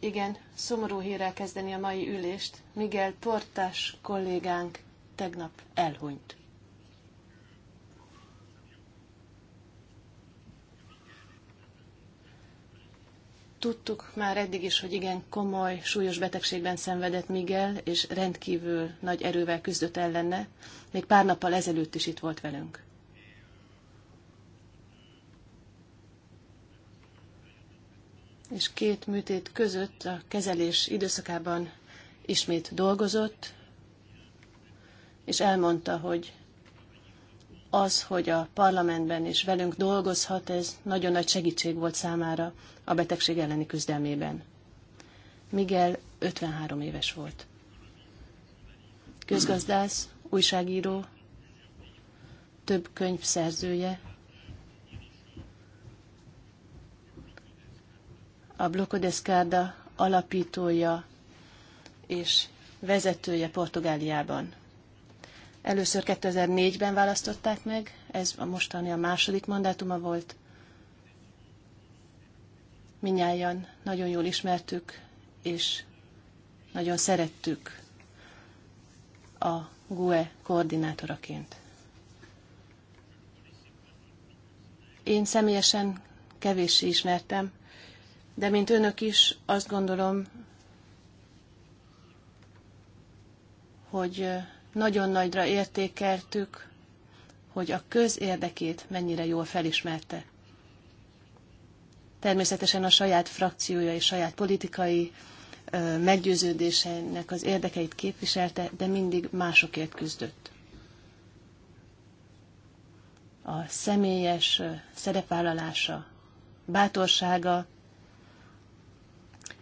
Igen, szomorú hírrel kezdeni a mai ülést. Miguel Portás kollégánk tegnap elhunyt. Tudtuk már eddig is, hogy igen komoly, súlyos betegségben szenvedett Miguel, és rendkívül nagy erővel küzdött ellene. Még pár nappal ezelőtt is itt volt velünk. és két műtét között a kezelés időszakában ismét dolgozott, és elmondta, hogy az, hogy a parlamentben is velünk dolgozhat, ez nagyon nagy segítség volt számára a betegség elleni küzdelmében. Miguel 53 éves volt. Közgazdász, újságíró, több könyv szerzője, a Blokodeszkárda alapítója és vezetője Portugáliában. Először 2004-ben választották meg, ez a mostani a második mandátuma volt. Minnyáján nagyon jól ismertük, és nagyon szerettük a GUE koordinátoraként. Én személyesen kevéssé ismertem, de mint önök is azt gondolom, hogy nagyon nagyra értékeltük, hogy a közérdekét mennyire jól felismerte. Természetesen a saját frakciója és saját politikai meggyőződésének az érdekeit képviselte, de mindig másokért küzdött. A személyes szerepvállalása, bátorsága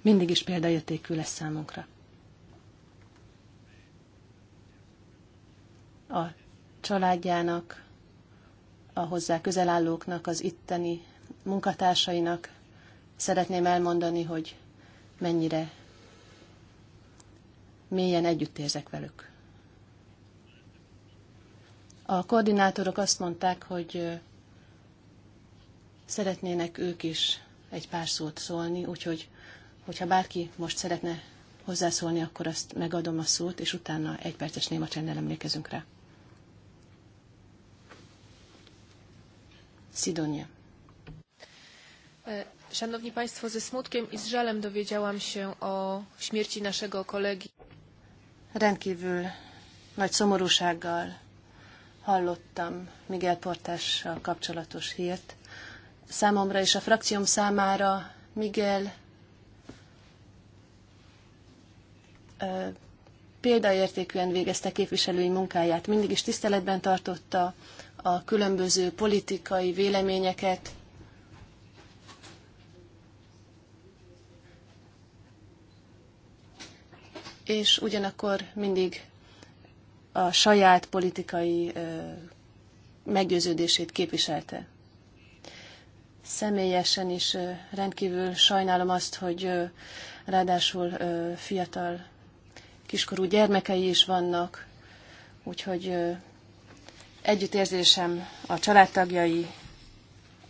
mindig is példaértékű lesz számunkra. A családjának, a hozzá közelállóknak, az itteni munkatársainak szeretném elmondani, hogy mennyire mélyen érzek velük. A koordinátorok azt mondták, hogy szeretnének ők is egy pár szót szólni, úgyhogy Hogyha bárki most szeretne hozzászólni, akkor azt megadom a szót, és utána egy perces néma csendel emlékezünk rá. Sidonia. E, szanowni Państwo, ze smutkiem i z żalem dowiedziałam się o śmierci naszego kolegi. Rendkívül nagy szomorúsággal hallottam Miguel Portással kapcsolatos hírt. Számomra és a frakcióm számára Miguel példaértékűen végezte képviselői munkáját, mindig is tiszteletben tartotta a különböző politikai véleményeket, és ugyanakkor mindig a saját politikai meggyőződését képviselte. Személyesen is rendkívül sajnálom azt, hogy ráadásul fiatal kiskorú gyermekei is vannak, úgyhogy együttérzésem a családtagjai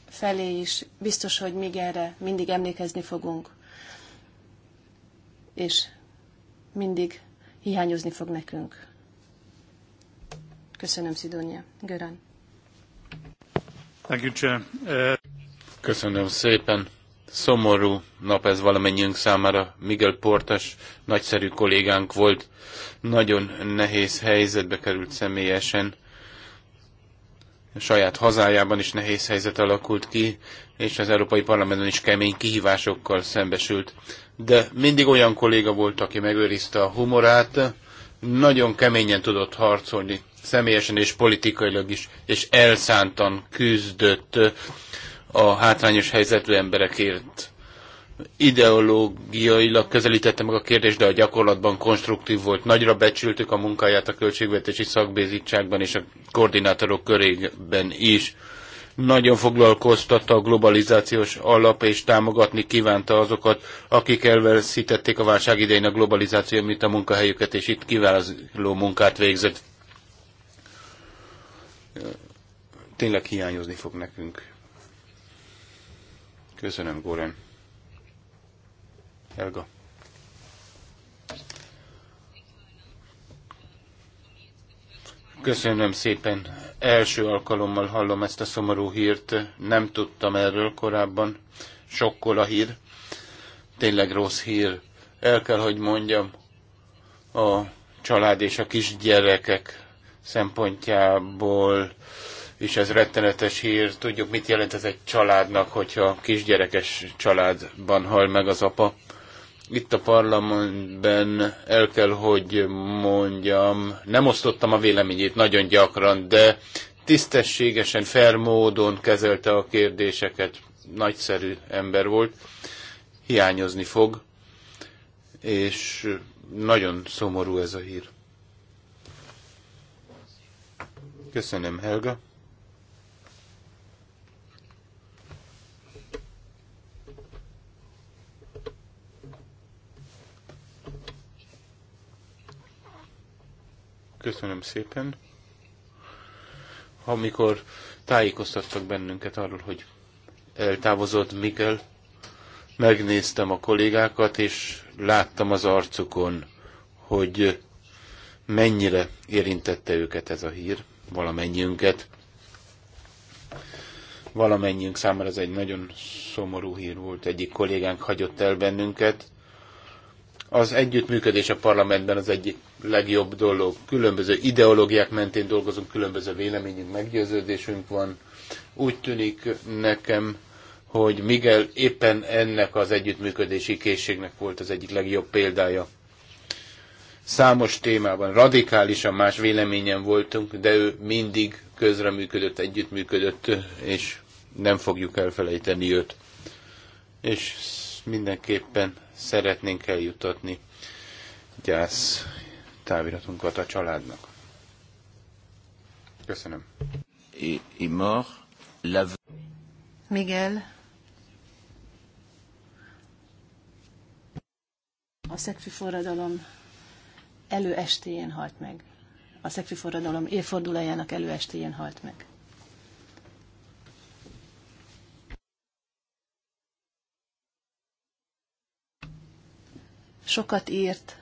felé is, biztos, hogy még erre mindig emlékezni fogunk, és mindig hiányozni fog nekünk. Köszönöm, Szidónia. Görön. Uh, Köszönöm szépen. Szomorú nap ez valamennyiünk számára. Miguel Portas nagyszerű kollégánk volt, nagyon nehéz helyzetbe került személyesen. A saját hazájában is nehéz helyzet alakult ki, és az Európai Parlamentben is kemény kihívásokkal szembesült. De mindig olyan kolléga volt, aki megőrizte a humorát, nagyon keményen tudott harcolni, személyesen és politikailag is, és elszántan küzdött a hátrányos helyzetű emberekért ideológiailag közelítette meg a kérdést, de a gyakorlatban konstruktív volt. Nagyra becsültük a munkáját a költségvetési szakbézítságban és a koordinátorok körében is. Nagyon foglalkoztatta a globalizációs alap, és támogatni kívánta azokat, akik elveszítették a válság idején a globalizáció, mint a munkahelyüket, és itt kiváló munkát végzett. Tényleg hiányozni fog nekünk Köszönöm, Góren. Helga. Köszönöm szépen. Első alkalommal hallom ezt a szomorú hírt. Nem tudtam erről korábban. Sokkol a hír. Tényleg rossz hír. El kell, hogy mondjam, a család és a kisgyerekek szempontjából és ez rettenetes hír. Tudjuk, mit jelent ez egy családnak, hogyha kisgyerekes családban hal meg az apa. Itt a parlamentben el kell, hogy mondjam, nem osztottam a véleményét nagyon gyakran, de tisztességesen, fermódon módon kezelte a kérdéseket. Nagyszerű ember volt. Hiányozni fog, és nagyon szomorú ez a hír. Köszönöm, Helga. Köszönöm szépen. Amikor tájékoztattak bennünket arról, hogy eltávozott Mikkel, megnéztem a kollégákat, és láttam az arcukon, hogy mennyire érintette őket ez a hír, valamennyiünket. Valamennyiünk számára ez egy nagyon szomorú hír volt. Egyik kollégánk hagyott el bennünket, az együttműködés a parlamentben az egyik legjobb dolog. Különböző ideológiák mentén dolgozunk, különböző véleményünk, meggyőződésünk van. Úgy tűnik nekem, hogy Miguel éppen ennek az együttműködési készségnek volt az egyik legjobb példája. Számos témában radikálisan más véleményen voltunk, de ő mindig közreműködött, együttműködött, és nem fogjuk elfelejteni őt. És mindenképpen szeretnénk eljutatni gyász táviratunkat a családnak. Köszönöm. Miguel. A szekfi forradalom előestéjén halt meg. A szekfi forradalom évfordulójának előestéjén halt meg. sokat írt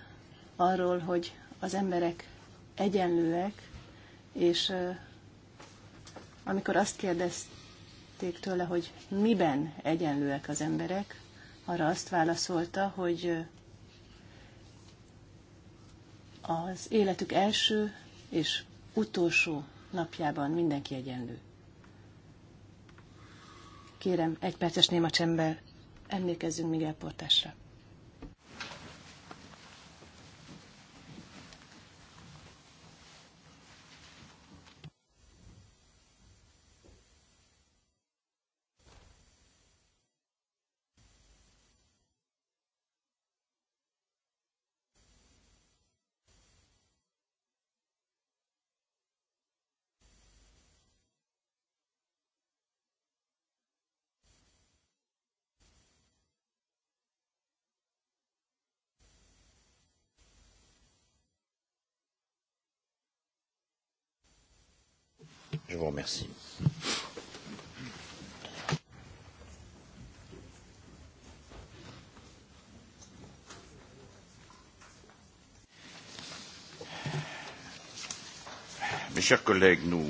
arról, hogy az emberek egyenlőek, és amikor azt kérdezték tőle, hogy miben egyenlőek az emberek, arra azt válaszolta, hogy az életük első és utolsó napjában mindenki egyenlő. Kérem, egy perces néma csember, emlékezzünk Miguel Portásra. Je vous remercie. Mes chers collègues, nous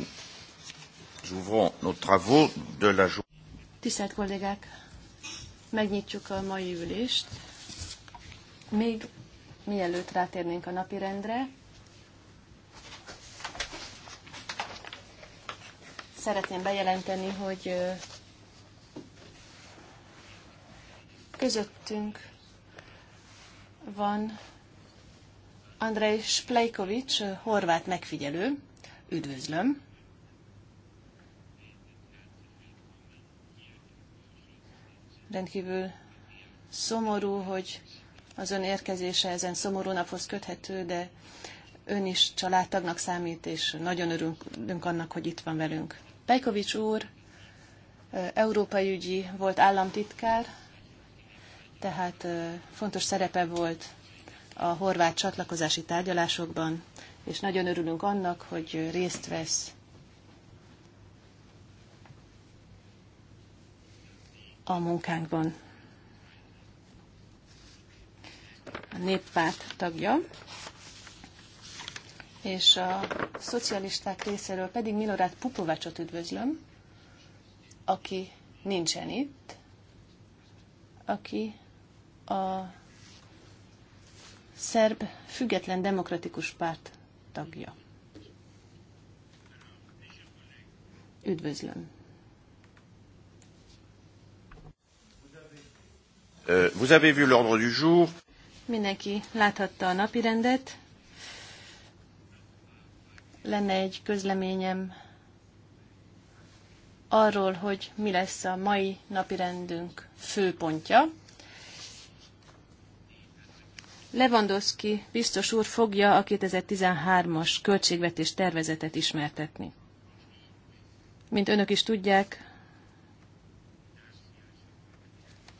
ouvrons nos travaux de la journée. Tisztelt kollégák, megnyitjuk a mai ülést. Még mielőtt rátérnénk a napirendre, szeretném bejelenteni, hogy közöttünk van Andrei Splejkovics, horvát megfigyelő. Üdvözlöm! Rendkívül szomorú, hogy az ön érkezése ezen szomorú naphoz köthető, de ön is családtagnak számít, és nagyon örülünk annak, hogy itt van velünk. Pejkovics úr európai ügyi volt államtitkár, tehát fontos szerepe volt a horvát csatlakozási tárgyalásokban, és nagyon örülünk annak, hogy részt vesz a munkánkban. A néppárt tagja és a szocialisták részéről pedig Milorát Pupovácsot üdvözlöm, aki nincsen itt, aki a szerb független demokratikus párt tagja. Üdvözlöm. Euh, vous avez vu l'ordre du jour. Mindenki láthatta a napirendet lenne egy közleményem arról, hogy mi lesz a mai napi rendünk főpontja. Lewandowski biztos úr fogja a 2013-as költségvetés tervezetet ismertetni. Mint önök is tudják,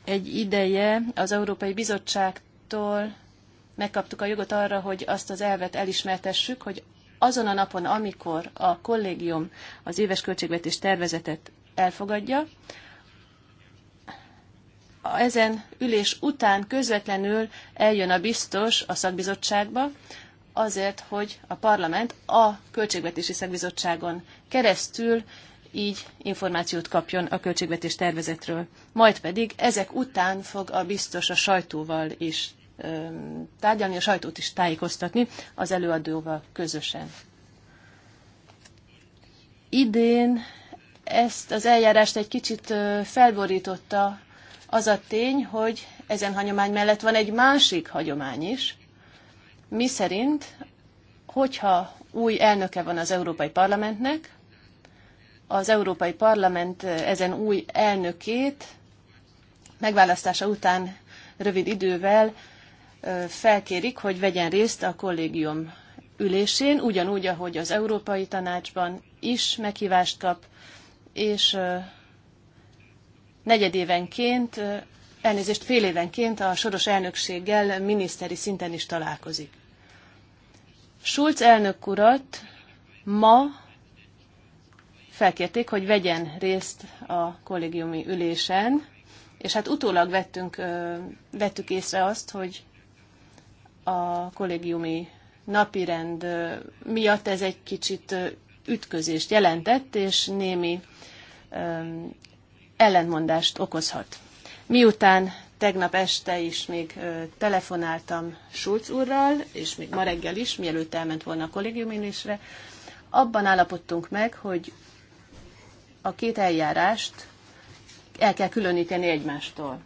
egy ideje az Európai Bizottságtól megkaptuk a jogot arra, hogy azt az elvet elismertessük, hogy azon a napon, amikor a kollégium az éves költségvetés tervezetet elfogadja, ezen ülés után közvetlenül eljön a biztos a szakbizottságba, azért, hogy a parlament a költségvetési szakbizottságon keresztül így információt kapjon a költségvetés tervezetről. Majd pedig ezek után fog a biztos a sajtóval is tárgyalni, a sajtót is tájékoztatni az előadóval közösen. Idén ezt az eljárást egy kicsit felborította az a tény, hogy ezen hagyomány mellett van egy másik hagyomány is, mi szerint, hogyha új elnöke van az Európai Parlamentnek, az Európai Parlament ezen új elnökét megválasztása után rövid idővel felkérik, hogy vegyen részt a kollégium ülésén, ugyanúgy, ahogy az Európai Tanácsban is meghívást kap, és negyedévenként, elnézést fél évenként a soros elnökséggel miniszteri szinten is találkozik. Schulz elnök urat ma felkérték, hogy vegyen részt a kollégiumi ülésen, és hát utólag vettünk, vettük észre azt, hogy a kollégiumi napirend miatt ez egy kicsit ütközést jelentett, és némi ellentmondást okozhat. Miután tegnap este is még telefonáltam Schulz úrral, és még ma reggel is, mielőtt elment volna a kollégiumülésre, abban állapodtunk meg, hogy a két eljárást el kell különíteni egymástól.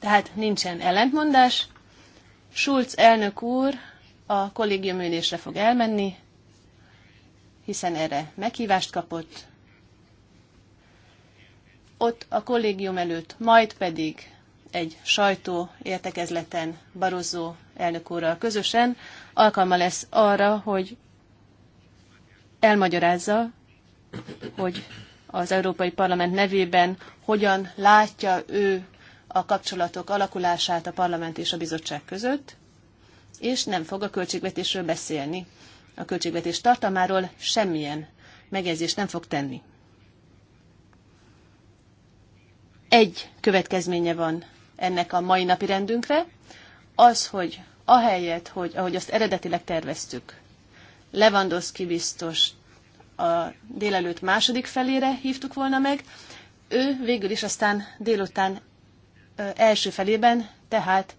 Tehát nincsen ellentmondás, Schulz elnök úr a kollégium ülésre fog elmenni, hiszen erre meghívást kapott. Ott a kollégium előtt, majd pedig egy sajtó értekezleten Barozó elnök úrral közösen alkalma lesz arra, hogy elmagyarázza, hogy az Európai Parlament nevében hogyan látja ő a kapcsolatok alakulását a parlament és a bizottság között, és nem fog a költségvetésről beszélni. A költségvetés tartalmáról semmilyen megjegyzést nem fog tenni. Egy következménye van ennek a mai napi rendünkre, az, hogy ahelyett, hogy ahogy azt eredetileg terveztük, Lewandowski biztos a délelőtt második felére hívtuk volna meg, ő végül is aztán délután első felében, tehát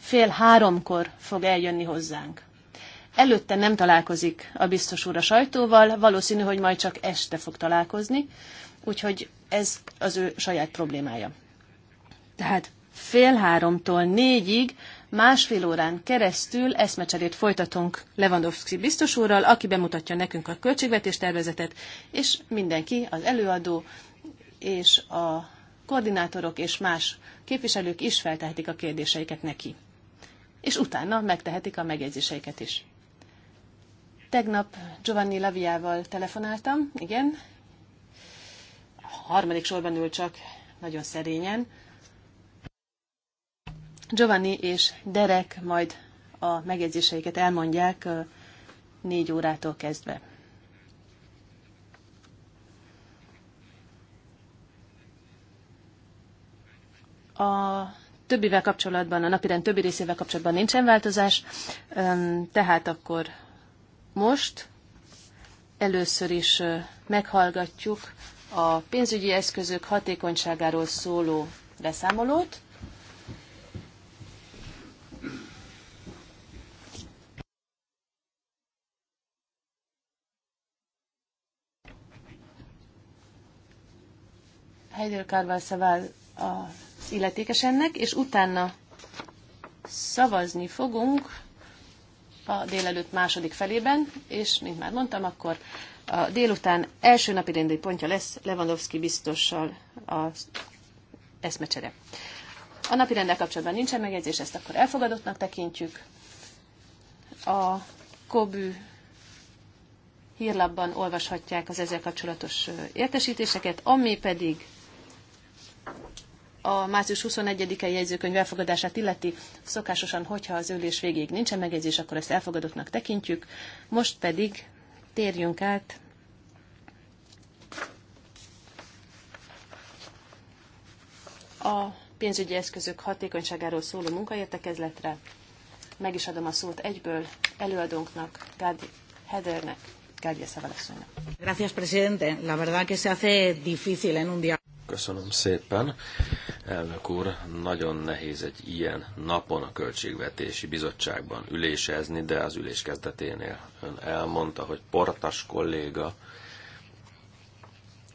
fél háromkor fog eljönni hozzánk. Előtte nem találkozik a biztos úr a sajtóval, valószínű, hogy majd csak este fog találkozni, úgyhogy ez az ő saját problémája. Tehát fél háromtól négyig másfél órán keresztül eszmecserét folytatunk Lewandowski biztos úrral, aki bemutatja nekünk a költségvetés tervezetet, és mindenki, az előadó és a koordinátorok és más képviselők is feltehetik a kérdéseiket neki. És utána megtehetik a megjegyzéseiket is. Tegnap Giovanni Laviával telefonáltam, igen. A harmadik sorban ül csak, nagyon szerényen. Giovanni és Derek majd a megjegyzéseiket elmondják négy órától kezdve. A többivel kapcsolatban, a napirend többi részével kapcsolatban nincsen változás, tehát akkor most először is meghallgatjuk a pénzügyi eszközök hatékonyságáról szóló beszámolót. Heidel Carvalho Szavál a lesz illetékes ennek, és utána szavazni fogunk a délelőtt második felében, és mint már mondtam, akkor a délután első napi rendi pontja lesz Lewandowski biztossal az eszmecsere. A napi rendel kapcsolatban nincsen megjegyzés, ezt akkor elfogadottnak tekintjük. A Kobű hírlapban olvashatják az ezzel kapcsolatos értesítéseket, ami pedig a március 21 i jegyzőkönyv elfogadását illeti, szokásosan, hogyha az ülés végéig nincsen megjegyzés, akkor ezt elfogadottnak tekintjük. Most pedig térjünk át a pénzügyi eszközök hatékonyságáról szóló munkaértekezletre. Meg is adom a szót egyből előadónknak, Gádi Hedernek. Gádi Szavalasszonynak. Gracias, presidente. La verdad que se hace difícil en un día. Köszönöm szépen. Elnök úr, nagyon nehéz egy ilyen napon a Költségvetési Bizottságban ülésezni, de az ülés kezdeténél ön elmondta, hogy portas kolléga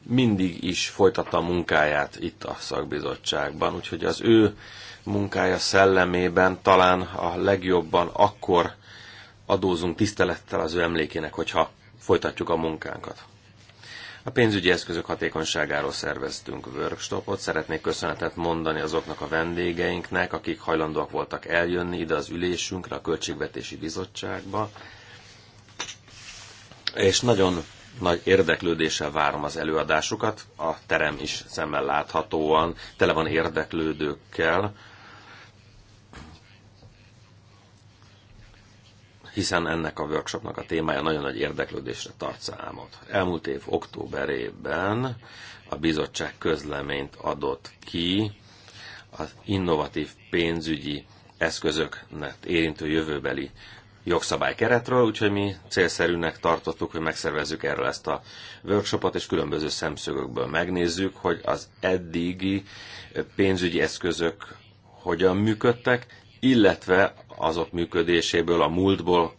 mindig is folytatta a munkáját itt a szakbizottságban, úgyhogy az ő munkája szellemében talán a legjobban akkor adózunk tisztelettel az ő emlékének, hogyha folytatjuk a munkánkat. A pénzügyi eszközök hatékonyságáról szerveztünk workshopot. Szeretnék köszönetet mondani azoknak a vendégeinknek, akik hajlandóak voltak eljönni ide az ülésünkre, a Költségvetési Bizottságba. És nagyon nagy érdeklődéssel várom az előadásukat. A terem is szemmel láthatóan tele van érdeklődőkkel hiszen ennek a workshopnak a témája nagyon nagy érdeklődésre tart számot. Elmúlt év októberében a bizottság közleményt adott ki az innovatív pénzügyi eszközöknek érintő jövőbeli jogszabály keretről, úgyhogy mi célszerűnek tartottuk, hogy megszervezzük erről ezt a workshopot, és különböző szemszögökből megnézzük, hogy az eddigi pénzügyi eszközök hogyan működtek, illetve azok működéséből, a múltból,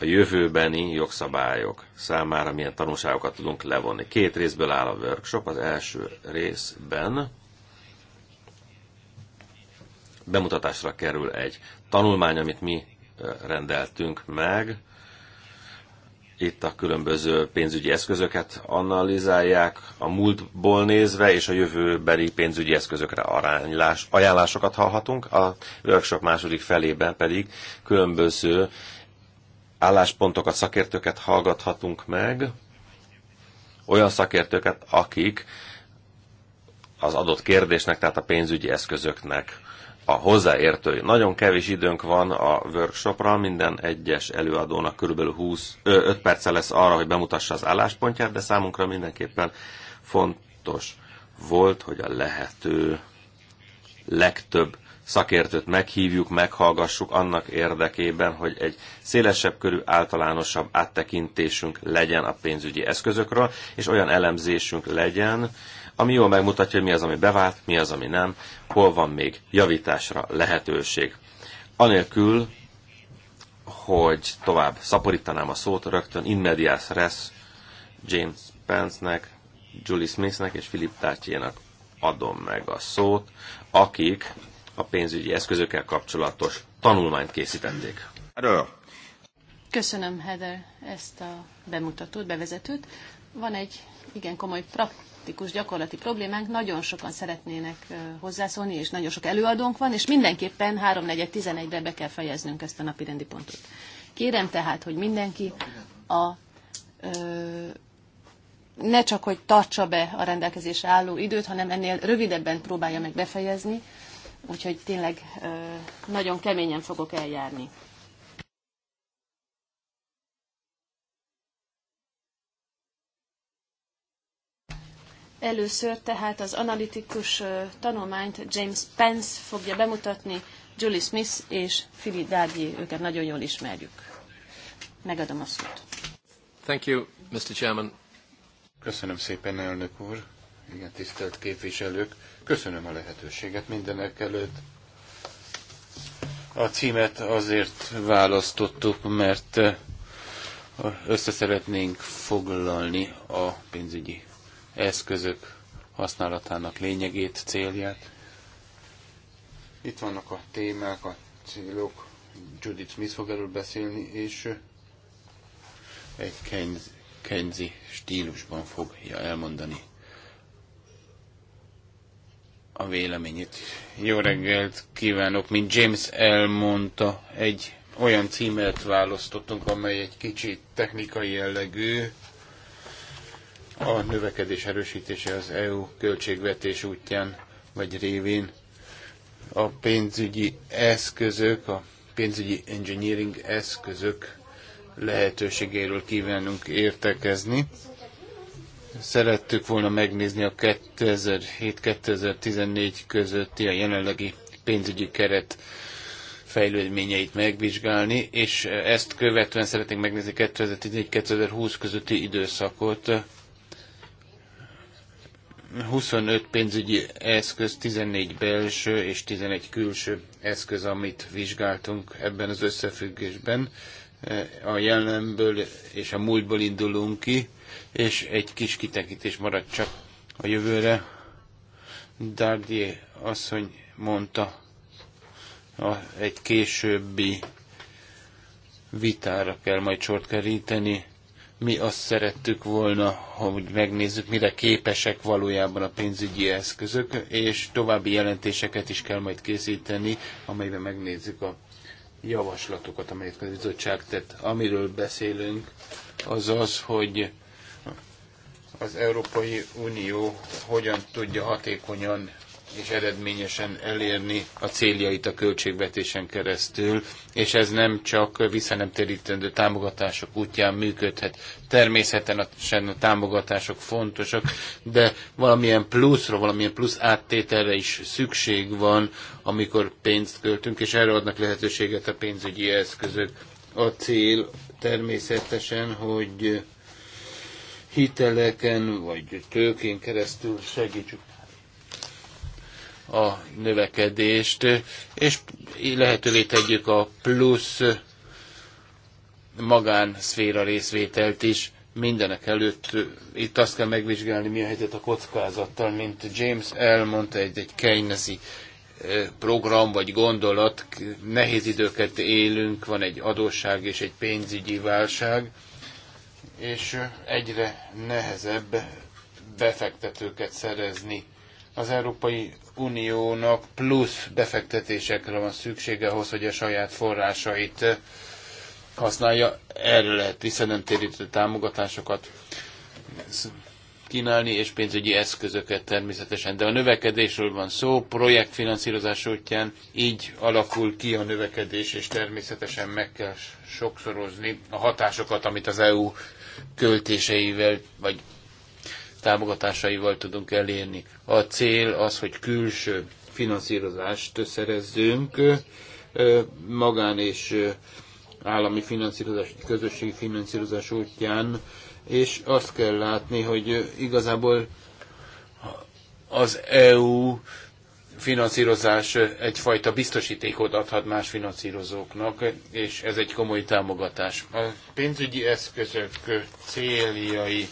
a jövőbeni jogszabályok számára milyen tanulságokat tudunk levonni. Két részből áll a workshop. Az első részben bemutatásra kerül egy tanulmány, amit mi rendeltünk meg, itt a különböző pénzügyi eszközöket analizálják, a múltból nézve és a jövőbeli pénzügyi eszközökre aránylás, ajánlásokat hallhatunk, a workshop második felében pedig különböző álláspontokat, szakértőket hallgathatunk meg, olyan szakértőket, akik az adott kérdésnek, tehát a pénzügyi eszközöknek a hozzáértői. Nagyon kevés időnk van a workshopra, minden egyes előadónak körülbelül 20, 5 perce lesz arra, hogy bemutassa az álláspontját, de számunkra mindenképpen fontos volt, hogy a lehető legtöbb szakértőt meghívjuk, meghallgassuk annak érdekében, hogy egy szélesebb körű, általánosabb áttekintésünk legyen a pénzügyi eszközökről, és olyan elemzésünk legyen, ami jól megmutatja, hogy mi az, ami bevált, mi az, ami nem, hol van még javításra lehetőség. Anélkül, hogy tovább szaporítanám a szót, rögtön in medias res James Pence-nek, Julie Smithnek és Philip Tátjénak adom meg a szót, akik a pénzügyi eszközökkel kapcsolatos tanulmányt készítették. Köszönöm, Heather, ezt a bemutatót, bevezetőt. Van egy igen komoly praktikus, gyakorlati problémánk, nagyon sokan szeretnének hozzászólni, és nagyon sok előadónk van, és mindenképpen 3.4.11-re be kell fejeznünk ezt a napi rendi pontot. Kérem tehát, hogy mindenki a, ö, ne csak, hogy tartsa be a rendelkezésre álló időt, hanem ennél rövidebben próbálja meg befejezni, úgyhogy tényleg ö, nagyon keményen fogok eljárni. Először tehát az analitikus tanulmányt James Pence fogja bemutatni, Julie Smith és Philip Dardier, őket nagyon jól ismerjük. Megadom a szót. Thank you, Mr. Chairman. Köszönöm szépen, elnök úr. Igen, tisztelt képviselők. Köszönöm a lehetőséget mindenek előtt. A címet azért választottuk, mert össze szeretnénk foglalni a pénzügyi eszközök használatának lényegét, célját. Itt vannak a témák, a célok. Judith Smith fog erről beszélni, és egy Kenzi, Kenzi stílusban fogja elmondani a véleményét. Jó reggelt kívánok! Mint James elmondta, egy olyan címet választottunk, amely egy kicsit technikai jellegű, a növekedés erősítése az EU költségvetés útján vagy révén a pénzügyi eszközök, a pénzügyi engineering eszközök lehetőségéről kívánunk értekezni. Szerettük volna megnézni a 2007-2014 közötti a jelenlegi pénzügyi keret fejlődményeit megvizsgálni, és ezt követően szeretnénk megnézni 2014-2020 közötti időszakot, 25 pénzügyi eszköz, 14 belső és 11 külső eszköz, amit vizsgáltunk ebben az összefüggésben. A jelenből és a múltból indulunk ki, és egy kis kitekintés marad csak a jövőre. Dardier asszony mondta a, egy későbbi vitára kell majd sort keríteni mi azt szerettük volna, hogy megnézzük, mire képesek valójában a pénzügyi eszközök, és további jelentéseket is kell majd készíteni, amelyben megnézzük a javaslatokat, amelyet a bizottság tett. Amiről beszélünk, az az, hogy az Európai Unió hogyan tudja hatékonyan és eredményesen elérni a céljait a költségvetésen keresztül, és ez nem csak visszanemtérítendő támogatások útján működhet. Természetesen a támogatások fontosak, de valamilyen pluszra, valamilyen plusz áttételre is szükség van, amikor pénzt költünk, és erre adnak lehetőséget a pénzügyi eszközök. A cél természetesen, hogy hiteleken vagy tőkén keresztül segítsük a növekedést, és lehetővé tegyük a plusz magánszféra részvételt is. Mindenek előtt itt azt kell megvizsgálni, mi a helyzet a kockázattal, mint James elmondta, egy, egy Keynesi program vagy gondolat, nehéz időket élünk, van egy adósság és egy pénzügyi válság, és egyre nehezebb befektetőket szerezni az Európai Uniónak plusz befektetésekre van szüksége ahhoz, hogy a saját forrásait használja. Erre lehet térítő támogatásokat kínálni, és pénzügyi eszközöket természetesen. De a növekedésről van szó, projektfinanszírozás útján így alakul ki a növekedés, és természetesen meg kell sokszorozni a hatásokat, amit az EU költéseivel vagy támogatásaival tudunk elérni. A cél az, hogy külső finanszírozást szerezzünk, magán és állami finanszírozás, közösségi finanszírozás útján, és azt kell látni, hogy igazából az EU finanszírozás egyfajta biztosítékot adhat más finanszírozóknak, és ez egy komoly támogatás. A pénzügyi eszközök céljai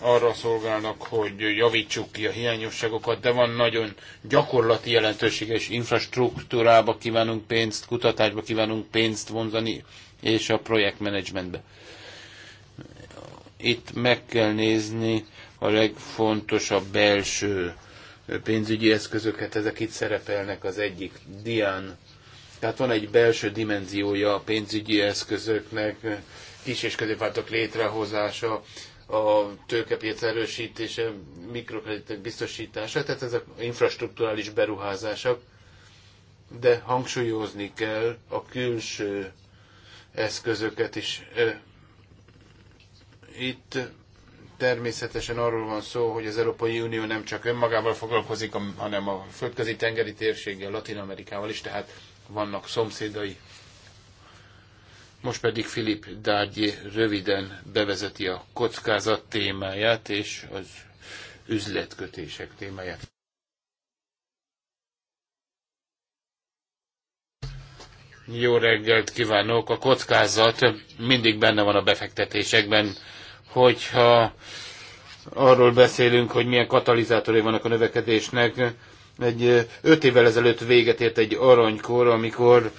arra szolgálnak, hogy javítsuk ki a hiányosságokat, de van nagyon gyakorlati jelentőség, és infrastruktúrába kívánunk pénzt, kutatásba kívánunk pénzt vonzani, és a projektmenedzsmentbe. Itt meg kell nézni a legfontosabb belső pénzügyi eszközöket, ezek itt szerepelnek az egyik dián. Tehát van egy belső dimenziója a pénzügyi eszközöknek, kis és középváltok létrehozása, a tőkepiac erősítése, mikrokreditek biztosítása, tehát ezek infrastruktúrális beruházások, de hangsúlyozni kell a külső eszközöket is. Itt természetesen arról van szó, hogy az Európai Unió nem csak önmagával foglalkozik, hanem a földközi tengeri térséggel, Latin Amerikával is, tehát vannak szomszédai most pedig Filip Dárgyi röviden bevezeti a kockázat témáját és az üzletkötések témáját. Jó reggelt kívánok! A kockázat mindig benne van a befektetésekben, hogyha arról beszélünk, hogy milyen katalizátorai vannak a növekedésnek. Egy öt évvel ezelőtt véget ért egy aranykor, amikor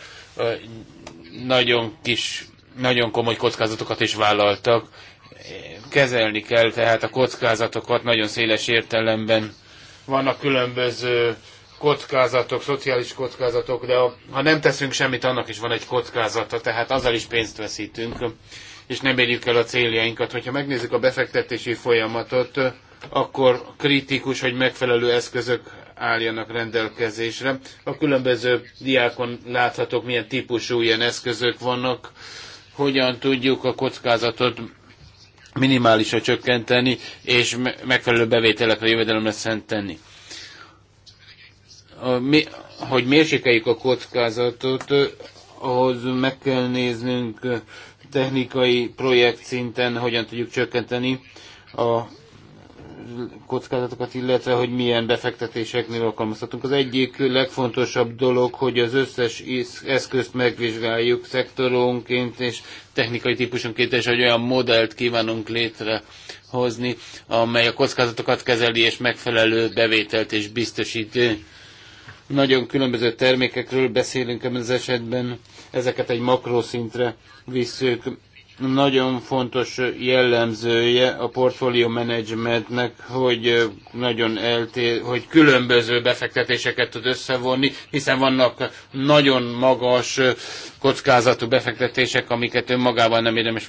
nagyon kis, nagyon komoly kockázatokat is vállaltak. Kezelni kell tehát a kockázatokat nagyon széles értelemben. Vannak különböző kockázatok, szociális kockázatok, de ha nem teszünk semmit, annak is van egy kockázata, tehát azzal is pénzt veszítünk, és nem érjük el a céljainkat. Hogyha megnézzük a befektetési folyamatot, akkor kritikus, hogy megfelelő eszközök álljanak rendelkezésre. A különböző diákon láthatók, milyen típusú ilyen eszközök vannak, hogyan tudjuk a kockázatot minimálisra csökkenteni, és megfelelő bevételekre, jövedelemre szent tenni. mi, hogy mérsékeljük a kockázatot, ahhoz meg kell néznünk technikai projekt szinten, hogyan tudjuk csökkenteni a kockázatokat, illetve hogy milyen befektetéseknél alkalmazhatunk. Az egyik legfontosabb dolog, hogy az összes eszközt megvizsgáljuk szektoronként és technikai típusonként, és hogy olyan modellt kívánunk létrehozni, amely a kockázatokat kezeli és megfelelő bevételt és biztosít. Nagyon különböző termékekről beszélünk ebben az esetben, ezeket egy makroszintre visszük nagyon fontos jellemzője a portfólió menedzsmentnek, hogy nagyon eltér, hogy különböző befektetéseket tud összevonni, hiszen vannak nagyon magas kockázatú befektetések, amiket önmagában nem érdemes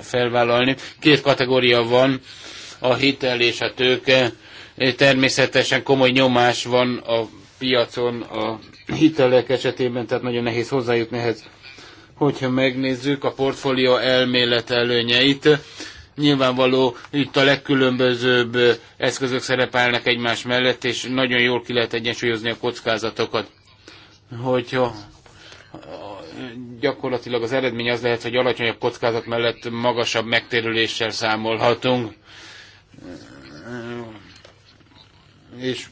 felvállalni. Két kategória van, a hitel és a tőke. Természetesen komoly nyomás van a piacon a hitelek esetében, tehát nagyon nehéz hozzájutni ehhez Hogyha megnézzük a portfólió elmélet előnyeit, nyilvánvaló itt a legkülönbözőbb eszközök szerepelnek egymás mellett, és nagyon jól ki lehet egyensúlyozni a kockázatokat. Hogyha gyakorlatilag az eredmény az lehet, hogy alacsonyabb kockázat mellett magasabb megtérüléssel számolhatunk. És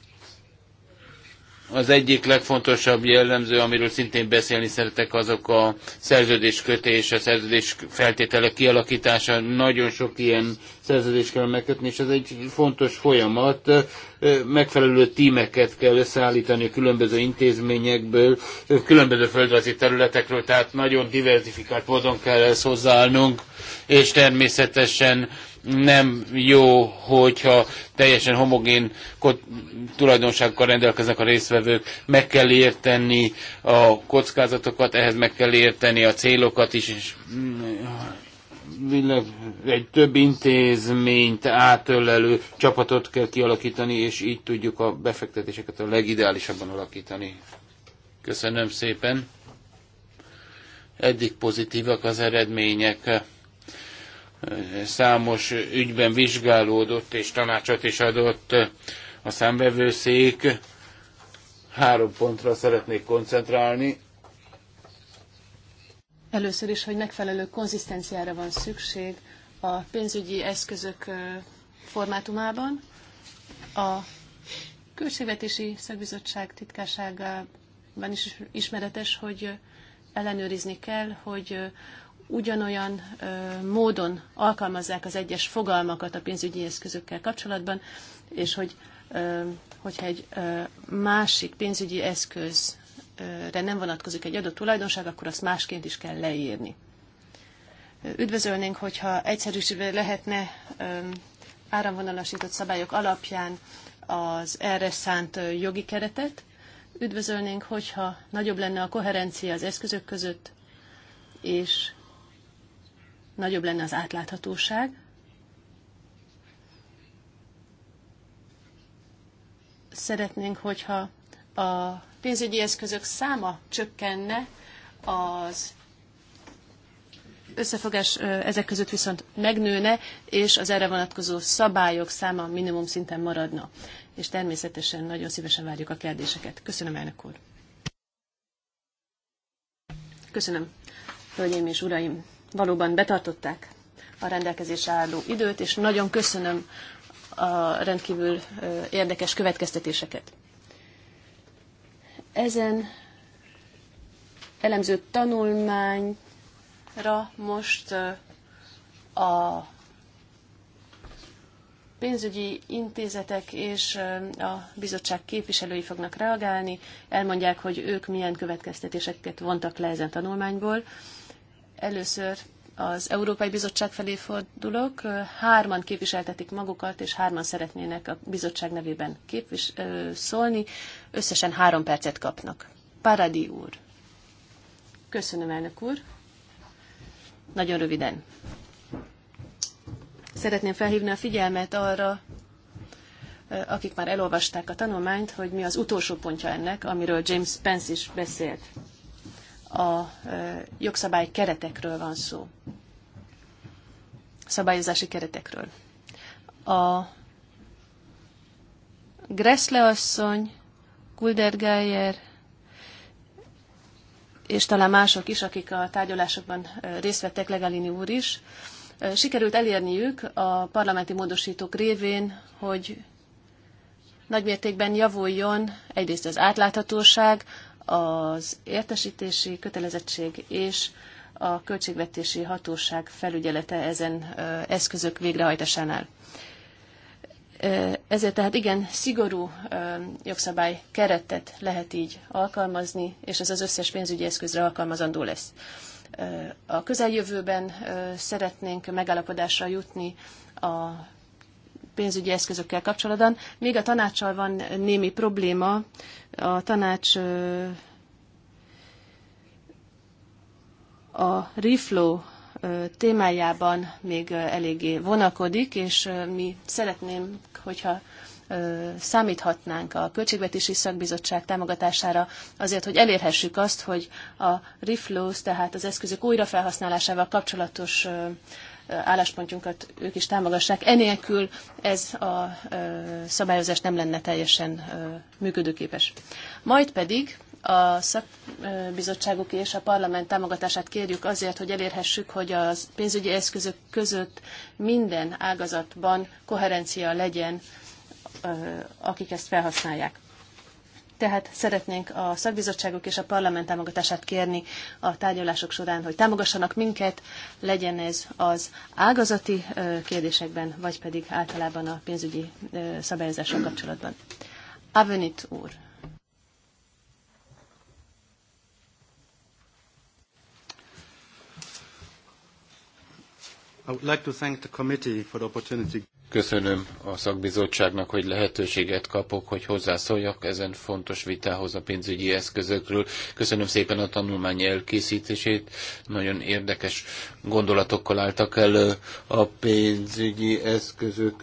az egyik legfontosabb jellemző, amiről szintén beszélni szeretek, azok a szerződéskötés, a szerződés feltételek kialakítása. Nagyon sok ilyen szerződést kell megkötni, és ez egy fontos folyamat. Megfelelő tímeket kell összeállítani a különböző intézményekből, különböző földrajzi területekről, tehát nagyon diversifikált módon kell ezt hozzáállnunk, és természetesen nem jó, hogyha teljesen homogén tulajdonságokkal rendelkeznek a résztvevők, meg kell érteni a kockázatokat, ehhez meg kell érteni a célokat is, és mm, hm, hm, egy több intézményt átölelő csapatot kell kialakítani, és így tudjuk a befektetéseket a legideálisabban alakítani. Köszönöm szépen. Eddig pozitívak az eredmények. Számos ügyben vizsgálódott és tanácsot is adott a szembevőszék. Három pontra szeretnék koncentrálni. Először is, hogy megfelelő konzisztenciára van szükség a pénzügyi eszközök formátumában. A Költségvetési Szakbizottság titkásságában is ismeretes, hogy ellenőrizni kell, hogy ugyanolyan módon alkalmazzák az egyes fogalmakat a pénzügyi eszközökkel kapcsolatban, és hogy hogyha egy másik pénzügyi eszközre nem vonatkozik egy adott tulajdonság, akkor azt másként is kell leírni. Üdvözölnénk, hogyha egyszerűsítve lehetne áramvonalasított szabályok alapján az erre szánt jogi keretet. Üdvözölnénk, hogyha nagyobb lenne a koherencia az eszközök között, és nagyobb lenne az átláthatóság. Szeretnénk, hogyha a pénzügyi eszközök száma csökkenne, az összefogás ezek között viszont megnőne, és az erre vonatkozó szabályok száma minimum szinten maradna. És természetesen nagyon szívesen várjuk a kérdéseket. Köszönöm, elnök úr! Köszönöm, hölgyeim és uraim! valóban betartották a rendelkezésre álló időt, és nagyon köszönöm a rendkívül érdekes következtetéseket. Ezen elemző tanulmányra most a pénzügyi intézetek és a bizottság képviselői fognak reagálni, elmondják, hogy ők milyen következtetéseket vontak le ezen tanulmányból, Először az Európai Bizottság felé fordulok. Hárman képviseltetik magukat, és hárman szeretnének a bizottság nevében képvis- szólni. Összesen három percet kapnak. Paradi úr. Köszönöm, elnök úr. Nagyon röviden. Szeretném felhívni a figyelmet arra, akik már elolvasták a tanulmányt, hogy mi az utolsó pontja ennek, amiről James Spence is beszélt a jogszabály keretekről van szó. Szabályozási keretekről. A Gressle asszony, Guldergeier és talán mások is, akik a tárgyalásokban részt vettek, Legalini úr is, sikerült elérniük a parlamenti módosítók révén, hogy nagymértékben javuljon egyrészt az átláthatóság, az értesítési kötelezettség és a költségvetési hatóság felügyelete ezen eszközök végrehajtásánál. Ezért tehát igen, szigorú jogszabály keretet lehet így alkalmazni, és ez az összes pénzügyi eszközre alkalmazandó lesz. A közeljövőben szeretnénk megállapodásra jutni a pénzügyi eszközökkel kapcsolatban. Még a tanácssal van némi probléma, a tanács a reflow témájában még eléggé vonakodik, és mi szeretném, hogyha számíthatnánk a Költségvetési Szakbizottság támogatására azért, hogy elérhessük azt, hogy a reflows, tehát az eszközök újrafelhasználásával kapcsolatos álláspontjunkat ők is támogassák. Enélkül ez a szabályozás nem lenne teljesen működőképes. Majd pedig a szakbizottságok és a parlament támogatását kérjük azért, hogy elérhessük, hogy a pénzügyi eszközök között minden ágazatban koherencia legyen, akik ezt felhasználják. Tehát szeretnénk a szakbizottságok és a parlament támogatását kérni a tárgyalások során, hogy támogassanak minket, legyen ez az ágazati kérdésekben, vagy pedig általában a pénzügyi szabályozással kapcsolatban. Avenit úr. I would like to thank the committee for the opportunity. Köszönöm a szakbizottságnak, hogy lehetőséget kapok, hogy hozzászóljak ezen fontos vitához a pénzügyi eszközökről. Köszönöm szépen a tanulmány elkészítését. Nagyon érdekes gondolatokkal álltak elő. A pénzügyi eszközök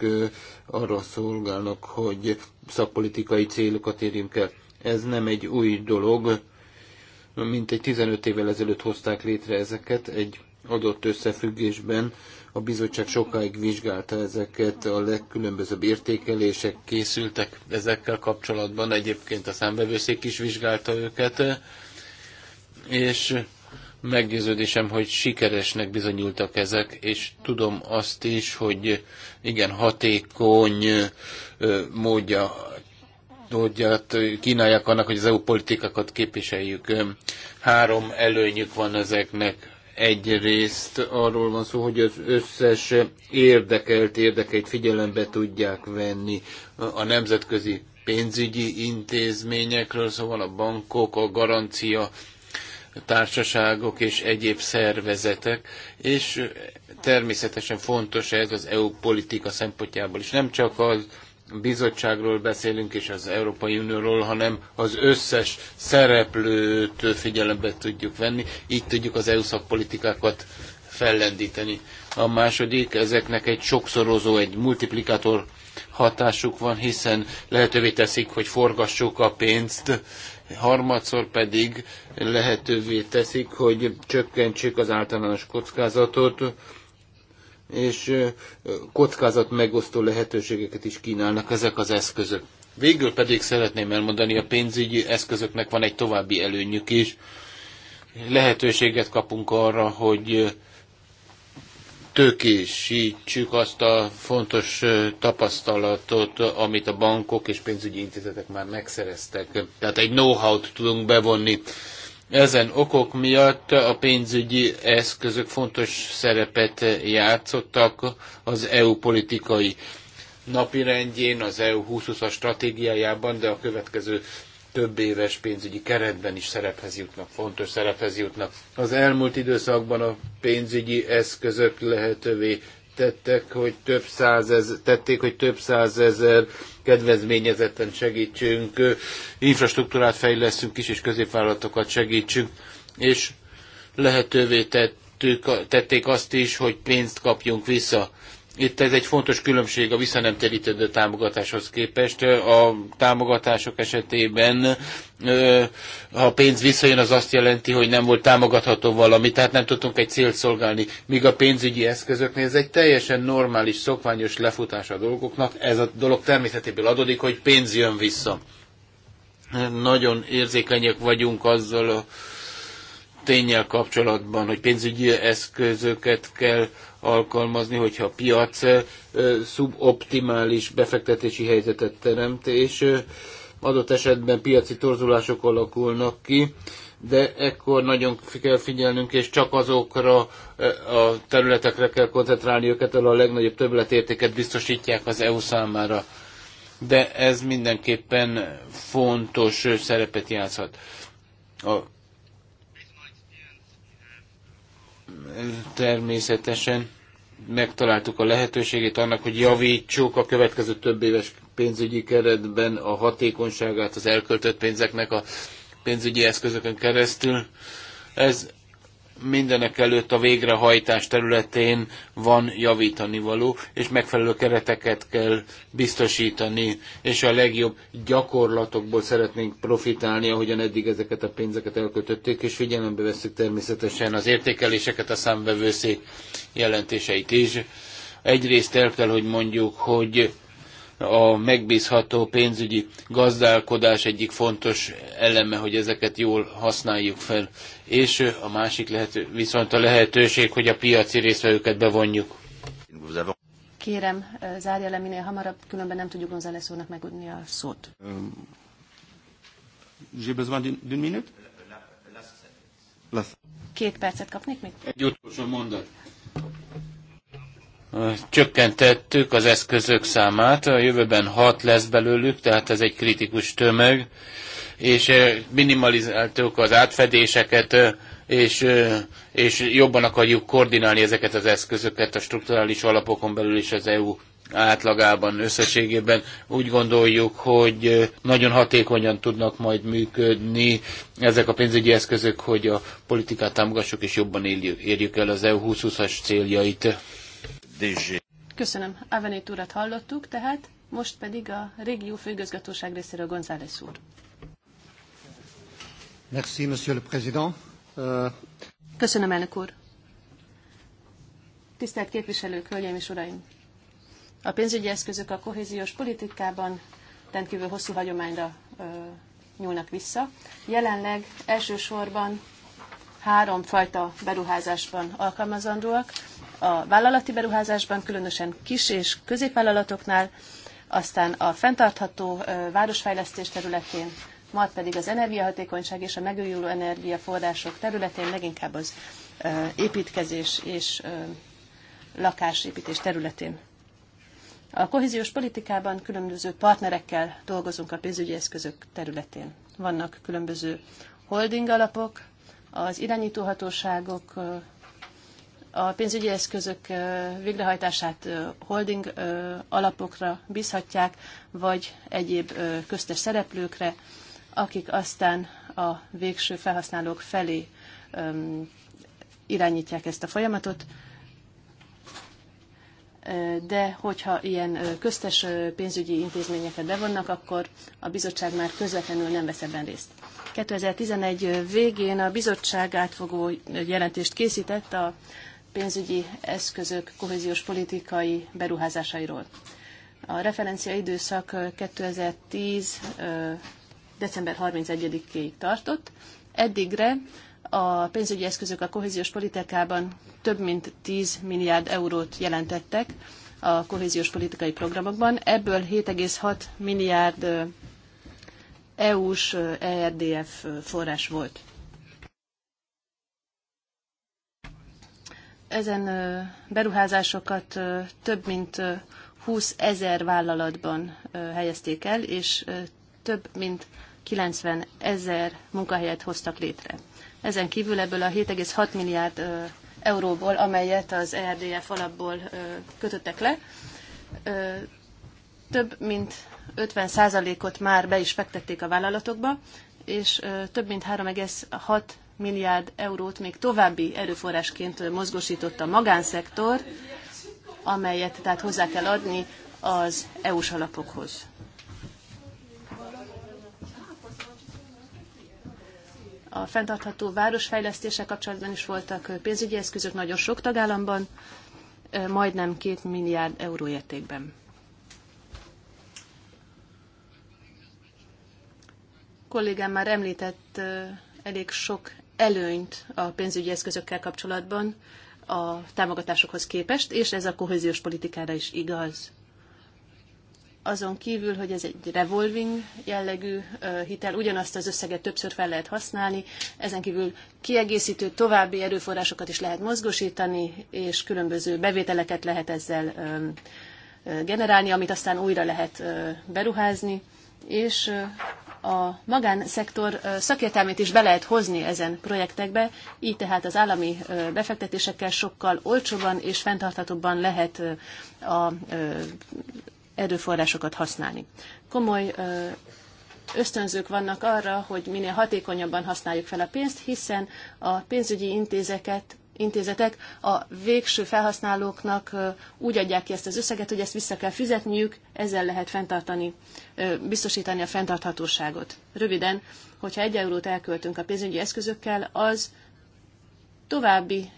arra szolgálnak, hogy szakpolitikai célokat érjünk el. Ez nem egy új dolog. Mint egy 15 évvel ezelőtt hozták létre ezeket, egy adott összefüggésben. A bizottság sokáig vizsgálta ezeket, a legkülönbözőbb értékelések készültek ezekkel kapcsolatban, egyébként a számbevőszék is vizsgálta őket, és meggyőződésem, hogy sikeresnek bizonyultak ezek, és tudom azt is, hogy igen, hatékony módja módját kínálják annak, hogy az EU politikákat képviseljük. Három előnyük van ezeknek. Egyrészt arról van szó, hogy az összes érdekelt érdekeit figyelembe tudják venni a nemzetközi pénzügyi intézményekről, szóval a bankok, a garancia társaságok és egyéb szervezetek, és természetesen fontos ez az EU politika szempontjából is. Nem csak az bizottságról beszélünk és az Európai Unióról, hanem az összes szereplőt figyelembe tudjuk venni, így tudjuk az EU szakpolitikákat fellendíteni. A második, ezeknek egy sokszorozó, egy multiplikátor hatásuk van, hiszen lehetővé teszik, hogy forgassuk a pénzt, harmadszor pedig lehetővé teszik, hogy csökkentsük az általános kockázatot, és kockázat megosztó lehetőségeket is kínálnak ezek az eszközök. Végül pedig szeretném elmondani, a pénzügyi eszközöknek van egy további előnyük is. Lehetőséget kapunk arra, hogy tökésítsük azt a fontos tapasztalatot, amit a bankok és pénzügyi intézetek már megszereztek. Tehát egy know-how-t tudunk bevonni ezen okok miatt a pénzügyi eszközök fontos szerepet játszottak az EU politikai napirendjén, az EU 2020-as stratégiájában, de a következő több éves pénzügyi keretben is szerephez jutnak, fontos szerephez jutnak. Az elmúlt időszakban a pénzügyi eszközök lehetővé tettek, hogy több százezer, tették, hogy több százezer kedvezményezetten segítsünk, infrastruktúrát fejlesztünk, kis és középvállalatokat segítsünk, és lehetővé tették azt is, hogy pénzt kapjunk vissza. Itt ez egy fontos különbség a visszanemterítődő támogatáshoz képest. A támogatások esetében, ha a pénz visszajön, az azt jelenti, hogy nem volt támogatható valami, tehát nem tudtunk egy célt szolgálni. Míg a pénzügyi eszközöknél ez egy teljesen normális, szokványos lefutás a dolgoknak. Ez a dolog természetéből adódik, hogy pénz jön vissza. Nagyon érzékenyek vagyunk azzal a tényel kapcsolatban, hogy pénzügyi eszközöket kell alkalmazni, hogyha a piac szuboptimális befektetési helyzetet teremt, és adott esetben piaci torzulások alakulnak ki, de ekkor nagyon kell figyelnünk, és csak azokra a területekre kell koncentrálni őket, ahol a legnagyobb többletértéket biztosítják az EU számára. De ez mindenképpen fontos szerepet játszhat. A természetesen megtaláltuk a lehetőségét annak, hogy javítsuk a következő több éves pénzügyi keretben a hatékonyságát az elköltött pénzeknek a pénzügyi eszközökön keresztül. Ez mindenek előtt a végrehajtás területén van javítani való, és megfelelő kereteket kell biztosítani, és a legjobb gyakorlatokból szeretnénk profitálni, ahogyan eddig ezeket a pénzeket elkötötték, és figyelembe veszük természetesen az értékeléseket, a számbevőszék jelentéseit is. Egyrészt el kell, hogy mondjuk, hogy a megbízható pénzügyi gazdálkodás egyik fontos eleme, hogy ezeket jól használjuk fel. És a másik lehet viszont a lehetőség, hogy a piaci részvevőket bevonjuk. Kérem, zárja le minél hamarabb, különben nem tudjuk González úrnak megudni a szót. Um, Két percet kapnék még? Egy utolsó mondat csökkentettük az eszközök számát, a jövőben hat lesz belőlük, tehát ez egy kritikus tömeg, és minimalizáltuk az átfedéseket, és, és jobban akarjuk koordinálni ezeket az eszközöket a strukturális alapokon belül is az EU átlagában, összességében úgy gondoljuk, hogy nagyon hatékonyan tudnak majd működni ezek a pénzügyi eszközök, hogy a politikát támogassuk és jobban érjük el az EU 2020-as céljait. DG. Köszönöm. Avenét urat hallottuk, tehát most pedig a régió főigazgatóság részéről González úr. Merci, monsieur le président. Uh... Köszönöm, elnök úr. Tisztelt képviselők, hölgyeim és uraim! A pénzügyi eszközök a kohéziós politikában rendkívül hosszú hagyományra ö, nyúlnak vissza. Jelenleg elsősorban három fajta beruházásban alkalmazandóak a vállalati beruházásban, különösen kis és középvállalatoknál, aztán a fenntartható városfejlesztés területén, majd pedig az energiahatékonyság és a megújuló energiaforrások területén leginkább az építkezés és lakásépítés területén. A kohéziós politikában különböző partnerekkel dolgozunk a pénzügyi eszközök területén. Vannak különböző holding alapok, az irányítóhatóságok a pénzügyi eszközök végrehajtását holding alapokra bízhatják, vagy egyéb köztes szereplőkre, akik aztán a végső felhasználók felé irányítják ezt a folyamatot. De hogyha ilyen köztes pénzügyi intézményeket bevonnak, akkor a bizottság már közvetlenül nem vesz ebben részt. 2011 végén a bizottság átfogó jelentést készített a pénzügyi eszközök kohéziós politikai beruházásairól. A referencia időszak 2010. december 31-ig tartott. Eddigre a pénzügyi eszközök a kohéziós politikában több mint 10 milliárd eurót jelentettek a kohéziós politikai programokban, ebből 7,6 milliárd EU-s e ERDF forrás volt. ezen beruházásokat több mint 20 ezer vállalatban helyezték el, és több mint 90 ezer munkahelyet hoztak létre. Ezen kívül ebből a 7,6 milliárd euróból, amelyet az ERDF alapból kötöttek le, több mint 50 százalékot már be is fektették a vállalatokba, és több mint 3,6 milliárd eurót még további erőforrásként mozgosított a magánszektor, amelyet tehát hozzá kell adni az EU-s alapokhoz. A fenntartható városfejlesztése kapcsolatban is voltak pénzügyi eszközök nagyon sok tagállamban, majdnem két milliárd euró értékben. kollégám már említett elég sok előnyt a pénzügyi eszközökkel kapcsolatban a támogatásokhoz képest, és ez a kohéziós politikára is igaz. Azon kívül, hogy ez egy revolving jellegű hitel, ugyanazt az összeget többször fel lehet használni, ezen kívül kiegészítő további erőforrásokat is lehet mozgosítani, és különböző bevételeket lehet ezzel generálni, amit aztán újra lehet beruházni, és a magánszektor szakértelmét is be lehet hozni ezen projektekbe, így tehát az állami befektetésekkel sokkal olcsóban és fenntarthatóbban lehet a erőforrásokat használni. Komoly ösztönzők vannak arra, hogy minél hatékonyabban használjuk fel a pénzt, hiszen a pénzügyi intézeket intézetek a végső felhasználóknak úgy adják ki ezt az összeget, hogy ezt vissza kell fizetniük, ezzel lehet fenntartani, biztosítani a fenntarthatóságot. Röviden, hogyha egy eurót elköltünk a pénzügyi eszközökkel, az további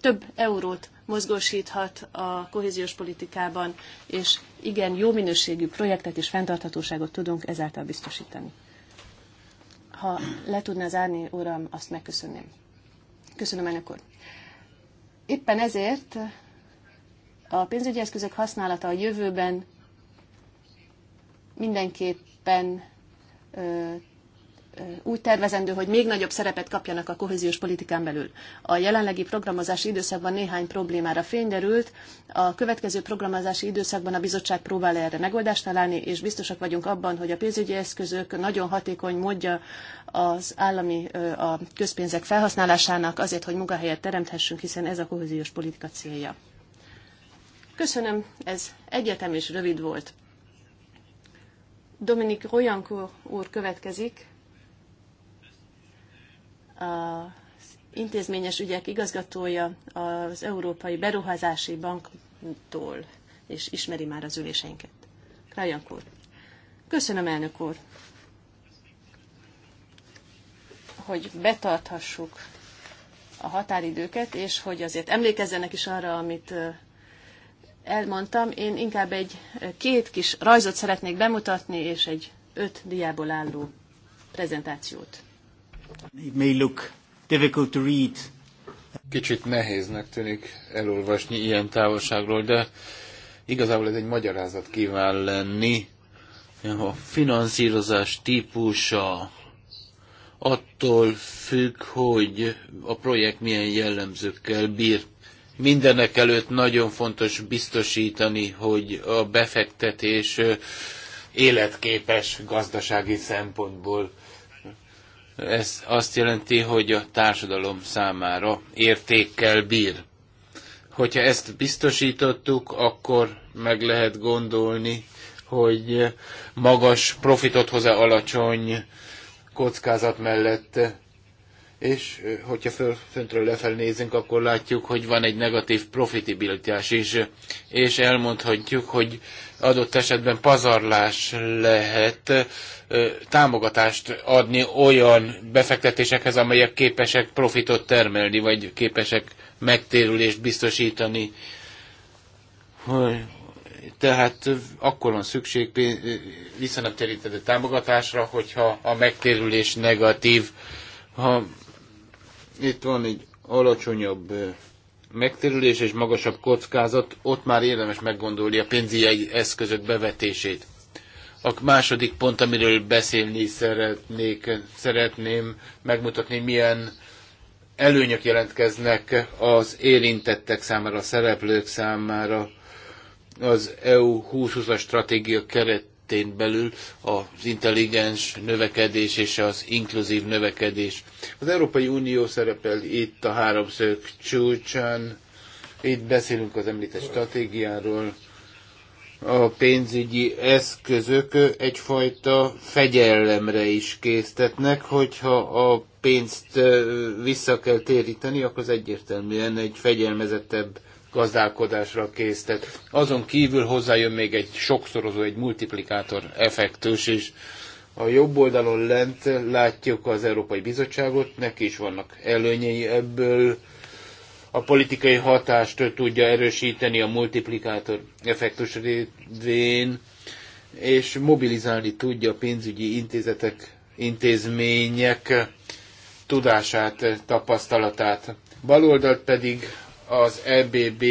több eurót mozgósíthat a kohéziós politikában, és igen, jó minőségű projektet és fenntarthatóságot tudunk ezáltal biztosítani. Ha le tudná zárni, uram, azt megköszönném. Köszönöm, elnök úr. Éppen ezért a pénzügyi eszközök használata a jövőben mindenképpen úgy tervezendő, hogy még nagyobb szerepet kapjanak a kohéziós politikán belül. A jelenlegi programozási időszakban néhány problémára derült, a következő programozási időszakban a bizottság próbál erre megoldást találni, és biztosak vagyunk abban, hogy a pénzügyi eszközök nagyon hatékony módja az állami a közpénzek felhasználásának azért, hogy munkahelyet teremthessünk, hiszen ez a kohéziós politika célja. Köszönöm, ez egyetem és rövid volt. Dominik Royankó úr következik az intézményes ügyek igazgatója az Európai Beruházási Banktól, és ismeri már az üléseinket. Krajank úr. Köszönöm, elnök úr, hogy betarthassuk a határidőket, és hogy azért emlékezzenek is arra, amit elmondtam. Én inkább egy két kis rajzot szeretnék bemutatni, és egy öt diából álló prezentációt. Kicsit nehéznek tűnik elolvasni ilyen távolságról, de igazából ez egy magyarázat kíván lenni. A finanszírozás típusa attól függ, hogy a projekt milyen jellemzőkkel bír. Mindenek előtt nagyon fontos biztosítani, hogy a befektetés életképes gazdasági szempontból ez azt jelenti, hogy a társadalom számára értékkel bír. Hogyha ezt biztosítottuk, akkor meg lehet gondolni, hogy magas profitot hoz alacsony kockázat mellett és hogyha föl, föntről lefelé nézünk, akkor látjuk, hogy van egy negatív profitibilitás is, és elmondhatjuk, hogy adott esetben pazarlás lehet támogatást adni olyan befektetésekhez, amelyek képesek profitot termelni, vagy képesek megtérülést biztosítani. Tehát akkor van szükség visszanemtérített támogatásra, hogyha a megtérülés negatív. Ha itt van egy alacsonyabb megterülés és magasabb kockázat, ott már érdemes meggondolni a pénzügyi eszközök bevetését. A második pont, amiről beszélni szeretnék, szeretném megmutatni, milyen előnyök jelentkeznek az érintettek számára, a szereplők számára az EU 2020-as stratégia keret keretén belül az intelligens növekedés és az inkluzív növekedés. Az Európai Unió szerepel itt a háromszög csúcsán, itt beszélünk az említett stratégiáról, a pénzügyi eszközök egyfajta fegyelemre is késztetnek, hogyha a pénzt vissza kell téríteni, akkor az egyértelműen egy fegyelmezettebb gazdálkodásra késztet. Azon kívül hozzájön még egy sokszorozó, egy multiplikátor effektus is. A jobb oldalon lent látjuk az Európai Bizottságot, neki is vannak előnyei ebből. A politikai hatást tudja erősíteni a multiplikátor effektus révén, és mobilizálni tudja a pénzügyi intézetek, intézmények tudását, tapasztalatát. Baloldalt pedig az EBB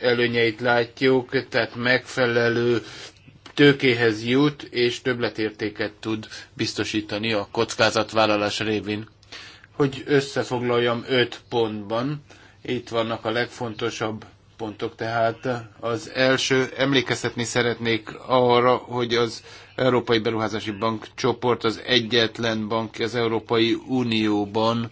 előnyeit látjuk, tehát megfelelő tőkéhez jut, és többletértéket tud biztosítani a kockázatvállalás révén. Hogy összefoglaljam öt pontban, itt vannak a legfontosabb pontok, tehát az első, emlékeztetni szeretnék arra, hogy az Európai Beruházási Bank csoport az egyetlen bank az Európai Unióban,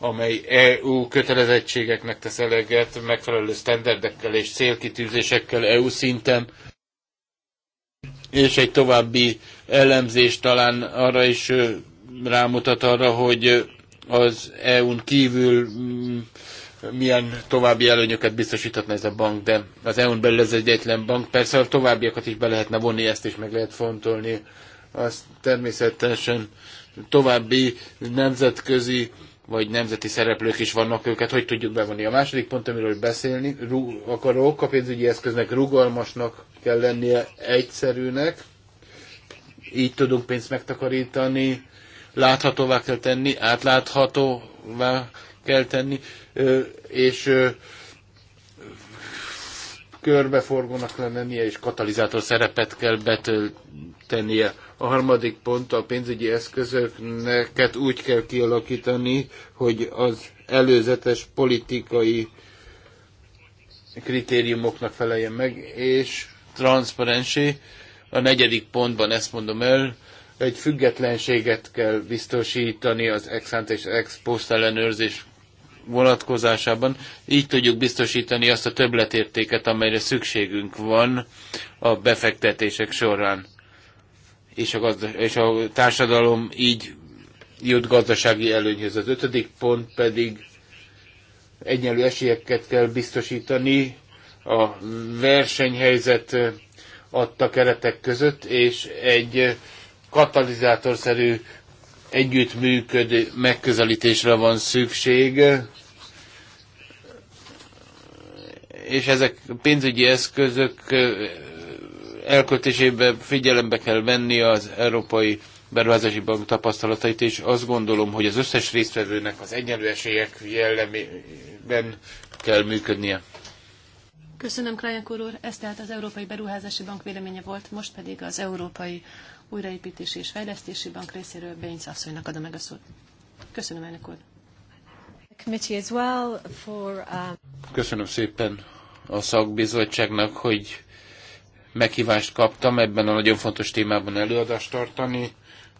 amely EU kötelezettségeknek tesz eleget, megfelelő sztenderdekkel és célkitűzésekkel EU szinten, és egy további elemzés talán arra is rámutat arra, hogy az EU-n kívül mm, milyen további előnyöket biztosíthatna ez a bank, de az EU-n belül ez egyetlen bank. Persze a továbbiakat is be lehetne vonni, ezt is meg lehet fontolni. Az természetesen további nemzetközi vagy nemzeti szereplők is vannak őket, hogy tudjuk bevonni. A második pont, amiről beszélni akarok, a pénzügyi eszköznek rugalmasnak kell lennie egyszerűnek, így tudunk pénzt megtakarítani, láthatóvá kell tenni, átláthatóvá kell tenni, és körbeforgónak kell lennie, és katalizátor szerepet kell betöltenie. A harmadik pont a pénzügyi eszközöknek úgy kell kialakítani, hogy az előzetes politikai kritériumoknak feleljen meg, és transzparensé. A negyedik pontban ezt mondom el, egy függetlenséget kell biztosítani az ex és ex post ellenőrzés vonatkozásában. Így tudjuk biztosítani azt a többletértéket, amelyre szükségünk van a befektetések során. És a, gazdas- és a társadalom így jut gazdasági előnyhöz. Az ötödik pont pedig egyenlő esélyeket kell biztosítani a versenyhelyzet adta keretek között, és egy katalizátorszerű együttműködő megközelítésre van szükség és ezek pénzügyi eszközök elköltésébe figyelembe kell venni az Európai Beruházási Bank tapasztalatait, és azt gondolom, hogy az összes résztvevőnek az egyenlő esélyek jellemében kell működnie. Köszönöm, Krajnak úr, úr. Ez tehát az Európai Beruházási Bank véleménye volt, most pedig az Európai Újraépítési és Fejlesztési Bank részéről Bénysz asszonynak adom meg a szót. Köszönöm, elnök úr. Um, Köszönöm szépen a szakbizottságnak, hogy meghívást kaptam ebben a nagyon fontos témában előadást tartani,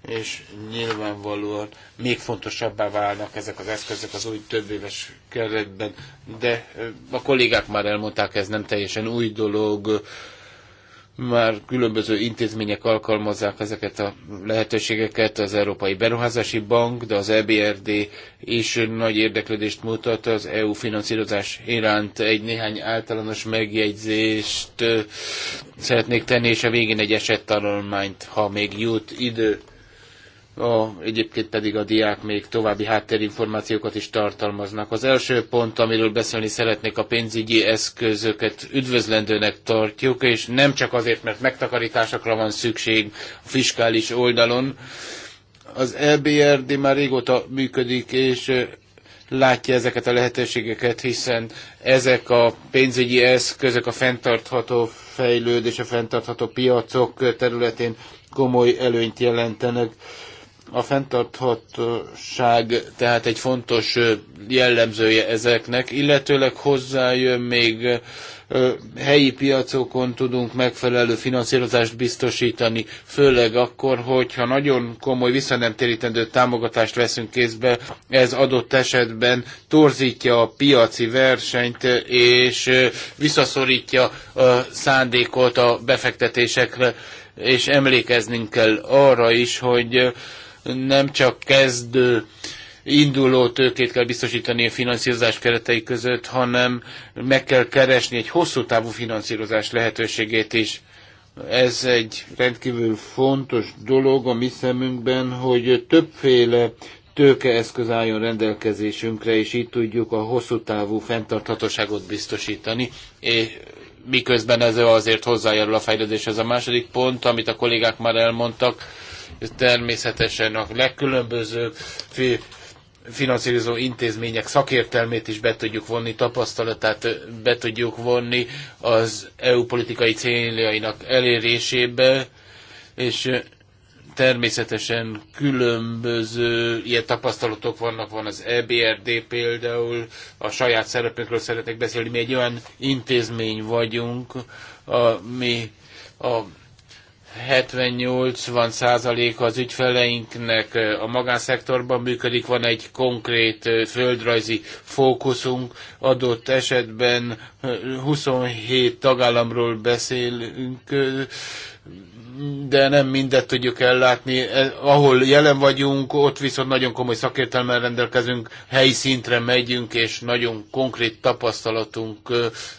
és nyilvánvalóan még fontosabbá válnak ezek az eszközök az új többéves keretben, de a kollégák már elmondták, ez nem teljesen új dolog, már különböző intézmények alkalmazzák ezeket a lehetőségeket, az Európai Beruházási Bank, de az EBRD is nagy érdeklődést mutat az EU finanszírozás iránt. Egy néhány általános megjegyzést szeretnék tenni, és a végén egy esettanulmányt, ha még jut idő a, egyébként pedig a diák még további háttérinformációkat is tartalmaznak. Az első pont, amiről beszélni szeretnék, a pénzügyi eszközöket üdvözlendőnek tartjuk, és nem csak azért, mert megtakarításokra van szükség a fiskális oldalon. Az EBRD már régóta működik, és látja ezeket a lehetőségeket, hiszen ezek a pénzügyi eszközök a fenntartható fejlődés, a fenntartható piacok területén komoly előnyt jelentenek. A fenntarthatóság tehát egy fontos jellemzője ezeknek, illetőleg hozzájön még helyi piacokon tudunk megfelelő finanszírozást biztosítani, főleg akkor, hogyha nagyon komoly visszanemtérítendő támogatást veszünk kézbe, ez adott esetben torzítja a piaci versenyt, és visszaszorítja a szándékot a befektetésekre, és emlékeznünk kell arra is, hogy nem csak kezdő induló tőkét kell biztosítani a finanszírozás keretei között, hanem meg kell keresni egy hosszú távú finanszírozás lehetőségét is. Ez egy rendkívül fontos dolog a mi szemünkben, hogy többféle tőkeeszköz álljon rendelkezésünkre, és így tudjuk a hosszú távú fenntarthatóságot biztosítani, és miközben ez azért hozzájárul a fejlődéshez. A második pont, amit a kollégák már elmondtak, természetesen a legkülönbözőbb finanszírozó intézmények szakértelmét is be tudjuk vonni, tapasztalatát be tudjuk vonni az EU politikai céljainak elérésébe, és természetesen különböző ilyen tapasztalatok vannak, van az EBRD például, a saját szerepünkről szeretek beszélni, mi egy olyan intézmény vagyunk, ami a 70-80 százalék az ügyfeleinknek a magánszektorban működik, van egy konkrét földrajzi fókuszunk, adott esetben 27 tagállamról beszélünk, de nem mindet tudjuk ellátni. E, ahol jelen vagyunk, ott viszont nagyon komoly szakértelmel rendelkezünk, helyi szintre megyünk, és nagyon konkrét tapasztalatunk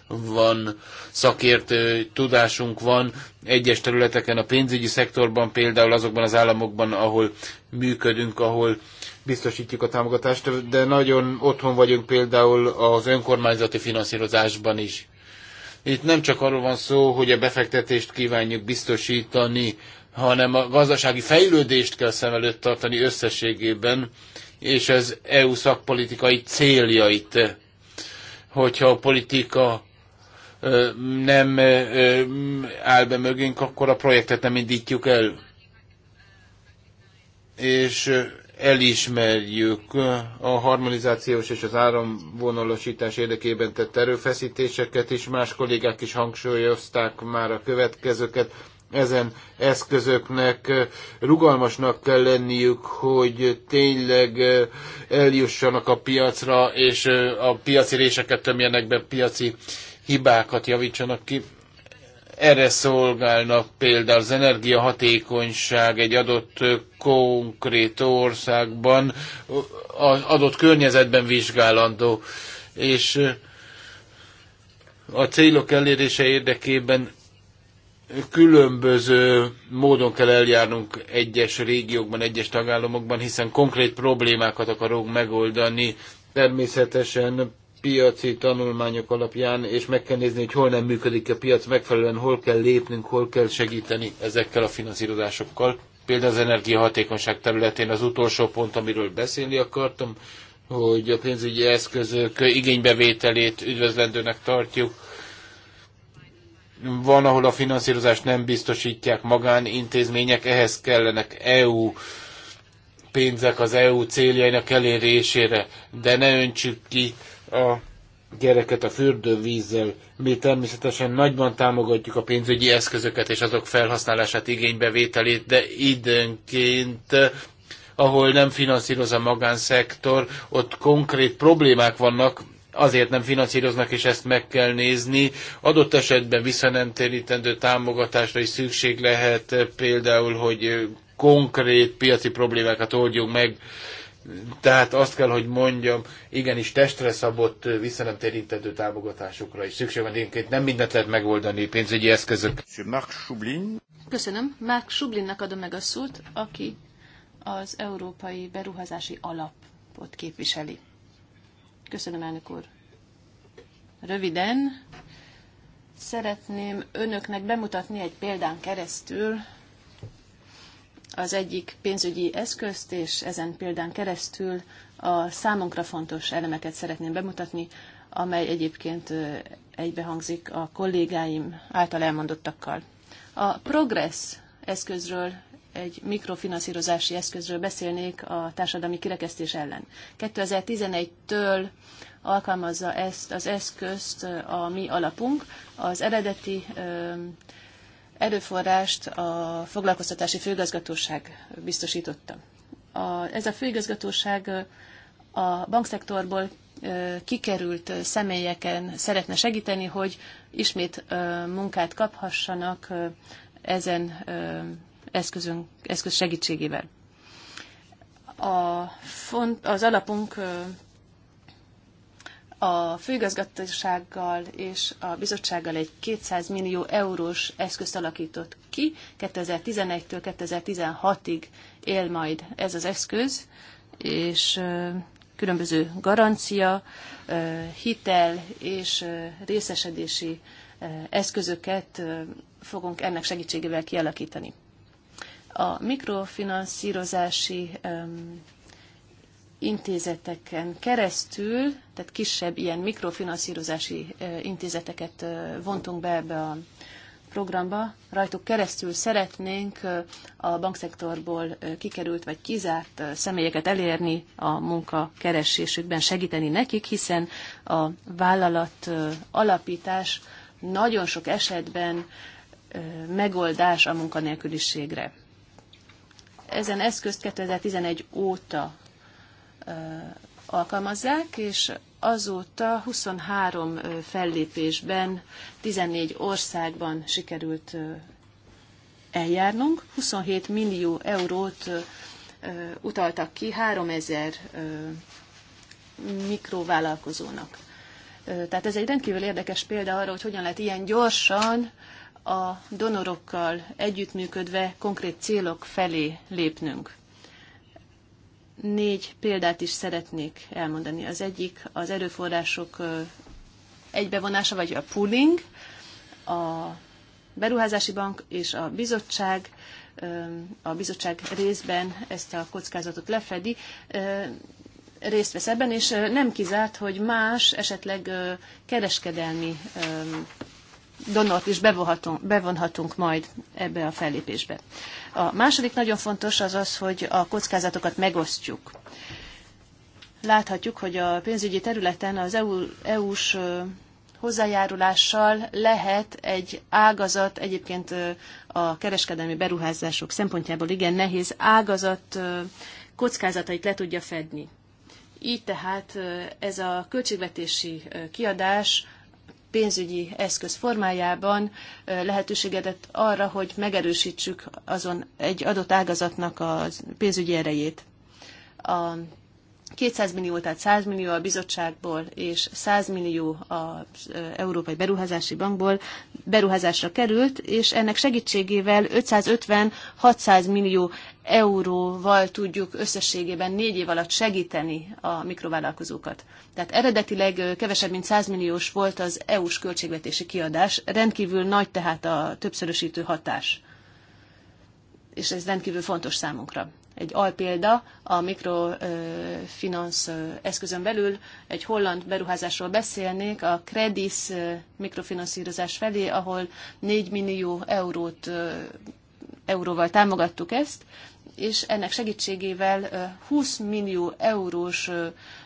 van, szakértő tudásunk van. Egyes területeken, a pénzügyi szektorban, például azokban az államokban, ahol működünk, ahol biztosítjuk a támogatást, de nagyon otthon vagyunk például az önkormányzati finanszírozásban is itt nem csak arról van szó, hogy a befektetést kívánjuk biztosítani, hanem a gazdasági fejlődést kell szem előtt tartani összességében, és az EU szakpolitikai céljait. Hogyha a politika nem áll be mögénk, akkor a projektet nem indítjuk el. És elismerjük a harmonizációs és az áramvonalosítás érdekében tett erőfeszítéseket is, más kollégák is hangsúlyozták már a következőket. Ezen eszközöknek rugalmasnak kell lenniük, hogy tényleg eljussanak a piacra, és a piaci réseket tömjenek be, piaci hibákat javítsanak ki erre szolgálnak például az energiahatékonyság egy adott konkrét országban, az adott környezetben vizsgálandó, és eh, a célok elérése érdekében különböző módon kell eljárnunk egyes régiókban, egyes tagállamokban, hiszen konkrét problémákat akarunk megoldani. Természetesen piaci tanulmányok alapján, és meg kell nézni, hogy hol nem működik a piac megfelelően, hol kell lépnünk, hol kell segíteni ezekkel a finanszírozásokkal. Például az energiahatékonyság területén az utolsó pont, amiről beszélni akartam, hogy a pénzügyi eszközök igénybevételét üdvözlendőnek tartjuk. Van, ahol a finanszírozást nem biztosítják magánintézmények, ehhez kellenek EU pénzek az EU céljainak elérésére, de ne öntsük ki a gyereket a fürdővízzel. Mi természetesen nagyban támogatjuk a pénzügyi eszközöket és azok felhasználását, igénybevételét, de időnként ahol nem finanszíroz a magánszektor, ott konkrét problémák vannak, azért nem finanszíroznak, és ezt meg kell nézni. Adott esetben visszanemtérítendő támogatásra is szükség lehet, például, hogy konkrét piaci problémákat oldjunk meg, tehát azt kell, hogy mondjam, igenis testre szabott, visszanemtérítető támogatásokra is szükség van. Egyébként nem mindent lehet megoldani pénzügyi eszközök. Köszönöm. Mark Schublinnak adom meg a szót, aki az Európai Beruházási Alapot képviseli. Köszönöm, elnök úr. Röviden szeretném önöknek bemutatni egy példán keresztül, az egyik pénzügyi eszközt, és ezen példán keresztül a számunkra fontos elemeket szeretném bemutatni, amely egyébként egybehangzik a kollégáim által elmondottakkal. A Progress eszközről, egy mikrofinanszírozási eszközről beszélnék a társadalmi kirekesztés ellen. 2011-től alkalmazza ezt az eszközt a mi alapunk. Az eredeti erőforrást a foglalkoztatási főigazgatóság biztosította. A, ez a főigazgatóság a bankszektorból kikerült személyeken szeretne segíteni, hogy ismét munkát kaphassanak ezen eszközünk, eszköz segítségével. A font, az alapunk a főigazgatósággal és a bizottsággal egy 200 millió eurós eszközt alakított ki. 2011-től 2016-ig él majd ez az eszköz, és különböző garancia, hitel és részesedési eszközöket fogunk ennek segítségével kialakítani. A mikrofinanszírozási intézeteken keresztül, tehát kisebb ilyen mikrofinanszírozási intézeteket vontunk be ebbe a programba, rajtuk keresztül szeretnénk a bankszektorból kikerült vagy kizárt személyeket elérni a munkakeresésükben, segíteni nekik, hiszen a vállalat alapítás nagyon sok esetben megoldás a munkanélküliségre. Ezen eszközt 2011 óta alkalmazzák, és azóta 23 fellépésben, 14 országban sikerült eljárnunk. 27 millió eurót utaltak ki 3000 mikrovállalkozónak. Tehát ez egy rendkívül érdekes példa arra, hogy hogyan lehet ilyen gyorsan a donorokkal együttműködve konkrét célok felé lépnünk négy példát is szeretnék elmondani. Az egyik az erőforrások egybevonása, vagy a pooling, a beruházási bank és a bizottság, a bizottság részben ezt a kockázatot lefedi, részt vesz ebben, és nem kizárt, hogy más, esetleg kereskedelmi donort is bevonhatunk, majd ebbe a fellépésbe. A második nagyon fontos az az, hogy a kockázatokat megosztjuk. Láthatjuk, hogy a pénzügyi területen az EU, EU-s hozzájárulással lehet egy ágazat, egyébként a kereskedelmi beruházások szempontjából igen nehéz ágazat kockázatait le tudja fedni. Így tehát ez a költségvetési kiadás pénzügyi eszköz formájában lehetőséget arra, hogy megerősítsük azon egy adott ágazatnak a pénzügyi erejét. A 200 millió, tehát 100 millió a bizottságból, és 100 millió az Európai Beruházási Bankból beruházásra került, és ennek segítségével 550-600 millió euróval tudjuk összességében négy év alatt segíteni a mikrovállalkozókat. Tehát eredetileg kevesebb, mint 100 milliós volt az EU-s költségvetési kiadás, rendkívül nagy tehát a többszörösítő hatás. És ez rendkívül fontos számunkra egy alpélda a mikrofinansz eszközön belül egy holland beruházásról beszélnék, a Credis mikrofinanszírozás felé, ahol 4 millió eurót, euróval támogattuk ezt, és ennek segítségével 20 millió eurós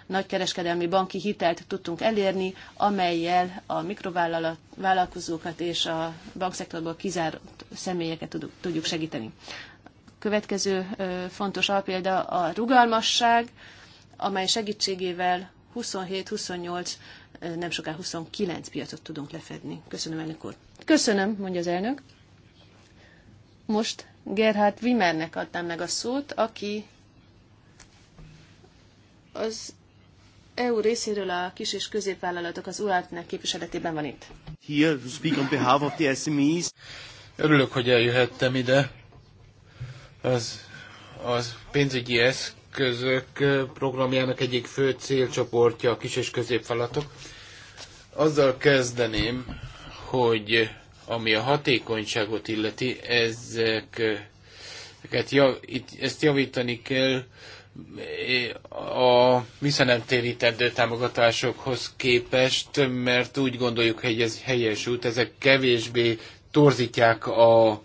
nagykereskedelmi banki hitelt tudtunk elérni, amelyel a mikrovállalkozókat és a bankszektorból kizárt személyeket tudjuk segíteni következő fontos alpélda a rugalmasság, amely segítségével 27-28, nem soká 29 piacot tudunk lefedni. Köszönöm, elnök úr. Köszönöm, mondja az elnök. Most Gerhard Wimmernek adnám meg a szót, aki az EU részéről a kis és középvállalatok az UAT-nek képviseletében van itt. Here to speak on behalf of the SMEs. Örülök, hogy eljöhettem ide. Az, az pénzügyi eszközök programjának egyik fő célcsoportja a kis és középvállalatok. Azzal kezdeném, hogy ami a hatékonyságot illeti, ezek, ezeket jav, itt, ezt javítani kell a visszanemtérítendő támogatásokhoz képest, mert úgy gondoljuk, hogy ez helyes út, ezek kevésbé torzítják a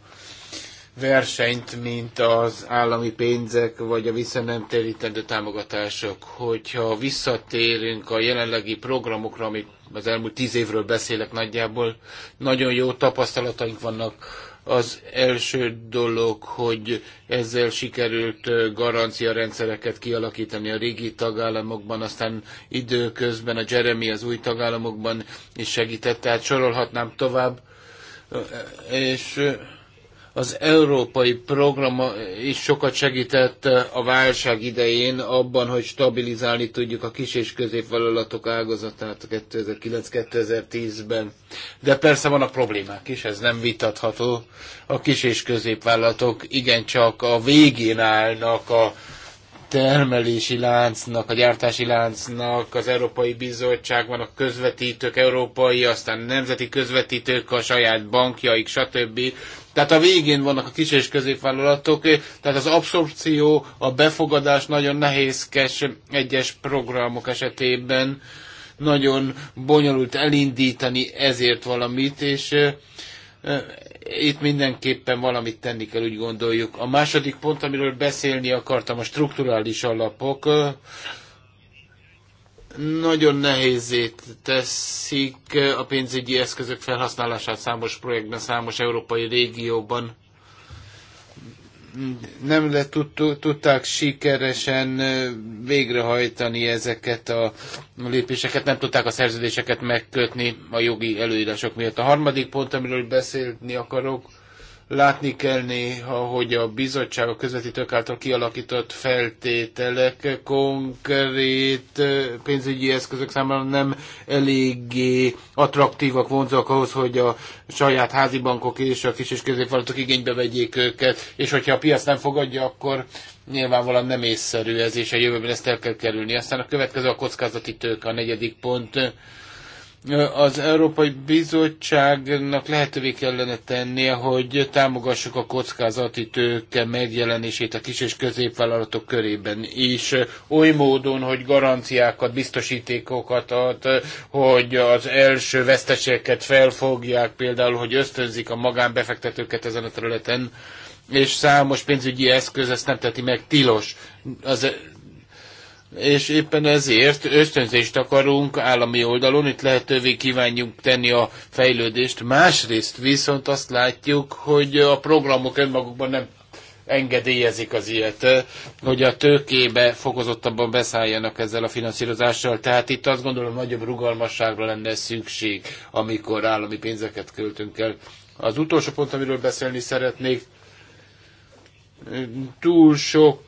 versenyt, mint az állami pénzek, vagy a vissza nem térítendő támogatások. Hogyha visszatérünk a jelenlegi programokra, amit az elmúlt tíz évről beszélek nagyjából, nagyon jó tapasztalataink vannak. Az első dolog, hogy ezzel sikerült garanciarendszereket kialakítani a régi tagállamokban, aztán időközben a Jeremy az új tagállamokban is segített, tehát sorolhatnám tovább. És az európai program is sokat segített eh, a válság idején abban, hogy stabilizálni tudjuk a kis és középvállalatok ágazatát 2009-2010-ben. De persze van a problémák is, ez nem vitatható. A kis és középvállalatok igencsak a végén állnak a termelési láncnak, a gyártási láncnak, az Európai Bizottság a közvetítők, európai, aztán nemzeti közvetítők, a saját bankjaik, stb. Tehát a végén vannak a kis és középvállalatok, eh, tehát az abszorpció, a befogadás nagyon nehézkes egyes programok esetében, nagyon bonyolult elindítani ezért valamit, és eh, eh, itt mindenképpen valamit tenni kell, úgy gondoljuk. A második pont, amiről beszélni akartam, a strukturális alapok nagyon nehézét teszik a pénzügyi eszközök felhasználását számos projektben, számos európai régióban. Nem le tudták sikeresen végrehajtani ezeket a lépéseket, nem tudták a szerződéseket megkötni a jogi előírások miatt. A harmadik pont, amiről beszélni akarok, Látni kell néha, hogy a bizottság a közvetítők által kialakított feltételek konkrét pénzügyi eszközök számára nem eléggé attraktívak, vonzóak ahhoz, hogy a saját házi bankok és a kis és középvállalatok igénybe vegyék őket, és hogyha a piac nem fogadja, akkor nyilvánvalóan nem észszerű ez, és a jövőben ezt el kell kerülni. Aztán a következő a kockázati tőke, a negyedik pont az Európai Bizottságnak lehetővé kellene tennie, hogy támogassuk a kockázati tőke megjelenését a kis és középvállalatok körében is, oly módon, hogy garanciákat, biztosítékokat ad, hogy az első veszteségeket felfogják, például, hogy ösztönzik a magánbefektetőket ezen a területen, és számos pénzügyi eszköz ezt nem teti meg tilos. Az és éppen ezért ösztönzést akarunk állami oldalon, itt lehetővé kívánjuk tenni a fejlődést. Másrészt viszont azt látjuk, hogy a programok önmagukban nem engedélyezik az ilyet, hogy a tőkébe fokozottabban beszálljanak ezzel a finanszírozással. Tehát itt azt gondolom, nagyobb rugalmasságra lenne szükség, amikor állami pénzeket költünk el. Az utolsó pont, amiről beszélni szeretnék, túl sok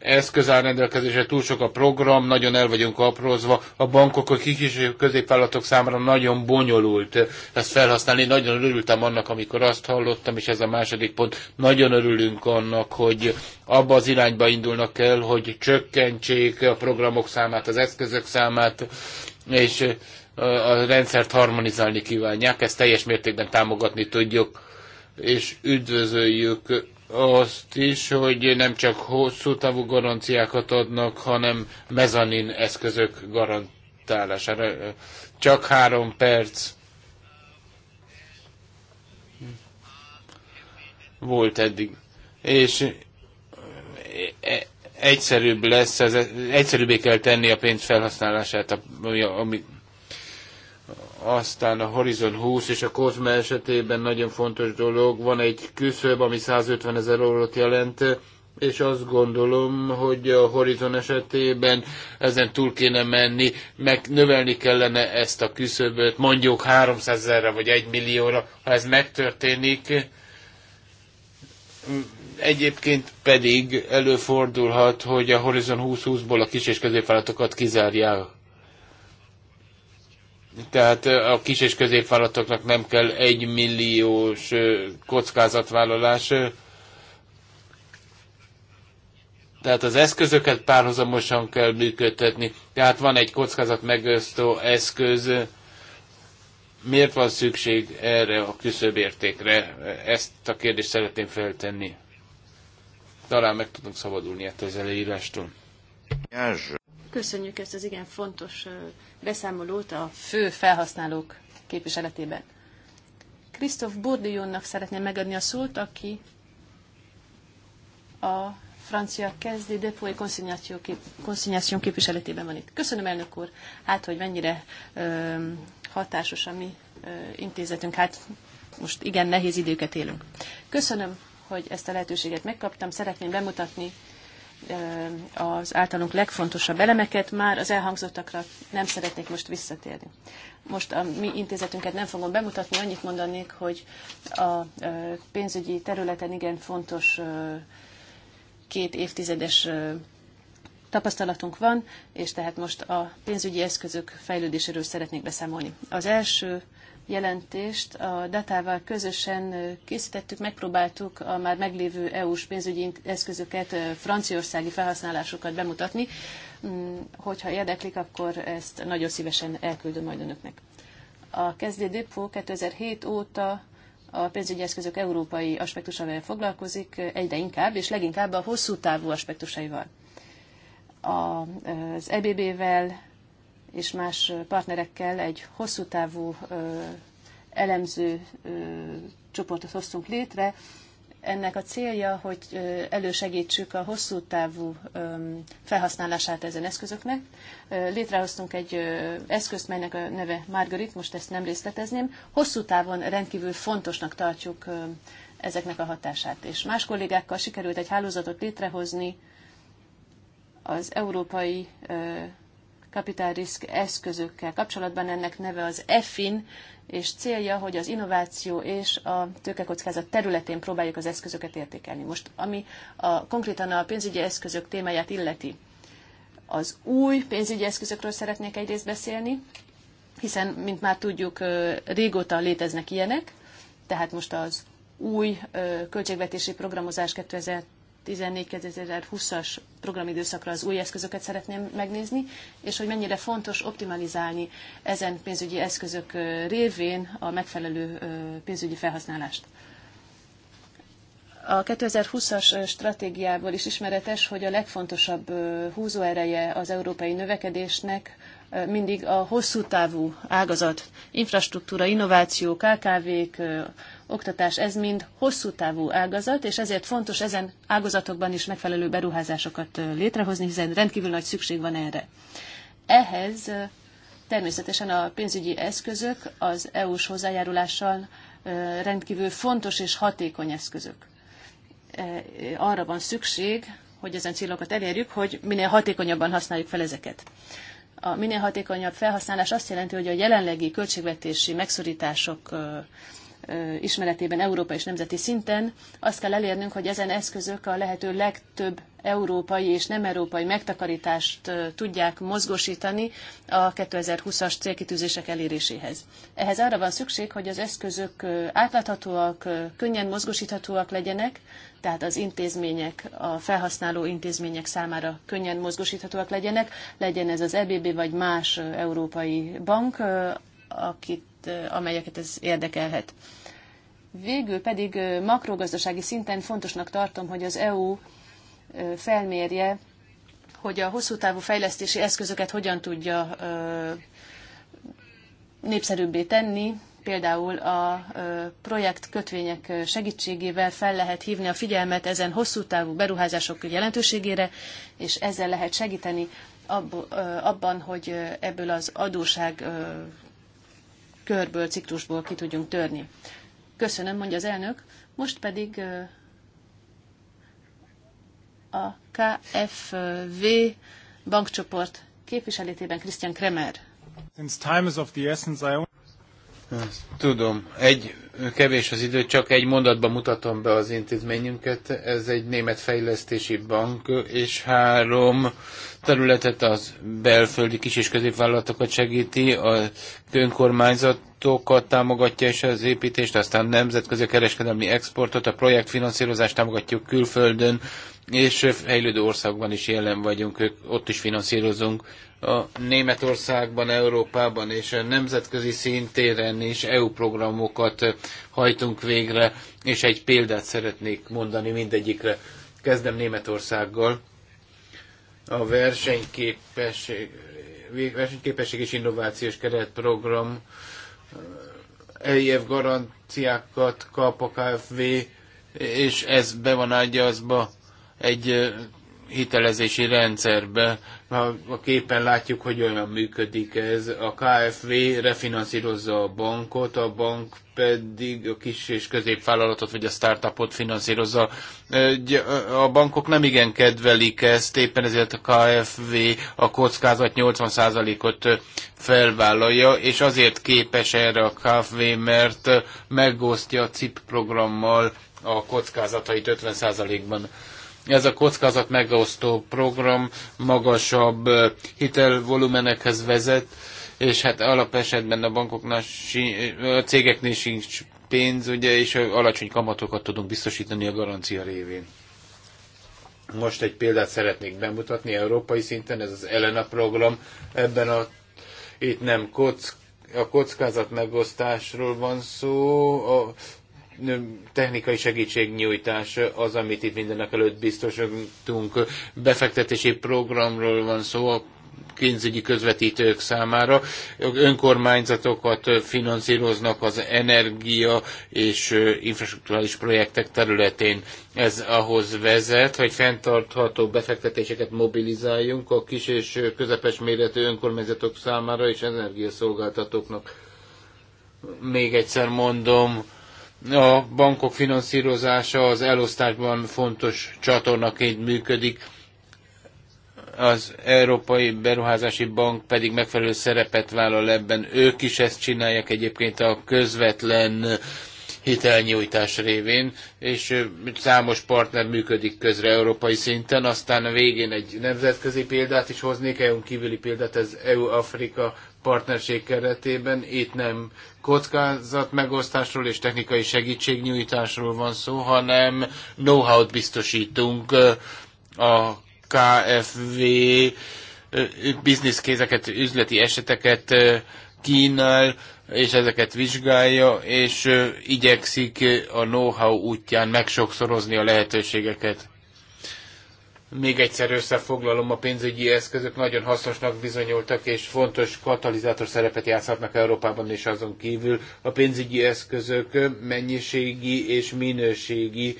eszköz áll rendelkezésre, túl sok a program, nagyon el vagyunk aprózva, a bankok, a kis és középvállalatok számára nagyon bonyolult ezt felhasználni. Nagyon örültem annak, amikor azt hallottam, és ez a második pont, nagyon örülünk annak, hogy abba az irányba indulnak el, hogy csökkentsék a programok számát, az eszközök számát, és a rendszert harmonizálni kívánják, ezt teljes mértékben támogatni tudjuk, és üdvözöljük azt is, hogy nem csak hosszú távú garanciákat adnak, hanem mezanin eszközök garantálására. Csak három perc volt eddig. És e, egyszerűbb lesz, e, egyszerűbbé kell tenni a pénz felhasználását, ami, ami aztán a Horizon 20 és a Cosme esetében nagyon fontos dolog. Van egy küszöb, ami 150 ezer eurót jelent, és azt gondolom, hogy a Horizon esetében ezen túl kéne menni, meg növelni kellene ezt a küszöböt, mondjuk 300 ezerre vagy 1 millióra, ha ez megtörténik. Egyébként pedig előfordulhat, hogy a Horizon 2020-ból a kis és középvállalatokat kizárják tehát a kis és középvállalatoknak nem kell egy milliós kockázatvállalás. Tehát az eszközöket párhuzamosan kell működtetni. Tehát van egy kockázat megosztó eszköz. Miért van szükség erre a küszöbértékre? Ezt a kérdést szeretném feltenni. Talán meg tudunk szabadulni ettől az előírástól. Köszönjük ezt az igen fontos beszámolót a fő felhasználók képviseletében. Krisztof Bourdillonnak szeretném megadni a szót, aki a francia kezdi depói konszinyáció képviseletében van itt. Köszönöm, elnök úr, hát, hogy mennyire ö, hatásos a mi ö, intézetünk. Hát most igen nehéz időket élünk. Köszönöm, hogy ezt a lehetőséget megkaptam. Szeretném bemutatni az általunk legfontosabb elemeket, már az elhangzottakra nem szeretnék most visszatérni. Most a mi intézetünket nem fogom bemutatni, annyit mondanék, hogy a pénzügyi területen igen fontos két évtizedes tapasztalatunk van, és tehát most a pénzügyi eszközök fejlődéséről szeretnék beszámolni. Az első jelentést a datával közösen készítettük, megpróbáltuk a már meglévő EU-s pénzügyi eszközöket, franciaországi felhasználásokat bemutatni. Mm, hogyha érdeklik, akkor ezt nagyon szívesen elküldöm majd önöknek. A Kezdő Depot 2007 óta a pénzügyi eszközök európai aspektusával foglalkozik egyre inkább, és leginkább a hosszú távú aspektusaival. Az EBB-vel és más partnerekkel egy hosszú távú elemző csoportot hoztunk létre. Ennek a célja, hogy elősegítsük a hosszú távú felhasználását ezen eszközöknek. Létrehoztunk egy eszközt, melynek a neve Margarit, most ezt nem részletezném. Hosszú távon rendkívül fontosnak tartjuk ezeknek a hatását. És más kollégákkal sikerült egy hálózatot létrehozni az európai kapitálrisk eszközökkel kapcsolatban. Ennek neve az EFIN, és célja, hogy az innováció és a tőkekockázat területén próbáljuk az eszközöket értékelni. Most, ami a, konkrétan a pénzügyi eszközök témáját illeti, az új pénzügyi eszközökről szeretnék egyrészt beszélni, hiszen, mint már tudjuk, régóta léteznek ilyenek, tehát most az új költségvetési programozás 2014-2020-as programidőszakra az új eszközöket szeretném megnézni, és hogy mennyire fontos optimalizálni ezen pénzügyi eszközök révén a megfelelő pénzügyi felhasználást. A 2020-as stratégiából is ismeretes, hogy a legfontosabb húzóereje az európai növekedésnek mindig a hosszú távú ágazat, infrastruktúra, innováció, KKV-k, oktatás, ez mind hosszú távú ágazat, és ezért fontos ezen ágazatokban is megfelelő beruházásokat létrehozni, hiszen rendkívül nagy szükség van erre. Ehhez természetesen a pénzügyi eszközök az EU-s hozzájárulással rendkívül fontos és hatékony eszközök. Arra van szükség, hogy ezen célokat elérjük, hogy minél hatékonyabban használjuk fel ezeket. A minél hatékonyabb felhasználás azt jelenti, hogy a jelenlegi költségvetési megszorítások ismeretében Európa és nemzeti szinten. Azt kell elérnünk, hogy ezen eszközök a lehető legtöbb európai és nem európai megtakarítást tudják mozgosítani a 2020-as célkitűzések eléréséhez. Ehhez arra van szükség, hogy az eszközök átláthatóak, könnyen mozgosíthatóak legyenek, tehát az intézmények, a felhasználó intézmények számára könnyen mozgosíthatóak legyenek, legyen ez az EBB vagy más európai bank, akit, amelyeket ez érdekelhet. Végül pedig makrogazdasági szinten fontosnak tartom, hogy az EU felmérje, hogy a hosszú távú fejlesztési eszközöket hogyan tudja népszerűbbé tenni, például a projekt kötvények segítségével fel lehet hívni a figyelmet ezen hosszú távú beruházások jelentőségére, és ezzel lehet segíteni abban, hogy ebből az adóság körből, ciklusból ki tudjunk törni. Köszönöm, mondja az elnök. Most pedig a KFV bankcsoport képviselétében Christian Kremer. Since time is of the essence, I Tudom, egy kevés az idő, csak egy mondatban mutatom be az intézményünket. Ez egy német fejlesztési bank, és három területet az belföldi kis- és középvállalatokat segíti, a önkormányzatokat támogatja és az építést, aztán nemzetközi kereskedelmi exportot, a projektfinanszírozást támogatjuk külföldön, és fejlődő országban is jelen vagyunk, ott is finanszírozunk a Németországban, Európában és a nemzetközi szintéren is EU programokat hajtunk végre, és egy példát szeretnék mondani mindegyikre. Kezdem Németországgal. A versenyképesség, versenyképesség és innovációs keretprogram EIF garanciákat kap a KFV, és ez be van ágyazva egy hitelezési rendszerbe. A képen látjuk, hogy olyan működik ez. A KFV refinanszírozza a bankot, a bank pedig a kis és középvállalatot vagy a startupot finanszírozza. A bankok nem igen kedvelik ezt, éppen ezért a KFV a kockázat 80%-ot felvállalja, és azért képes erre a KFV, mert megosztja a CIP programmal a kockázatait 50%-ban. Ez a kockázat megosztó program magasabb hitelvolumenekhez vezet, és hát esetben a bankoknál, a cégeknél sincs pénz, ugye, és alacsony kamatokat tudunk biztosítani a garancia révén. Most egy példát szeretnék bemutatni európai szinten, ez az Elena program. Ebben a, itt nem kock, a kockázat megosztásról van szó, a technikai segítségnyújtás az, amit itt mindenek előtt biztosítunk. Befektetési programról van szó a kénzügyi közvetítők számára. Önkormányzatokat finanszíroznak az energia és infrastruktúrális projektek területén. Ez ahhoz vezet, hogy fenntartható befektetéseket mobilizáljunk a kis és közepes méretű önkormányzatok számára és energiaszolgáltatóknak. Még egyszer mondom, a bankok finanszírozása az elosztásban fontos csatornaként működik, az Európai Beruházási Bank pedig megfelelő szerepet vállal ebben. Ők is ezt csinálják egyébként a közvetlen hitelnyújtás révén, és számos partner működik közre európai szinten, aztán a végén egy nemzetközi példát is hoznék, EU-n kívüli példát, ez EU-Afrika partnerség keretében. Itt nem kockázat megosztásról és technikai segítségnyújtásról van szó, hanem know-how-t biztosítunk eh, a KFV eh, bizniszkézeket, üzleti eseteket eh, kínál, és ezeket vizsgálja, és igyekszik a know-how útján megsokszorozni a lehetőségeket. Még egyszer összefoglalom, a pénzügyi eszközök nagyon hasznosnak bizonyultak, és fontos katalizátor szerepet játszhatnak Európában és azon kívül. A pénzügyi eszközök mennyiségi és minőségi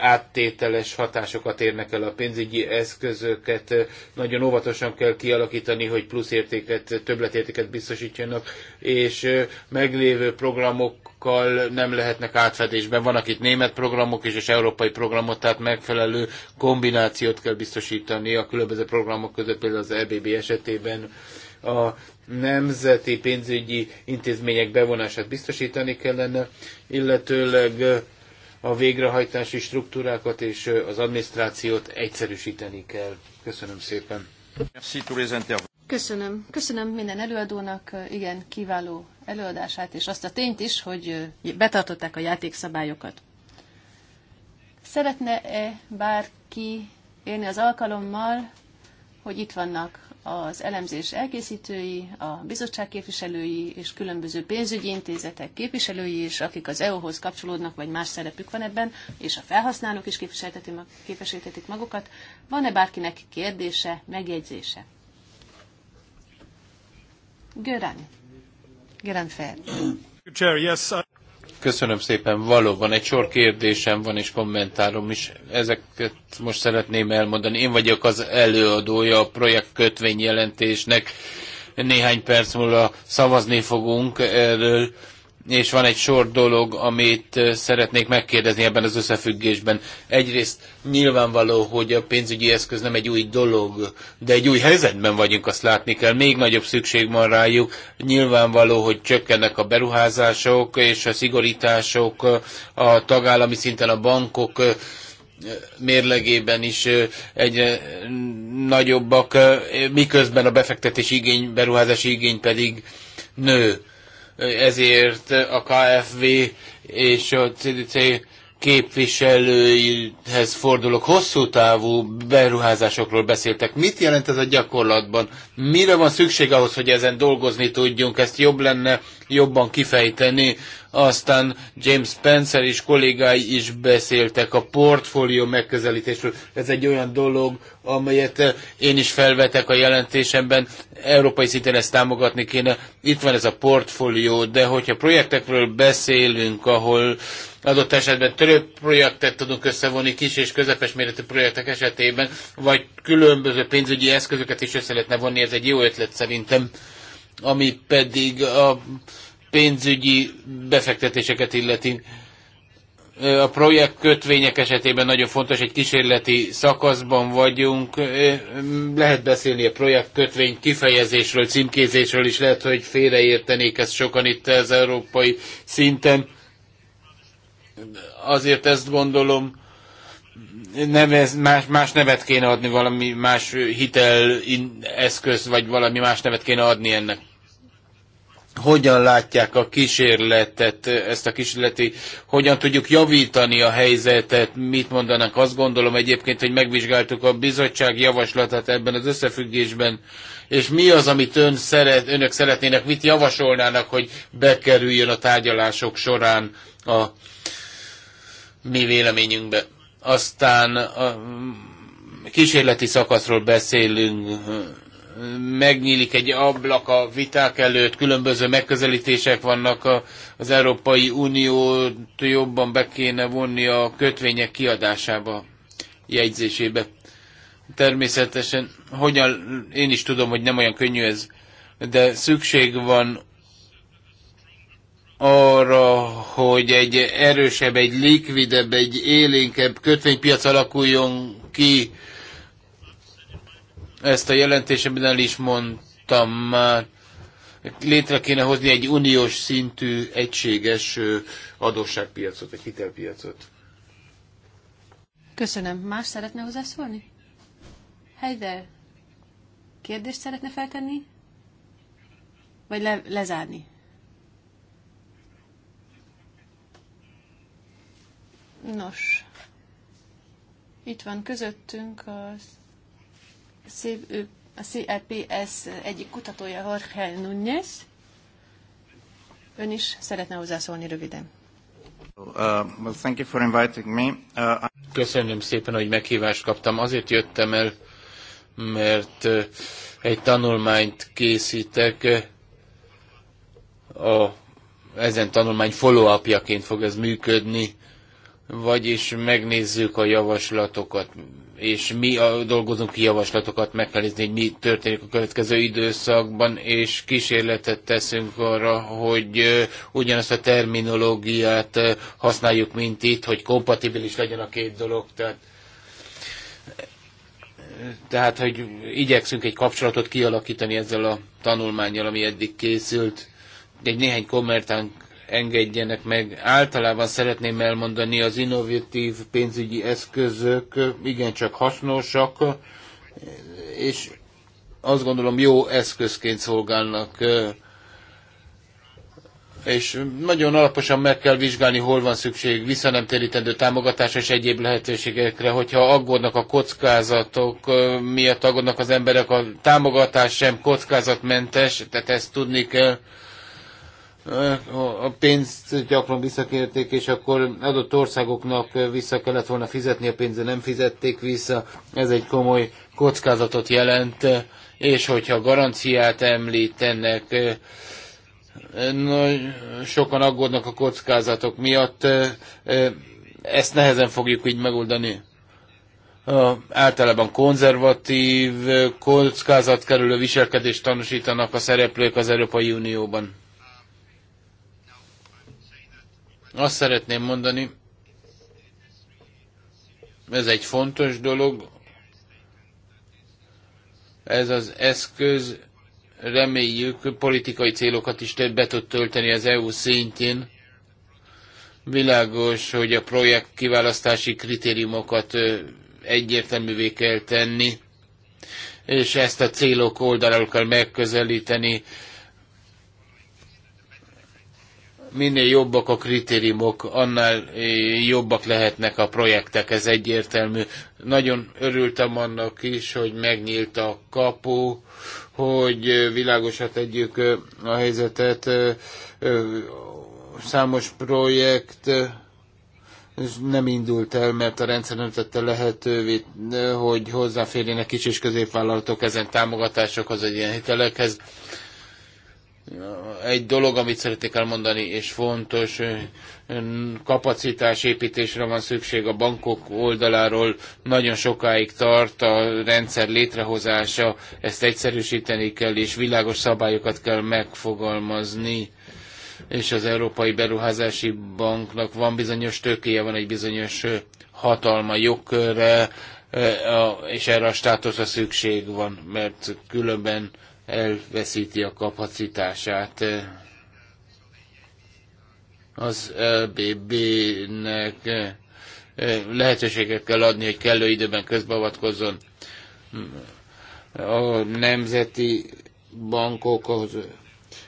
áttételes hatásokat érnek el a pénzügyi eszközöket. Nagyon óvatosan kell kialakítani, hogy értéket, többletértéket biztosítsanak, és meglévő programokkal nem lehetnek átfedésben. Vannak itt német programok és, és európai programok, tehát megfelelő kombinációt kell biztosítani a különböző programok között, például az EBB esetében a nemzeti pénzügyi intézmények bevonását biztosítani kellene, illetőleg a végrehajtási struktúrákat és az adminisztrációt egyszerűsíteni kell. Köszönöm szépen. Köszönöm. Köszönöm minden előadónak igen kiváló előadását, és azt a tényt is, hogy betartották a játékszabályokat. Szeretne-e bárki élni az alkalommal, hogy itt vannak az elemzés elkészítői, a bizottság képviselői és különböző pénzügyi intézetek képviselői is, akik az EU-hoz kapcsolódnak, vagy más szerepük van ebben, és a felhasználók is képviseltetik magukat. Van-e bárkinek kérdése, megjegyzése? Görán. Görán Fer. Köszönöm szépen, valóban egy sor kérdésem van és kommentárom is. Ezeket most szeretném elmondani. Én vagyok az előadója a projekt kötvényjelentésnek. Néhány perc múlva szavazni fogunk erről és van egy sor dolog, amit szeretnék megkérdezni ebben az összefüggésben. Egyrészt nyilvánvaló, hogy a pénzügyi eszköz nem egy új dolog, de egy új helyzetben vagyunk, azt látni kell. Még nagyobb szükség van rájuk. Nyilvánvaló, hogy csökkennek a beruházások és a szigorítások a tagállami szinten a bankok mérlegében is egyre mm, nagyobbak, miközben a befektetési igény, beruházási igény pedig nő ezért a KFV és a CDC képviselőihez fordulok. Hosszú távú beruházásokról beszéltek. Mit jelent ez a gyakorlatban? Mire van szükség ahhoz, hogy ezen dolgozni tudjunk? Ezt jobb lenne jobban kifejteni, aztán James Spencer és kollégái is beszéltek a portfólió megközelítésről. Ez egy olyan dolog, amelyet eh, én is felvetek a jelentésemben. Európai szinten ezt támogatni kéne. Itt van ez a portfólió, de hogyha projektekről beszélünk, ahol adott esetben több projektet tudunk összevonni kis és közepes méretű projektek esetében, vagy különböző pénzügyi eszközöket is össze lehetne vonni, ez egy jó ötlet szerintem, ami pedig a pénzügyi befektetéseket illeti. A projekt kötvények esetében nagyon fontos, egy kísérleti szakaszban vagyunk. Lehet beszélni a projekt kötvény kifejezésről, címkézésről is, lehet, hogy félreértenék ezt sokan itt az európai szinten. Azért ezt gondolom, nem ez, más, más nevet kéne adni, valami más hitel eszköz, vagy valami más nevet kéne adni ennek hogyan látják a kísérletet, ezt a kísérleti, hogyan tudjuk javítani a helyzetet, mit mondanak. Azt gondolom egyébként, hogy megvizsgáltuk a bizottság javaslatát ebben az összefüggésben, és mi az, amit ön szeret, önök szeretnének, mit javasolnának, hogy bekerüljön a tárgyalások során a mi véleményünkbe. Aztán a kísérleti szakaszról beszélünk, megnyílik egy ablak a viták előtt, különböző megközelítések vannak, az Európai Uniót jobban be kéne vonni a kötvények kiadásába, jegyzésébe. Természetesen, hogyan, én is tudom, hogy nem olyan könnyű ez, de szükség van arra, hogy egy erősebb, egy likvidebb, egy élénkebb kötvénypiac alakuljon ki, ezt a jelentésemben el is mondtam már. Létre kéne hozni egy uniós szintű egységes adósságpiacot, egy hitelpiacot. Köszönöm. Más szeretne hozzászólni? Heider, kérdést szeretne feltenni? Vagy le, lezárni? Nos, itt van közöttünk az a CLPS egyik kutatója Jorge Núñez. Ön is szeretne hozzászólni röviden. Uh, uh, Köszönöm szépen, hogy meghívást kaptam. Azért jöttem el, mert egy tanulmányt készítek. A, ezen tanulmány follow fog ez működni, vagyis megnézzük a javaslatokat, és mi a, dolgozunk ki javaslatokat, meg kell nézni, hogy mi történik a következő időszakban, és kísérletet teszünk arra, hogy ugyanazt a terminológiát használjuk, mint itt, hogy kompatibilis legyen a két dolog. Tehát tehát, hogy igyekszünk egy kapcsolatot kialakítani ezzel a tanulmányjal, ami eddig készült. Egy néhány kommentánk engedjenek meg. Általában szeretném elmondani, az innovatív pénzügyi eszközök igencsak hasznosak, és azt gondolom jó eszközként szolgálnak és nagyon alaposan meg kell vizsgálni, hol van szükség visszanemtérítendő támogatás és egyéb lehetőségekre. Hogyha aggódnak a kockázatok miatt aggódnak az emberek, a támogatás sem kockázatmentes, tehát ezt tudni kell a pénzt gyakran visszakérték, és akkor adott országoknak vissza kellett volna fizetni a pénzt, nem fizették vissza. Ez egy komoly kockázatot jelent, és hogyha garanciát említenek, sokan aggódnak a kockázatok miatt, ezt nehezen fogjuk így megoldani. A általában konzervatív, kockázatkerülő viselkedést tanúsítanak a szereplők az Európai Unióban. Azt szeretném mondani, ez egy fontos dolog, ez az eszköz, reméljük, politikai célokat is be tud tölteni az EU szintjén. Világos, hogy a projekt kiválasztási kritériumokat egyértelművé kell tenni, és ezt a célok oldalról kell megközelíteni minél jobbak a kritériumok, annál eh, jobbak lehetnek a projektek, ez egyértelmű. Nagyon örültem annak is, hogy megnyílt a kapu, hogy eh, világosat tegyük eh, a helyzetet. Számos projekt nem indult el, mert a rendszer nem tette lehetővé, hogy hozzáférjenek kis és középvállalatok ezen támogatásokhoz, egy ilyen hitelekhez. Egy dolog, amit szeretnék elmondani, és fontos, kapacitásépítésre van szükség a bankok oldaláról. Nagyon sokáig tart a rendszer létrehozása, ezt egyszerűsíteni kell, és világos szabályokat kell megfogalmazni és az Európai Beruházási Banknak van bizonyos tökéje, van egy bizonyos hatalma, jogkörre, és erre a státuszra szükség van, mert különben elveszíti a kapacitását. Az LBB-nek eh, eh, lehetőséget kell adni, hogy kellő időben közbeavatkozzon a nemzeti bankok, az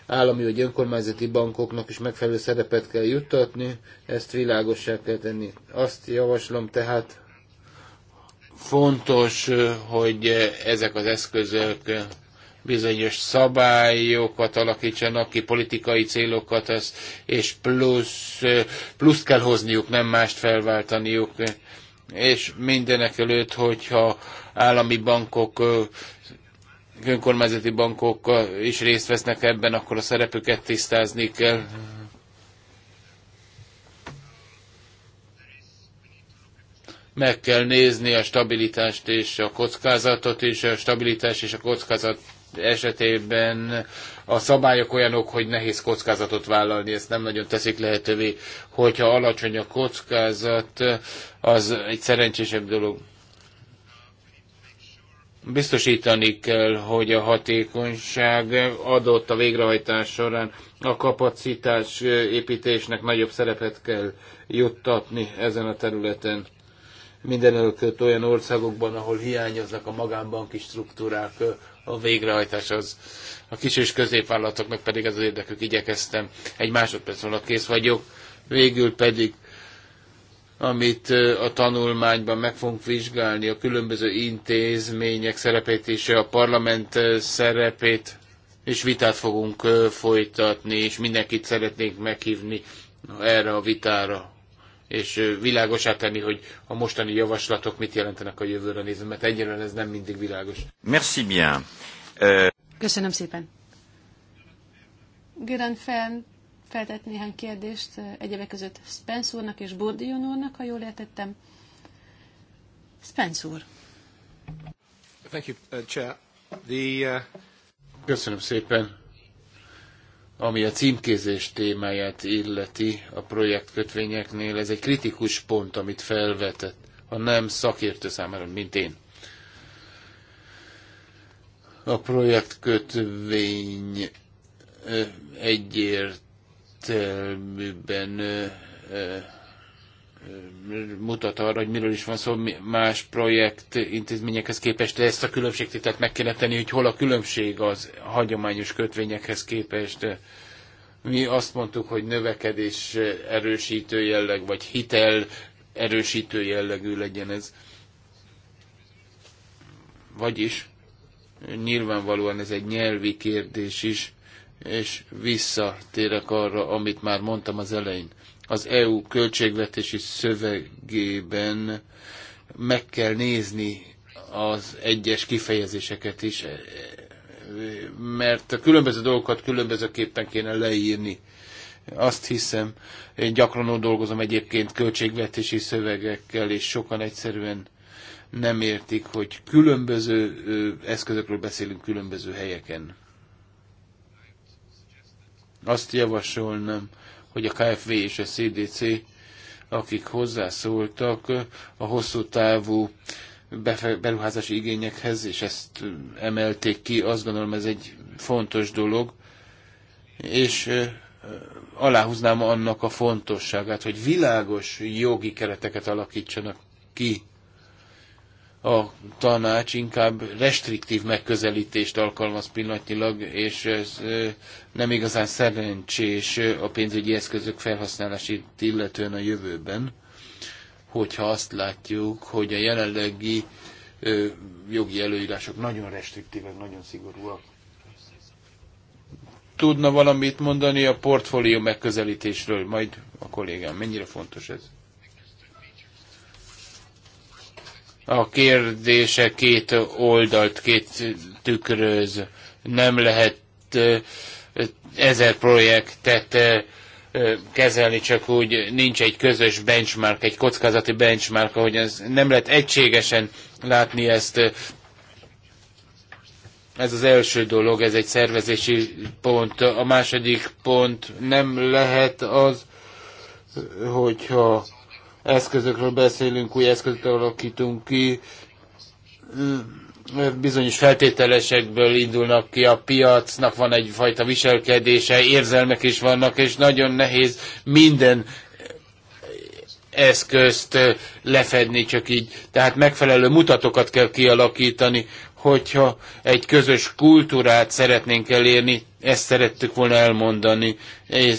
állami vagy önkormányzati bankoknak is megfelelő szerepet kell juttatni, ezt világossá kell tenni. Azt javaslom tehát fontos, eh, hogy ezek az eszközök bizonyos szabályokat alakítsanak ki, politikai célokat, és plusz, plusz kell hozniuk, nem mást felváltaniuk. És mindenek előtt, hogyha állami bankok önkormányzati bankok is részt vesznek ebben, akkor a szerepüket tisztázni kell. Meg kell nézni a stabilitást és a kockázatot, és a stabilitás és a kockázat esetében a szabályok olyanok, hogy nehéz kockázatot vállalni, ezt nem nagyon teszik lehetővé, hogyha alacsony a kockázat, az egy szerencsésebb dolog. Biztosítani kell, hogy a hatékonyság adott a végrehajtás során a kapacitás építésnek nagyobb szerepet kell juttatni ezen a területen Minden olyan országokban, ahol hiányoznak a magánbanki struktúrák, a végrehajtás az a kis és középvállalatoknak pedig az érdekük igyekeztem. Egy másodperc alatt kész vagyok. Végül pedig amit a tanulmányban meg fogunk vizsgálni, a különböző intézmények szerepét és a parlament szerepét, és vitát fogunk folytatni, és mindenkit szeretnénk meghívni erre a vitára és világosá tenni, hogy a mostani javaslatok mit jelentenek a jövőre nézve, mert ennyire ez nem mindig világos. Merci bien. Uh... Köszönöm szépen. Göran fel feltett néhány kérdést egyebek között Spence úrnak és Bordion úrnak, ha jól értettem. Spence úr. Thank you, uh, Chair. The, uh... Köszönöm szépen ami a címkézés témáját illeti a projektkötvényeknél, ez egy kritikus pont, amit felvetett a nem szakértő számára, mint én. A projektkötvény egyértelműben mutat arra, hogy miről is van szó más projekt intézményekhez képest, de ezt a különbségtételt meg kéne tenni, hogy hol a különbség az hagyományos kötvényekhez képest. Mi azt mondtuk, hogy növekedés erősítő jelleg, vagy hitel erősítő jellegű legyen ez. Vagyis nyilvánvalóan ez egy nyelvi kérdés is, és visszatérek arra, amit már mondtam az elején az EU költségvetési szövegében meg kell nézni az egyes kifejezéseket is, mert a különböző dolgokat különbözőképpen kéne leírni. Azt hiszem, én gyakran dolgozom egyébként költségvetési szövegekkel, és sokan egyszerűen nem értik, hogy különböző eszközökről beszélünk különböző helyeken. Azt javasolnám, hogy a KFV és a CDC, akik hozzászóltak a hosszú távú beruházási igényekhez, és ezt emelték ki, azt gondolom ez egy fontos dolog, és aláhúznám annak a fontosságát, hogy világos jogi kereteket alakítsanak ki a tanács inkább restriktív megközelítést alkalmaz pillanatnyilag, és ez nem igazán szerencsés a pénzügyi eszközök felhasználását illetően a jövőben, hogyha azt látjuk, hogy a jelenlegi jogi előírások nagyon restriktívek, nagyon szigorúak. Tudna valamit mondani a portfólió megközelítésről, majd a kollégám, mennyire fontos ez? A kérdése két oldalt, két tükröz. Nem lehet ezer projektet kezelni, csak úgy nincs egy közös benchmark, egy kockázati benchmark, hogy ez nem lehet egységesen látni ezt. Ez az első dolog, ez egy szervezési pont. A második pont nem lehet az, hogyha eszközökről beszélünk, új eszközt alakítunk ki, bizonyos feltételesekből indulnak ki a piacnak, van egyfajta viselkedése, érzelmek is vannak, és nagyon nehéz minden eszközt lefedni csak így. Tehát megfelelő mutatókat kell kialakítani, hogyha egy közös kultúrát szeretnénk elérni, ezt szerettük volna elmondani. És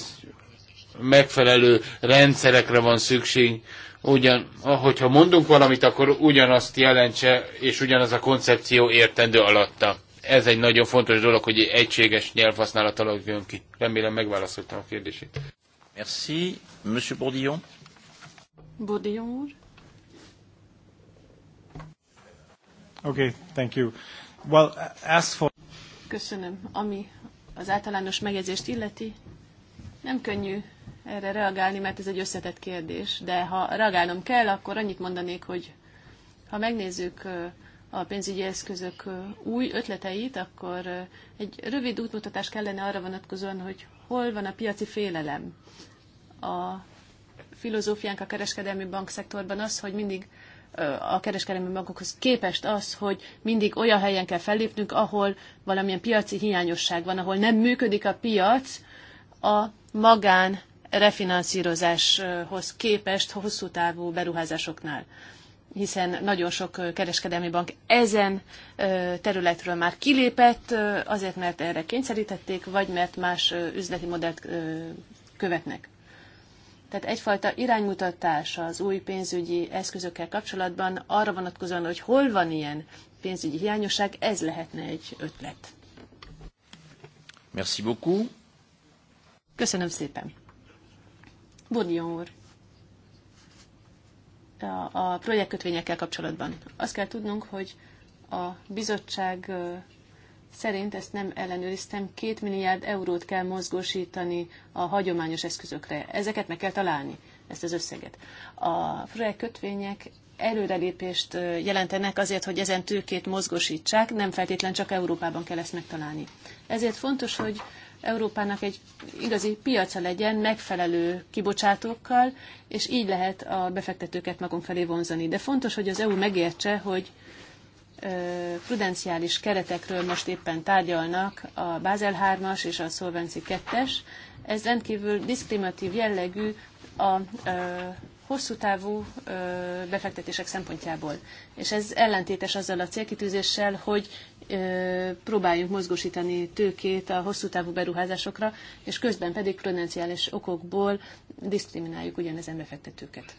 megfelelő rendszerekre van szükség, ugyan, hogyha mondunk valamit, akkor ugyanazt jelentse, és ugyanaz a koncepció értendő alatta. Ez egy nagyon fontos dolog, hogy egy egységes nyelvhasználat alakuljon ki. Remélem megválaszoltam a kérdését. Merci. Monsieur Bourdillon. Bourdillon úr. Okay, thank you. Well, as for... Köszönöm. Ami az általános megjegyzést illeti, nem könnyű erre reagálni, mert ez egy összetett kérdés. De ha reagálnom kell, akkor annyit mondanék, hogy ha megnézzük a pénzügyi eszközök új ötleteit, akkor egy rövid útmutatás kellene arra vonatkozóan, hogy hol van a piaci félelem. A filozófiánk a kereskedelmi bankszektorban az, hogy mindig a kereskedelmi bankokhoz képest az, hogy mindig olyan helyen kell fellépnünk, ahol valamilyen piaci hiányosság van, ahol nem működik a piac, a magán refinanszírozáshoz képest hosszú távú beruházásoknál hiszen nagyon sok kereskedelmi bank ezen területről már kilépett, azért mert erre kényszerítették, vagy mert más üzleti modellt követnek. Tehát egyfajta iránymutatás az új pénzügyi eszközökkel kapcsolatban arra vonatkozóan, hogy hol van ilyen pénzügyi hiányosság, ez lehetne egy ötlet. Merci beaucoup. Köszönöm szépen. Bonnion úr. A, a projektkötvényekkel kapcsolatban. Azt kell tudnunk, hogy a bizottság szerint ezt nem ellenőriztem, két milliárd eurót kell mozgósítani a hagyományos eszközökre. Ezeket meg kell találni, ezt az összeget. A projektkötvények előrelépést jelentenek azért, hogy ezen tőkét mozgósítsák, nem feltétlen csak Európában kell ezt megtalálni. Ezért fontos, hogy Európának egy igazi piaca legyen megfelelő kibocsátókkal, és így lehet a befektetőket magunk felé vonzani. De fontos, hogy az EU megértse, hogy prudenciális keretekről most éppen tárgyalnak a Basel 3-as és a Solvency 2-es. Ez rendkívül diszkriminatív jellegű a hosszú távú befektetések szempontjából. És ez ellentétes azzal a célkitűzéssel, hogy próbáljunk mozgósítani tőkét a hosszú távú beruházásokra, és közben pedig prudenciális okokból diszkrimináljuk ugyanezen befektetőket.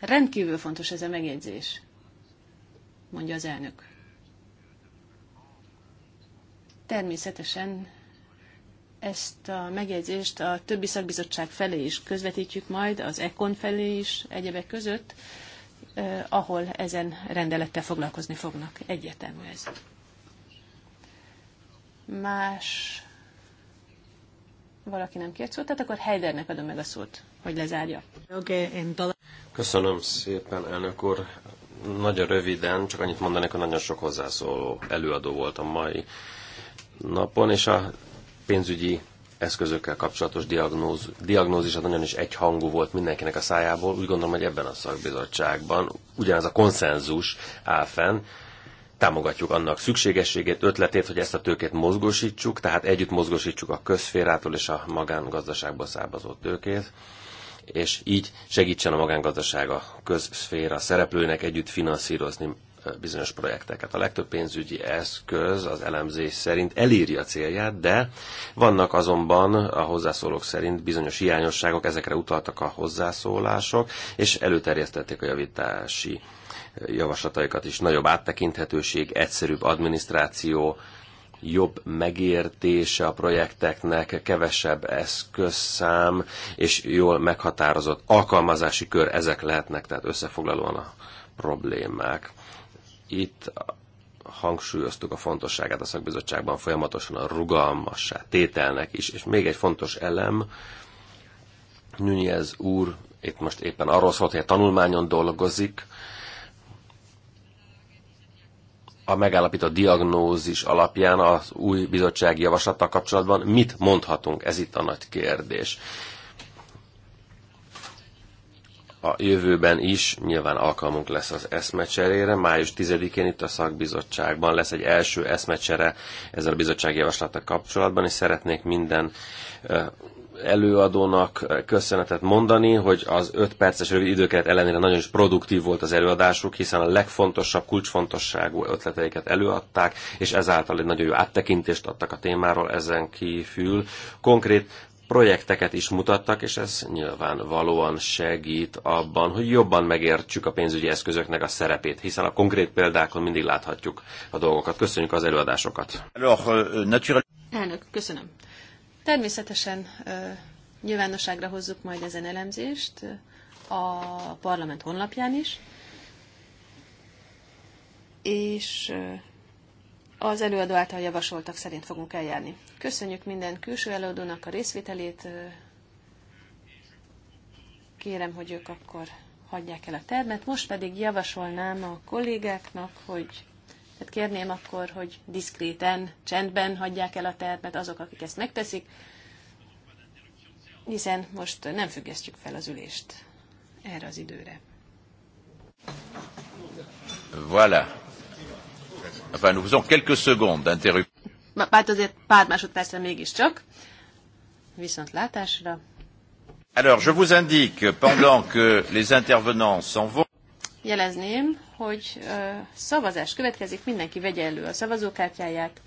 Rendkívül fontos ez a megjegyzés, mondja az elnök. Természetesen ezt a megjegyzést a többi szakbizottság felé is közvetítjük majd, az ECON felé is, egyebek között, Eh, ahol ezen rendelettel foglalkozni fognak. Egyértelmű ez. Más valaki nem kért szót, tehát akkor Heidernek adom meg a szót, hogy lezárja. Köszönöm szépen, elnök úr. Nagyon röviden, csak annyit mondanék, hogy nagyon sok hozzászóló előadó volt a mai napon, és a pénzügyi eszközökkel kapcsolatos diagnóz, diagnózisa hát nagyon is egyhangú volt mindenkinek a szájából. Úgy gondolom, hogy ebben a szakbizottságban ugyanaz a konszenzus áll fenn, támogatjuk annak szükségességét, ötletét, hogy ezt a tőkét mozgósítsuk, tehát együtt mozgósítsuk a közférától és a magángazdaságból származó tőkét, és így segítsen a magángazdaság a közszféra szereplőinek együtt finanszírozni bizonyos projekteket. A legtöbb pénzügyi eszköz az elemzés szerint elírja a célját, de vannak azonban a hozzászólók szerint bizonyos hiányosságok, ezekre utaltak a hozzászólások, és előterjesztették a javítási eh, javaslataikat is. Nagyobb áttekinthetőség, egyszerűbb adminisztráció, jobb megértése a projekteknek, kevesebb eszközszám és jól meghatározott alkalmazási kör, ezek lehetnek tehát összefoglalóan a problémák. Itt hangsúlyoztuk a fontosságát a szakbizottságban folyamatosan a rugalmassá tételnek is, és még egy fontos elem, Nunez úr itt most éppen arról szólt, hogy a tanulmányon dolgozik, a megállapított diagnózis alapján az új bizottsági javaslattal kapcsolatban mit mondhatunk? Ez itt a nagy kérdés a jövőben is nyilván alkalmunk lesz az eszmecserére. Május 10-én itt a szakbizottságban lesz egy első eszmecsere ezzel a bizottsági javaslattal kapcsolatban, és szeretnék minden előadónak köszönetet mondani, hogy az 5 perces rövid időkeret ellenére nagyon is produktív volt az előadásuk, hiszen a legfontosabb, kulcsfontosságú ötleteiket előadták, és ezáltal egy nagyon jó áttekintést adtak a témáról ezen kívül. Konkrét projekteket is mutattak, és ez nyilvánvalóan segít abban, hogy jobban megértsük a pénzügyi eszközöknek a szerepét, hiszen a konkrét példákon mindig láthatjuk a dolgokat. Köszönjük az előadásokat. Euh, Elnök, köszönöm. Természetesen nyilvánosságra hozzuk majd ezen elemzést a parlament honlapján is, és az előadó által javasoltak szerint fogunk eljárni. Köszönjük minden külső előadónak a részvételét. Kérem, hogy ők akkor hagyják el a termet. Most pedig javasolnám a kollégáknak, hogy tehát kérném akkor, hogy diszkréten, csendben hagyják el a termet azok, akik ezt megteszik, hiszen most nem függesztjük fel az ülést erre az időre. Voilà. Enfin, nous faisons quelques secondes d'interruption. Hát azért pár másodpercre mégiscsak. Viszont látásra. Alors, je vous indique, pendant que les intervenants s'en vont, jelezném, hogy ö, szavazás következik, mindenki vegye elő a szavazókártyáját.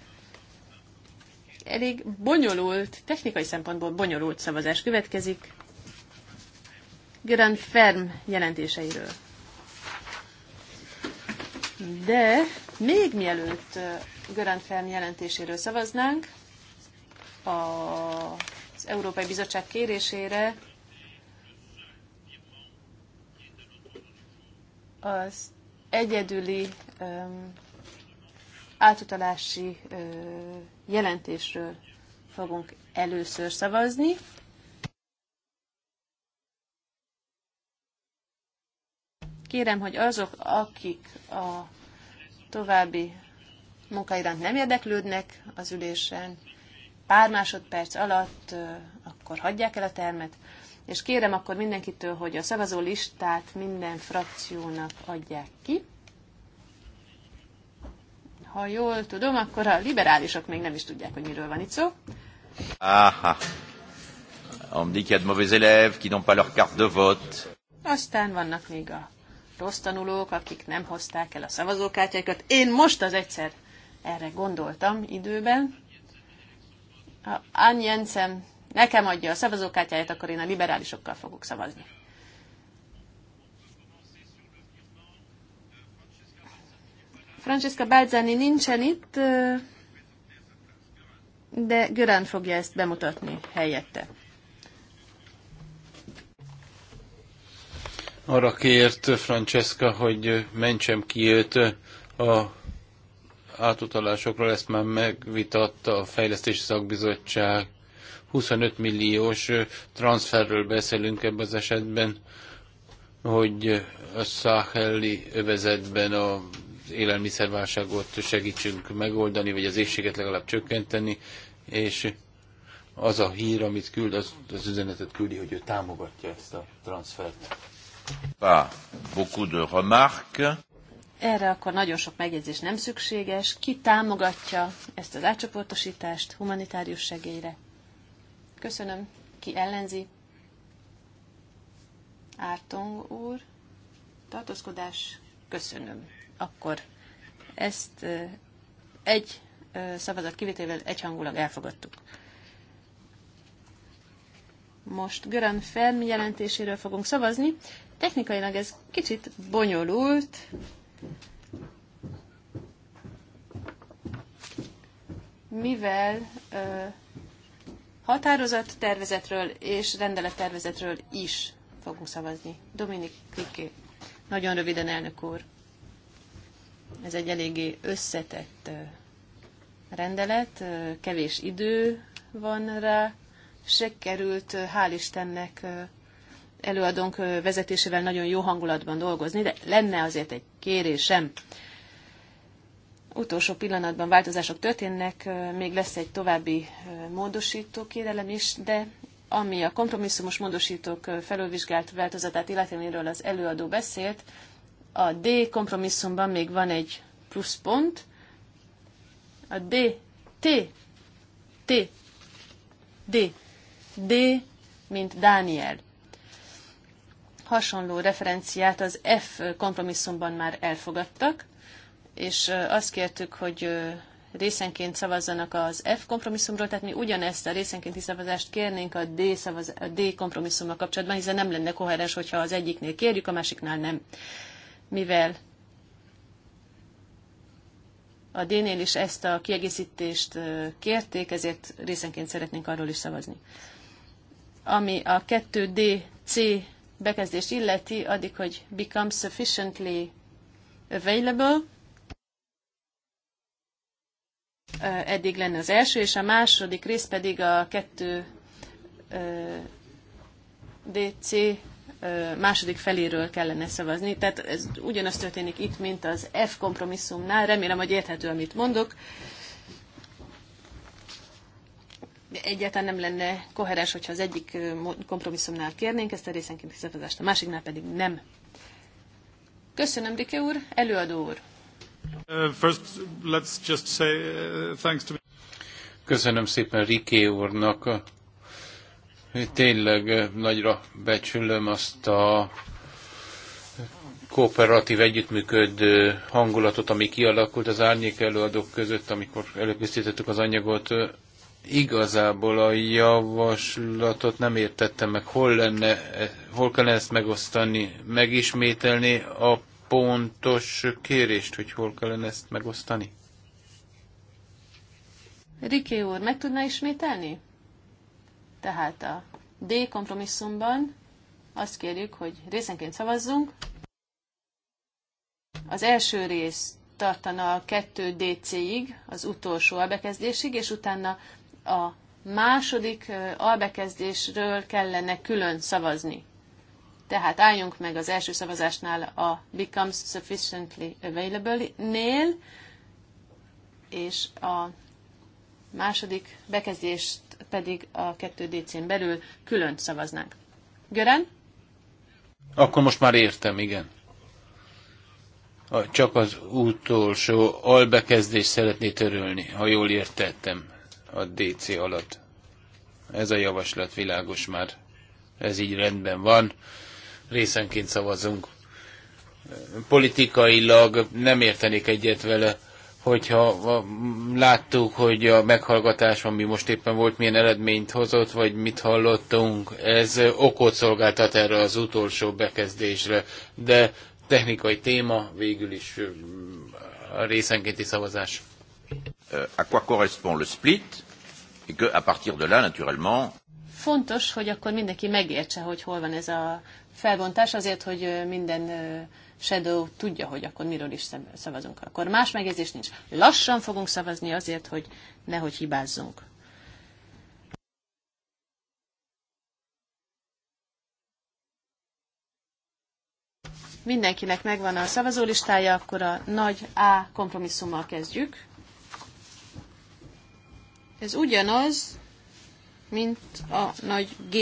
Elég bonyolult, technikai szempontból bonyolult szavazás következik. Grand Ferm jelentéseiről. De még mielőtt Görán Felm jelentéséről szavaznánk, az Európai Bizottság kérésére az egyedüli um, átutalási uh, jelentésről fogunk először szavazni. Kérem, hogy azok, akik a további munka nem érdeklődnek az ülésen, pár másodperc alatt akkor hagyják el a termet, és kérem akkor mindenkitől, hogy a szavazó listát minden frakciónak adják ki. Ha jól tudom, akkor a liberálisok még nem is tudják, hogy miről van itt szó. Aha. On me dit qu'il y a de mauvais élèves qui n'ont pas leur carte de vote. Aztán vannak még a rossz tanulók, akik nem hozták el a szavazókártyákat. Én most az egyszer erre gondoltam időben. Ha Ann Jensen nekem adja a szavazókártyáját, akkor én a liberálisokkal fogok szavazni. Francesca Balzani nincsen itt, de Görán fogja ezt bemutatni helyette. arra kért Francesca, hogy mentsem ki őt a átutalásokról, ezt már megvitatta a Fejlesztési Szakbizottság. 25 milliós transferről beszélünk ebben az esetben, hogy a száheli övezetben a élelmiszerválságot segítsünk megoldani, vagy az éjséget legalább csökkenteni, és az a hír, amit küld, az, az üzenetet küldi, hogy ő támogatja ezt a transfert. Erre akkor nagyon sok megjegyzés nem szükséges. Ki támogatja ezt az átcsoportosítást humanitárius segélyre? Köszönöm. Ki ellenzi? Ártong úr. Tartózkodás. Köszönöm. Akkor ezt egy szavazat kivételével egyhangulag elfogadtuk. Most Görön Fermi jelentéséről fogunk szavazni. Technikailag ez kicsit bonyolult, mivel határozat tervezetről és rendelet tervezetről is fogunk szavazni. Dominik kiké, Nagyon röviden, elnök úr. Ez egy eléggé összetett rendelet, kevés idő van rá, se került, hál' Istennek előadónk vezetésével nagyon jó hangulatban dolgozni, de lenne azért egy kérésem. Utolsó pillanatban változások történnek, még lesz egy további módosító kérelem is, de ami a kompromisszumos módosítók felülvizsgált változatát illeti, az előadó beszélt, a D kompromisszumban még van egy pluszpont, a D, T, T, D, D, mint Dániel hasonló referenciát az F kompromisszumban már elfogadtak, és azt kértük, hogy részenként szavazzanak az F kompromisszumról, tehát mi ugyanezt a részenkénti szavazást kérnénk a D, szavaz, a D kompromisszummal kapcsolatban, hiszen nem lenne koherens, hogyha az egyiknél kérjük, a másiknál nem. Mivel a D-nél is ezt a kiegészítést kérték, ezért részenként szeretnénk arról is szavazni. Ami a 2D C bekezdés illeti, addig, hogy become sufficiently available, eh, eddig lenne az első, és a második rész pedig a 2 eh, DC eh, második feléről kellene szavazni. Tehát ez ugyanaz történik itt, mint az F kompromisszumnál. Remélem, hogy érthető, amit mondok egyáltalán nem lenne koherens, hogyha az egyik kompromisszumnál kérnénk ezt a részenkénti szavazást, a másiknál pedig nem. Köszönöm, Rike úr, előadó úr. Uh, first, let's just say uh, thanks to... Köszönöm szépen Riké úrnak. Tényleg nagyra becsülöm azt a kooperatív együttműködő hangulatot, ami kialakult az árnyék előadók között, amikor előkészítettük az anyagot. Igazából a javaslatot nem értettem meg, hol, lenne, hol kellene ezt megosztani, megismételni a pontos kérést, hogy hol kellene ezt megosztani? Riké úr, meg tudná ismételni? Tehát a D kompromisszumban azt kérjük, hogy részenként szavazzunk. Az első rész tartana a 2 DC-ig, az utolsó a bekezdésig, és utána a második albekezdésről kellene külön szavazni. Tehát álljunk meg az első szavazásnál a Becomes Sufficiently Available-nél, és a második bekezdést pedig a 2DC-n belül külön szavaznánk. Gören? Akkor most már értem, igen. Csak az utolsó albekezdést szeretné törölni, ha jól értettem a DC alatt. Ez a javaslat világos már. Ez így rendben van. Részenként szavazunk. Politikailag nem értenék egyet vele, hogyha láttuk, hogy a meghallgatás, ami most éppen volt, milyen eredményt hozott, vagy mit hallottunk, ez okot szolgáltat erre az utolsó bekezdésre, de technikai téma végül is a részenkénti szavazás. Euh, à quoi correspond le split, et que à partir de là, naturellement... Fontos, hogy akkor mindenki megértse, hogy hol van ez a felbontás, azért, hogy minden Shadow tudja, hogy akkor miről is szavazunk. Akkor más megjegyzés nincs. Lassan fogunk szavazni azért, hogy nehogy hibázzunk. Mindenkinek megvan a szavazólistája, akkor a nagy A kompromisszummal kezdjük. Ez ugyanaz, mint a nagy G.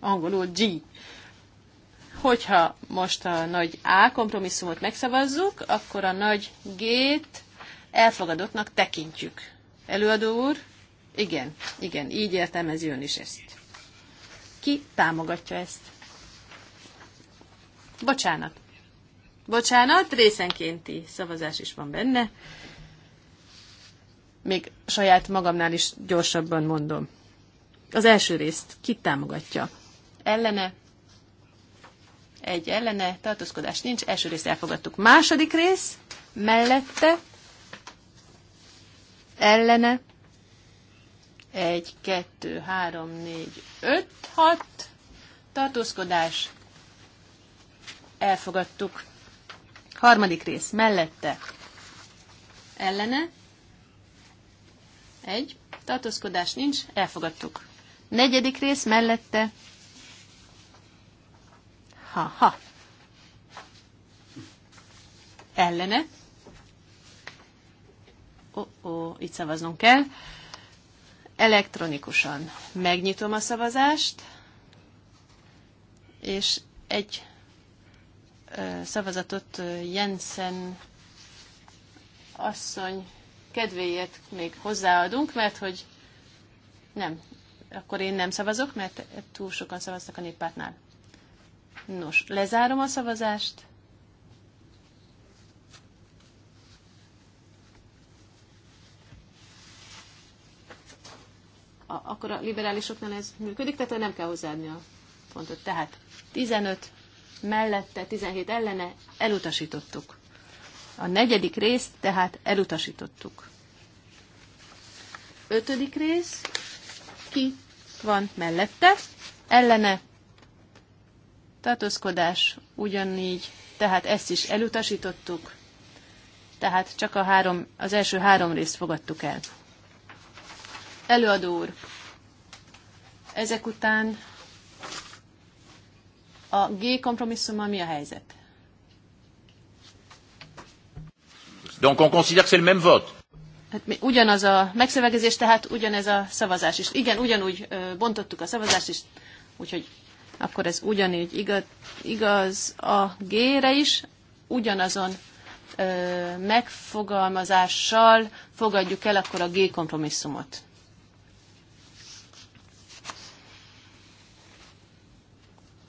Angolul G. Hogyha most a nagy A kompromisszumot megszavazzuk, akkor a nagy G-t elfogadottnak tekintjük. Előadó úr? Igen, igen, így értelmezi ön is ezt. Ki támogatja ezt? Bocsánat. Bocsánat, részenkénti szavazás is van benne még saját magamnál is gyorsabban mondom. Az első részt ki támogatja? Ellene? Egy ellene, tartózkodás nincs, első részt elfogadtuk. Második rész, mellette, ellene, egy, kettő, három, négy, öt, hat, tartózkodás, elfogadtuk. Harmadik rész, mellette, ellene, egy, tartózkodás nincs, elfogadtuk. Negyedik rész mellette. Ha-ha. Ellene. Ó, oh, ó, oh, itt szavaznunk kell. Elektronikusan megnyitom a szavazást, és egy szavazatot Jensen asszony kedvéért még hozzáadunk, mert hogy nem, akkor én nem szavazok, mert túl sokan szavaztak a néppártnál. Nos, lezárom a szavazást. A, akkor a liberálisoknál ez működik, tehát nem kell hozzáadni a pontot. Tehát 15 mellette, 17 ellene elutasítottuk. A negyedik részt tehát elutasítottuk. Ötödik rész, ki van mellette, ellene tartózkodás ugyanígy, tehát ezt is elutasítottuk, tehát csak a három, az első három részt fogadtuk el. Előadó úr, ezek után a G kompromisszummal mi a helyzet? Donc on considère que c'est le même vote. Hát mi ugyanaz a megszövegezés, tehát ugyanez a szavazás is. Igen, ugyanúgy ö, bontottuk a szavazást is, úgyhogy akkor ez ugyanígy igaz, igaz a G-re is, ugyanazon ö, megfogalmazással fogadjuk el akkor a G kompromisszumot.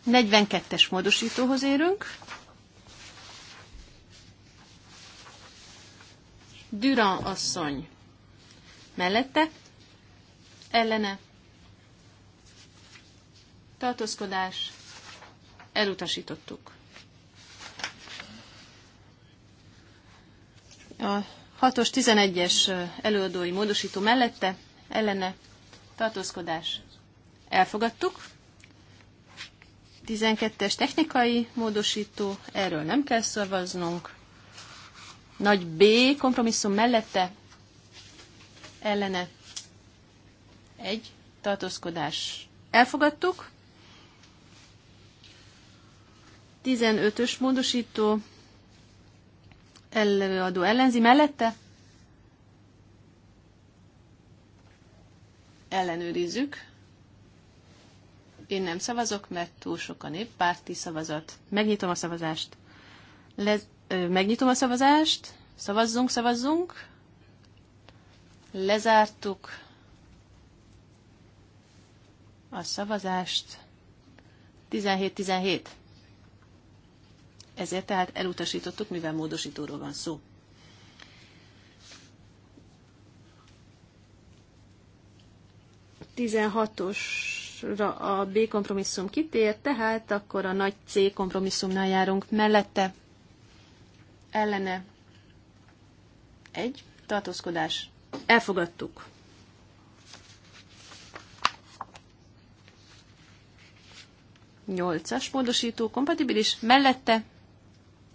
Negyvenkettes módosítóhoz érünk. Durand asszony mellette, ellene, tartózkodás, elutasítottuk. A 6-os 11-es előadói módosító mellette, ellene, tartózkodás, elfogadtuk. 12-es technikai módosító, erről nem kell szavaznunk. Nagy B kompromisszum mellette ellene egy tartózkodás. Elfogadtuk. 15-ös módosító előadó ellenzi mellette. Ellenőrizzük. Én nem szavazok, mert túl sok a néppárti szavazat. Megnyitom a szavazást. Le- Megnyitom a szavazást. Szavazzunk, szavazzunk. Lezártuk a szavazást. 17-17. Ezért tehát elutasítottuk, mivel módosítóról van szó. 16-osra a B kompromisszum kitér, tehát akkor a nagy C kompromisszumnál járunk mellette ellene egy tartózkodás. Elfogadtuk. Nyolcas módosító kompatibilis mellette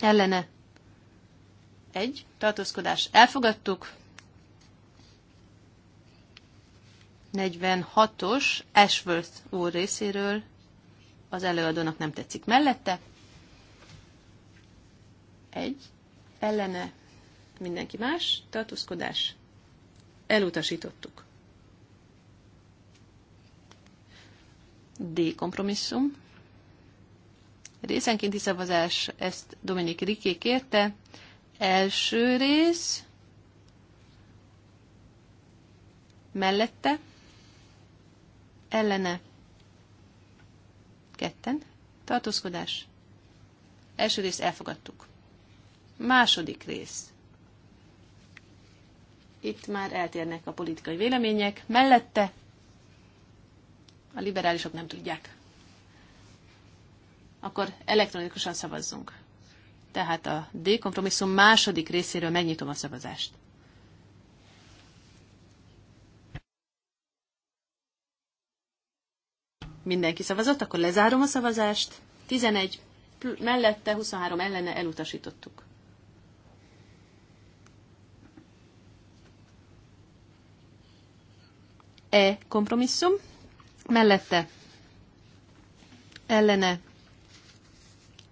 ellene egy tartózkodás. Elfogadtuk. 46-os Ashworth úr részéről az előadónak nem tetszik mellette. Egy ellene mindenki más, tartózkodás, elutasítottuk. D kompromisszum. Részenkénti szavazás, ezt Dominik Riké kérte. Első rész, mellette, ellene, ketten, tartózkodás. Első részt elfogadtuk. Második rész. Itt már eltérnek a politikai vélemények. Mellette a liberálisok nem tudják. Akkor elektronikusan szavazzunk. Tehát a D kompromisszum második részéről megnyitom a szavazást. Mindenki szavazott, akkor lezárom a szavazást. 11 mellette, 23 ellene elutasítottuk. E kompromisszum, mellette ellene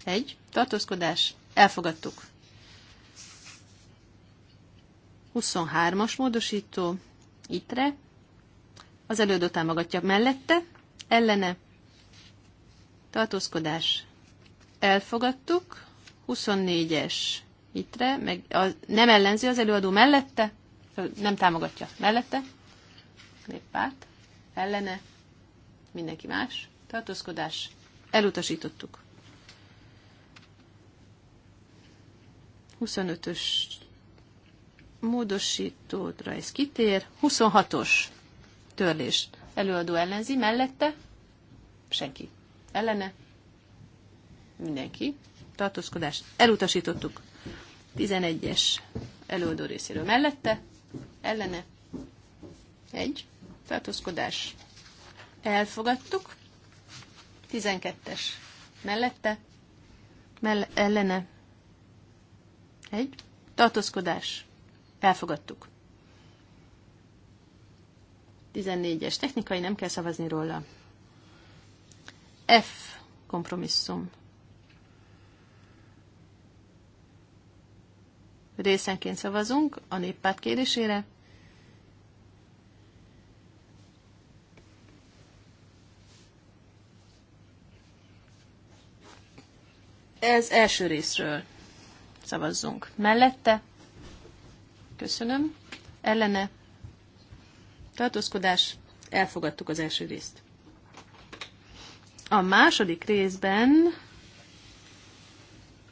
egy tartózkodás, elfogadtuk. 23-as módosító, itre, az elődő támogatja mellette, ellene, tartózkodás, elfogadtuk, 24-es itre, meg a, nem ellenzi az előadó mellette, nem támogatja mellette, néppárt, ellene, mindenki más, tartózkodás, elutasítottuk. 25-ös módosítódra ez kitér, 26-os törlés előadó ellenzi, mellette senki. Ellene mindenki. Tartózkodás elutasítottuk. 11-es előadó részéről mellette, ellene egy, tartózkodás elfogadtuk, 12-es mellette, mell ellene egy, tartózkodás elfogadtuk. 14-es technikai, nem kell szavazni róla. F kompromisszum. Részenként szavazunk a néppárt kérésére. Ez első részről szavazzunk. Mellette? Köszönöm. Ellene? Tartózkodás? Elfogadtuk az első részt. A második részben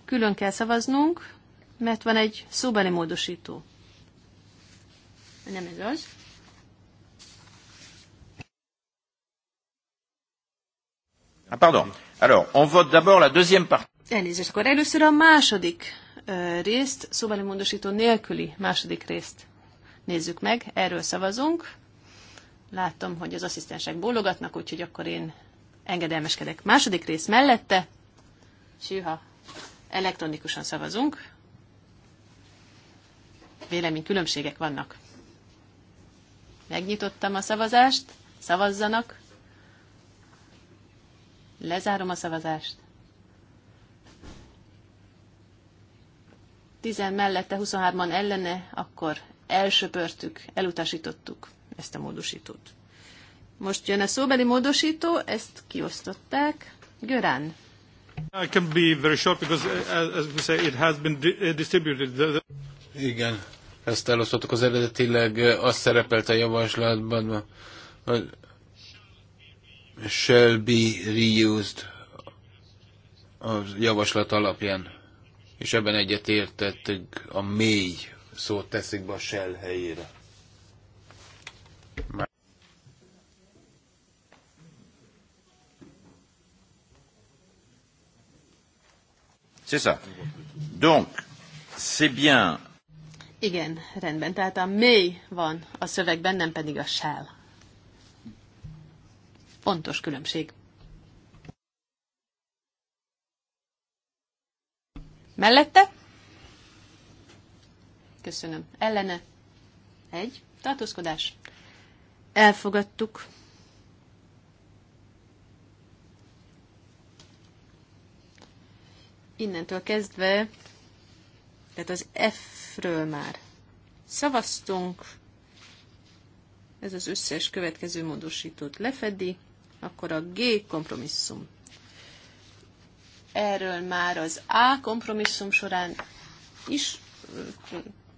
külön kell szavaznunk, mert van egy szóbeli módosító. Nem ez az. Ah, pardon. Alors, on vote d'abord la deuxième partie. Elnézést, akkor először a második részt, szóbeli módosító nélküli második részt nézzük meg, erről szavazunk. Látom, hogy az asszisztensek bólogatnak, úgyhogy akkor én engedelmeskedek. Második rész mellette, Sűha, elektronikusan szavazunk. Vélemény különbségek vannak. Megnyitottam a szavazást, szavazzanak. Lezárom a szavazást. 10 mellette, 23-an ellene, akkor elsöpörtük, elutasítottuk ezt a módosítót. Most jön a szóbeli módosító, ezt kiosztották. Görán. I can be very short because uh, as we say it has been uh, distributed. Igen, ezt elosztottuk az eredetileg, uh, az szerepelt a javaslatban, hogy shall be reused a javaslat alapján és ebben egyetértettük, a mély szót teszik be a shell helyére. C'est ça. Donc, c'est bien. Igen, rendben. Tehát a mély van a szövegben, nem pedig a shell. Pontos különbség. Mellette? Köszönöm. Ellene? Egy. Tartózkodás. Elfogadtuk. Innentől kezdve, tehát az F-ről már szavaztunk, ez az összes következő módosítót lefedi, akkor a G kompromisszum erről már az A kompromisszum során is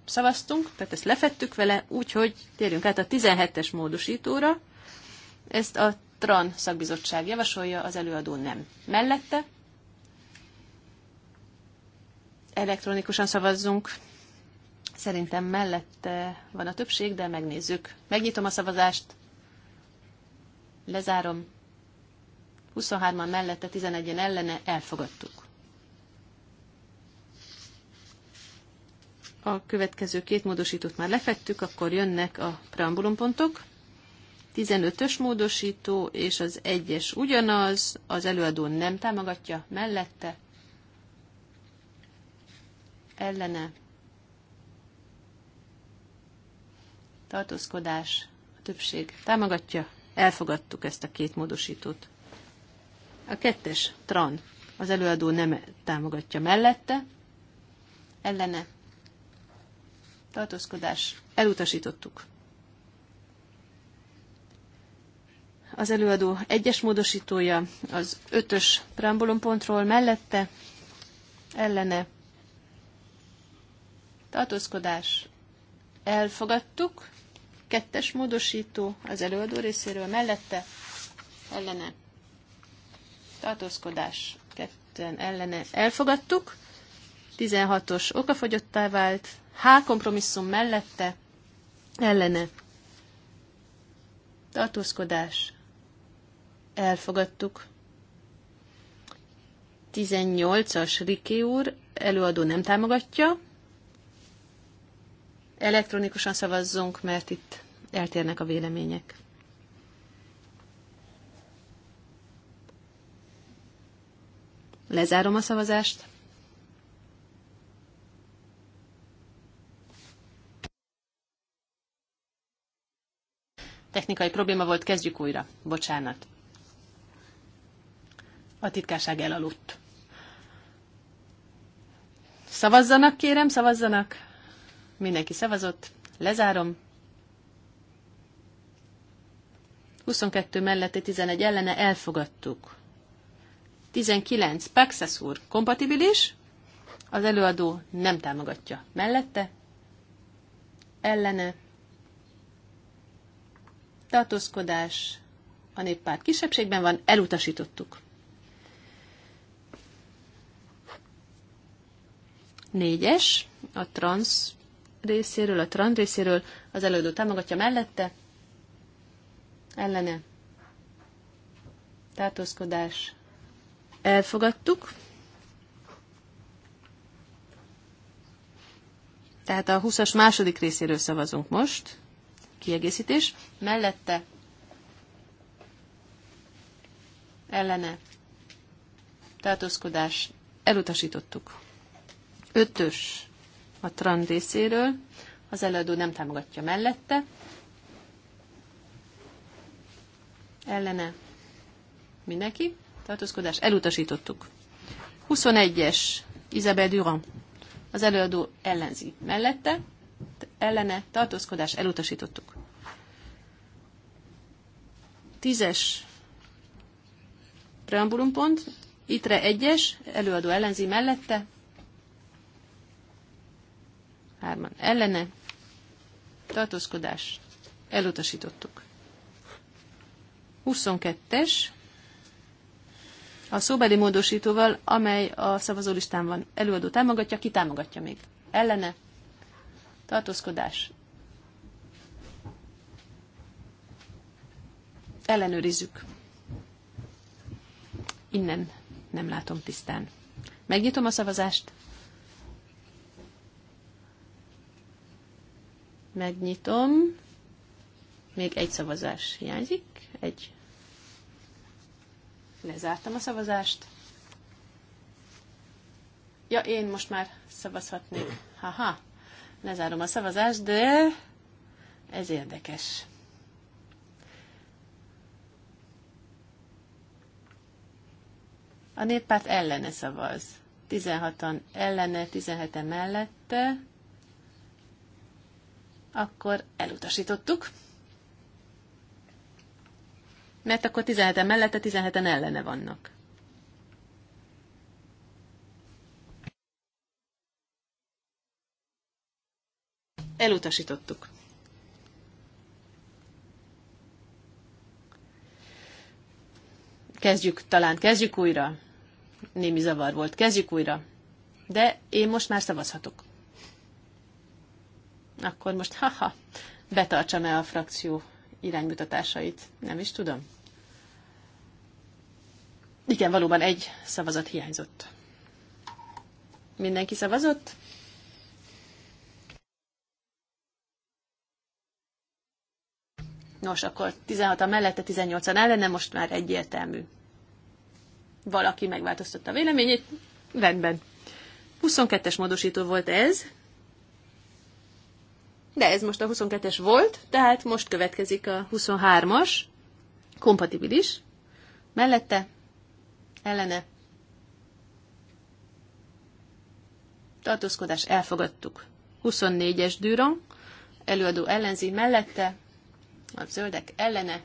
szavaztunk, tehát ezt lefettük vele, úgyhogy térjünk át a 17-es módosítóra. Ezt a TRAN szakbizottság javasolja, az előadó nem. Mellette elektronikusan szavazzunk. Szerintem mellette van a többség, de megnézzük. Megnyitom a szavazást, lezárom, 23-an mellette, 11-en ellene elfogadtuk. A következő két módosítót már lefettük, akkor jönnek a preambulumpontok. 15-ös módosító és az 1-es ugyanaz, az előadó nem támogatja, mellette, ellene, tartózkodás, a többség támogatja, elfogadtuk ezt a két módosítót. A kettes, tran, az előadó nem támogatja mellette, ellene, tartózkodás, elutasítottuk. Az előadó egyes módosítója az ötös preambulumpontról mellette, ellene, tartózkodás, elfogadtuk, kettes módosító az előadó részéről mellette, ellene tartózkodás ketten ellene elfogadtuk, 16-os okafogyottá vált, H kompromisszum mellette ellene tartózkodás elfogadtuk. 18-as Riki úr előadó nem támogatja. Elektronikusan szavazzunk, mert itt eltérnek a vélemények. Lezárom a szavazást. Technikai probléma volt, kezdjük újra. Bocsánat. A titkárság elaludt. Szavazzanak, kérem, szavazzanak. Mindenki szavazott. Lezárom. 22 mellette 11 ellene elfogadtuk. 19. Paxas úr kompatibilis, az előadó nem támogatja. Mellette? Ellene? Tartózkodás? A néppárt kisebbségben van, elutasítottuk. Négyes, a trans részéről, a trans részéről az előadó támogatja mellette, ellene, tartózkodás, elfogadtuk. Tehát a 20-as második részéről szavazunk most. Kiegészítés. Mellette ellene tartózkodás elutasítottuk. Ötös a tran részéről. Az előadó nem támogatja mellette. Ellene mindenki tartózkodás elutasítottuk. 21-es Isabel Durand. Az előadó ellenzi. Mellette ellene tartózkodás elutasítottuk. 10-es preambulumpont, itre 1-es, előadó ellenzi mellette, hárman ellene, tartózkodás, elutasítottuk. 22-es, a szóbeli módosítóval, amely a szavazólistán van. Előadó támogatja, ki támogatja még? Ellene? Tartózkodás. Ellenőrizzük. Innen nem látom tisztán. Megnyitom a szavazást. Megnyitom. Még egy szavazás hiányzik. Egy Lezártam a szavazást. Ja, én most már szavazhatnék. Haha, lezárom a szavazást, de ez érdekes. A néppárt ellene szavaz. 16-an ellene, 17-en mellette. Akkor elutasítottuk mert akkor 17-en mellette, 17-en ellene vannak. Elutasítottuk. Kezdjük, talán kezdjük újra. Némi zavar volt. Kezdjük újra. De én most már szavazhatok. Akkor most, haha, betartsam-e a frakció iránymutatásait? Nem is tudom. Igen, valóban egy szavazat hiányzott. Mindenki szavazott? Nos, akkor 16 a mellette, 18-an ellene, most már egyértelmű. Valaki megváltoztatta a véleményét, rendben. 22-es módosító volt ez, de ez most a 22-es volt, tehát most következik a 23-as, kompatibilis, mellette, ellene, tartózkodás elfogadtuk. 24-es dűron, előadó ellenzi mellette, a zöldek ellene,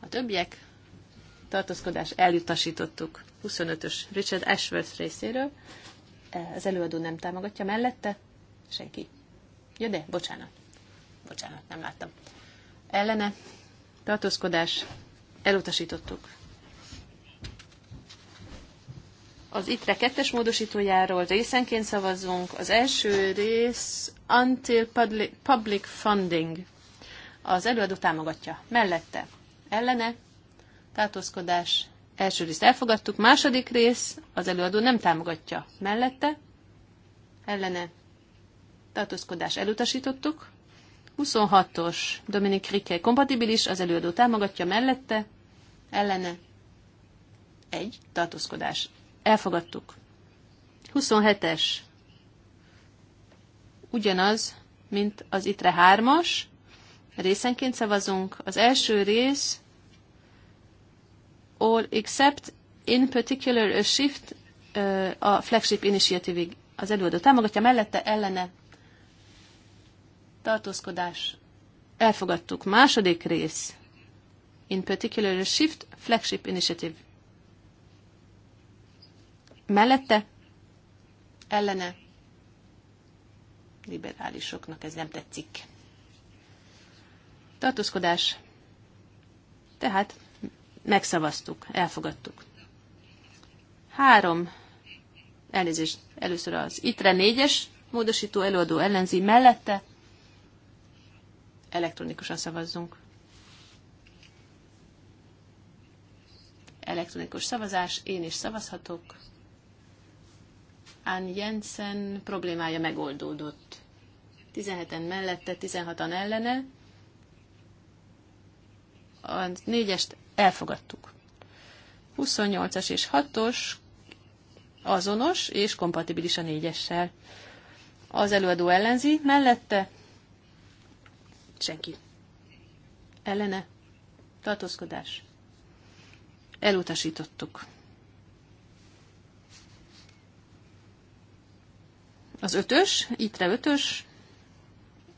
a többiek tartózkodás elutasítottuk. 25-ös Richard Ashworth részéről, az előadó nem támogatja mellette, senki Ja, de, bocsánat. Bocsánat, nem láttam. Ellene, tartózkodás, elutasítottuk. Az ITRE kettes módosítójáról részenként szavazzunk. Az első rész Until Public Funding. Az előadó támogatja. Mellette. Ellene. Tartózkodás. Első részt elfogadtuk. Második rész. Az előadó nem támogatja. Mellette. Ellene tartózkodás elutasítottuk. 26-os Dominik Rikke kompatibilis, az előadó támogatja mellette, ellene egy tartózkodás. Elfogadtuk. 27-es ugyanaz, mint az itre 3-as. Részenként szavazunk. Az első rész all except in particular a shift a flagship initiative -ig. az előadó támogatja, mellette ellene tartózkodás, elfogadtuk. Második rész, in particular a shift flagship initiative. Mellette, ellene, liberálisoknak ez nem tetszik. Tartózkodás, tehát megszavaztuk, elfogadtuk. Három, elnézést, először az ITRE négyes módosító előadó ellenzi mellette, elektronikusan szavazzunk. Elektronikus szavazás, én is szavazhatok. Ann Jensen problémája megoldódott. 17-en mellette, 16-an ellene. A négyest elfogadtuk. 28-as és 6-os azonos és kompatibilis a négyessel. Az előadó ellenzi, mellette Senki. Ellene. Tartózkodás. Elutasítottuk. Az ötös, ittre ötös,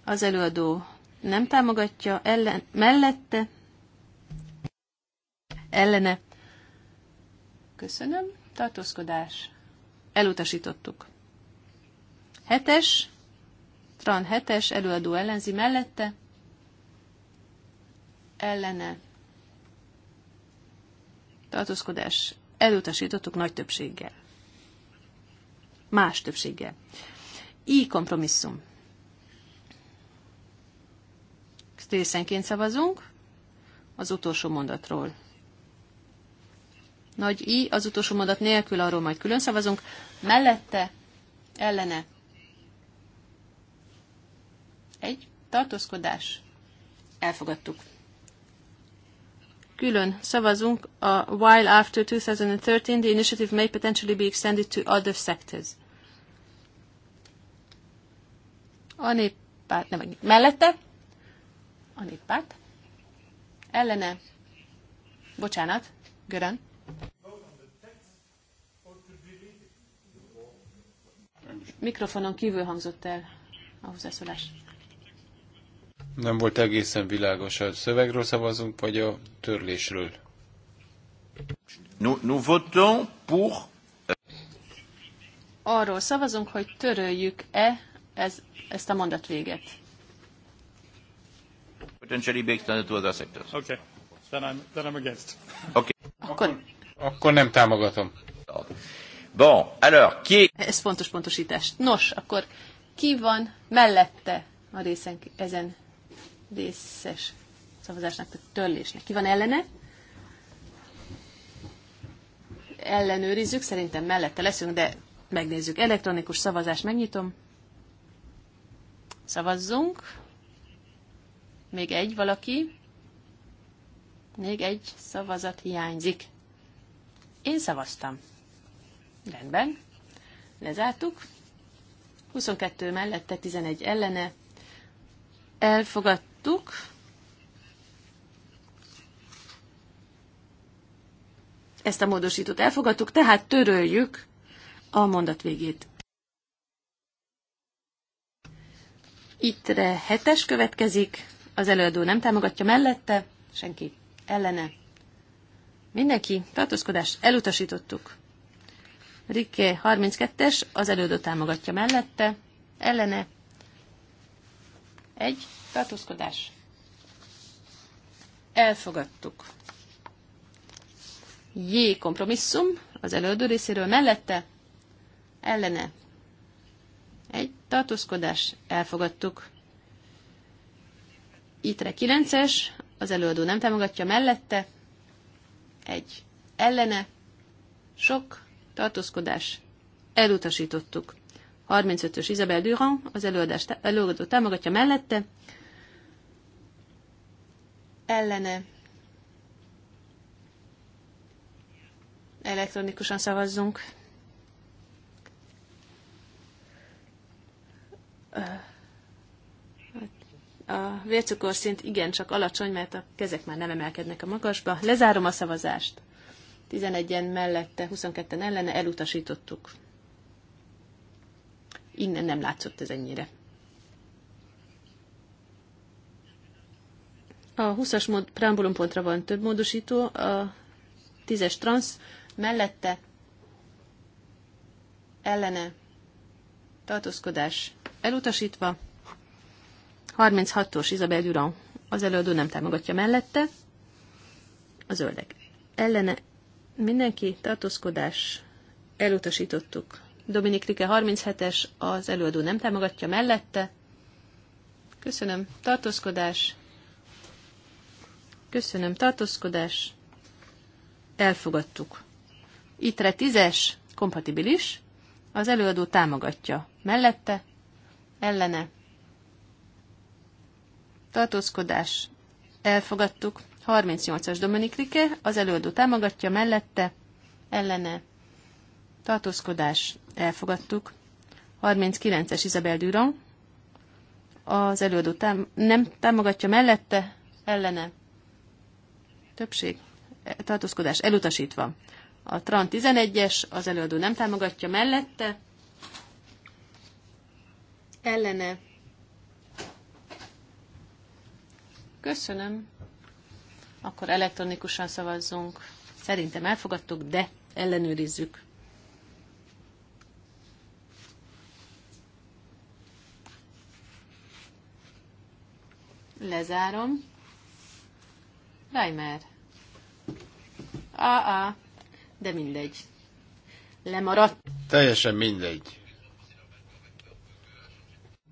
az előadó nem támogatja, ellen, mellette, ellene. Köszönöm, tartózkodás. Elutasítottuk. Hetes, Tran hetes, előadó ellenzi mellette, ellene tartózkodás elutasítottuk nagy többséggel. Más többséggel. Így kompromisszum. Részenként szavazunk az utolsó mondatról. Nagy I, az utolsó mondat nélkül, arról majd külön szavazunk. Mellette, ellene. Egy, tartózkodás. Elfogadtuk külön szavazunk a while after 2013 the initiative may potentially be extended to other sectors. A néppárt, nem megint, mellette, a néppárt, ellene, bocsánat, Görön. Mikrofonon kívül hangzott el a hozzászólás. Nem volt egészen világos, a szövegről szavazunk, vagy a törlésről? Nous, nous votons pour... Euh, Arról szavazunk, hogy töröljük-e ez, ezt a mondat véget. Potentially based on the two other sectors. Okay. Then I'm, then I'm against. Okay. Akkor... Akkor nem támogatom. Bon, alors, ki... Ez fontos pontosítás. Nos, akkor ki van mellette a részen ezen részes szavazásnak, tehát törlésnek. Ki van ellene? Ellenőrizzük, szerintem mellette leszünk, de megnézzük. Elektronikus szavazás, megnyitom. Szavazzunk. Még egy valaki. Még egy szavazat hiányzik. Én szavaztam. Rendben. Lezártuk. 22 mellette, 11 ellene. Elfogadt láttuk. Ezt a módosítót elfogadtuk, tehát töröljük a mondat végét. Ittre hetes következik, az előadó nem támogatja mellette, senki ellene. Mindenki, tartózkodás, elutasítottuk. Rikke 32-es, az elődő támogatja mellette, ellene, egy, tartózkodás. Elfogadtuk. J kompromisszum az előadó részéről mellette, ellene. Egy, tartózkodás. Elfogadtuk. Ittre 9-es, az előadó nem támogatja mellette, egy, ellene, sok, tartózkodás, elutasítottuk. 35-ös Isabel Durand, az előadást, előadó támogatja mellette, ellene elektronikusan szavazzunk. A vércukorszint csak alacsony, mert a kezek már nem emelkednek a magasba. Lezárom a szavazást. 11-en mellette, 22-en ellene elutasítottuk innen nem látszott ez ennyire. A 20-as mód, pontra van több módosító, a 10-es transz mellette ellene tartózkodás elutasítva, 36-os Izabel Durand az előadó nem támogatja mellette, a zöldek ellene mindenki tartózkodás elutasítottuk Dominik Rike 37-es, az előadó nem támogatja mellette. Köszönöm, tartózkodás. Köszönöm, tartózkodás. Elfogadtuk. Itre 10-es, kompatibilis. Az előadó támogatja. Mellette, ellene. Tartózkodás. Elfogadtuk. 38-as Dominik Rike, az előadó támogatja mellette, ellene tartózkodás elfogadtuk. 39-es Isabel Durand, az előadó tám- nem támogatja mellette, ellene. Többség. E, tartózkodás elutasítva. A TRAN 11-es, az előadó nem támogatja mellette, ellene. Köszönöm. Akkor elektronikusan szavazzunk. Szerintem elfogadtuk, de ellenőrizzük. Lezárom. Reimer. A-a. De mindegy. Lemaradt. Teljesen mindegy.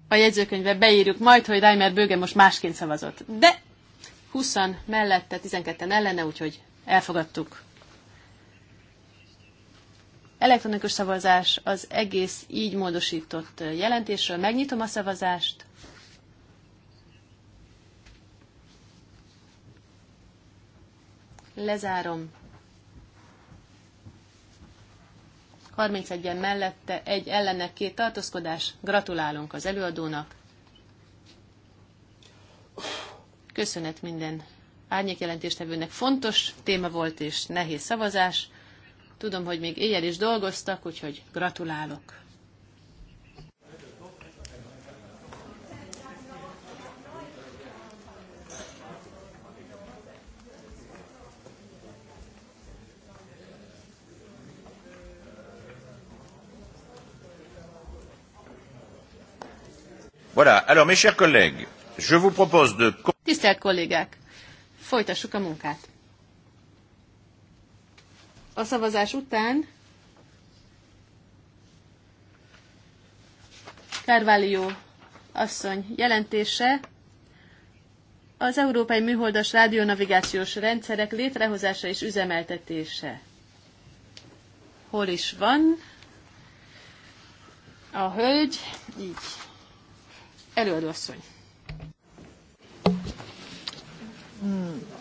A jegyzőkönyvbe beírjuk majd, hogy Reimer Bőge most másként szavazott. De 20 mellette, 12 ellene, úgyhogy elfogadtuk. Elektronikus szavazás az egész így módosított jelentésről. Megnyitom a szavazást. Lezárom. 31-en mellette, egy ellene, két tartózkodás. Gratulálunk az előadónak. Köszönet minden árnyékjelentéstevőnek. Fontos téma volt és nehéz szavazás. Tudom, hogy még éjjel is dolgoztak, úgyhogy gratulálok. Voilà, alors mes chers collègues, je vous propose de... Tisztelt kollégák, folytassuk a munkát. A szavazás után Carvalho asszony jelentése az Európai Műholdas Rádionavigációs Rendszerek létrehozása és üzemeltetése. Hol is van a hölgy? Így Előadóasszony.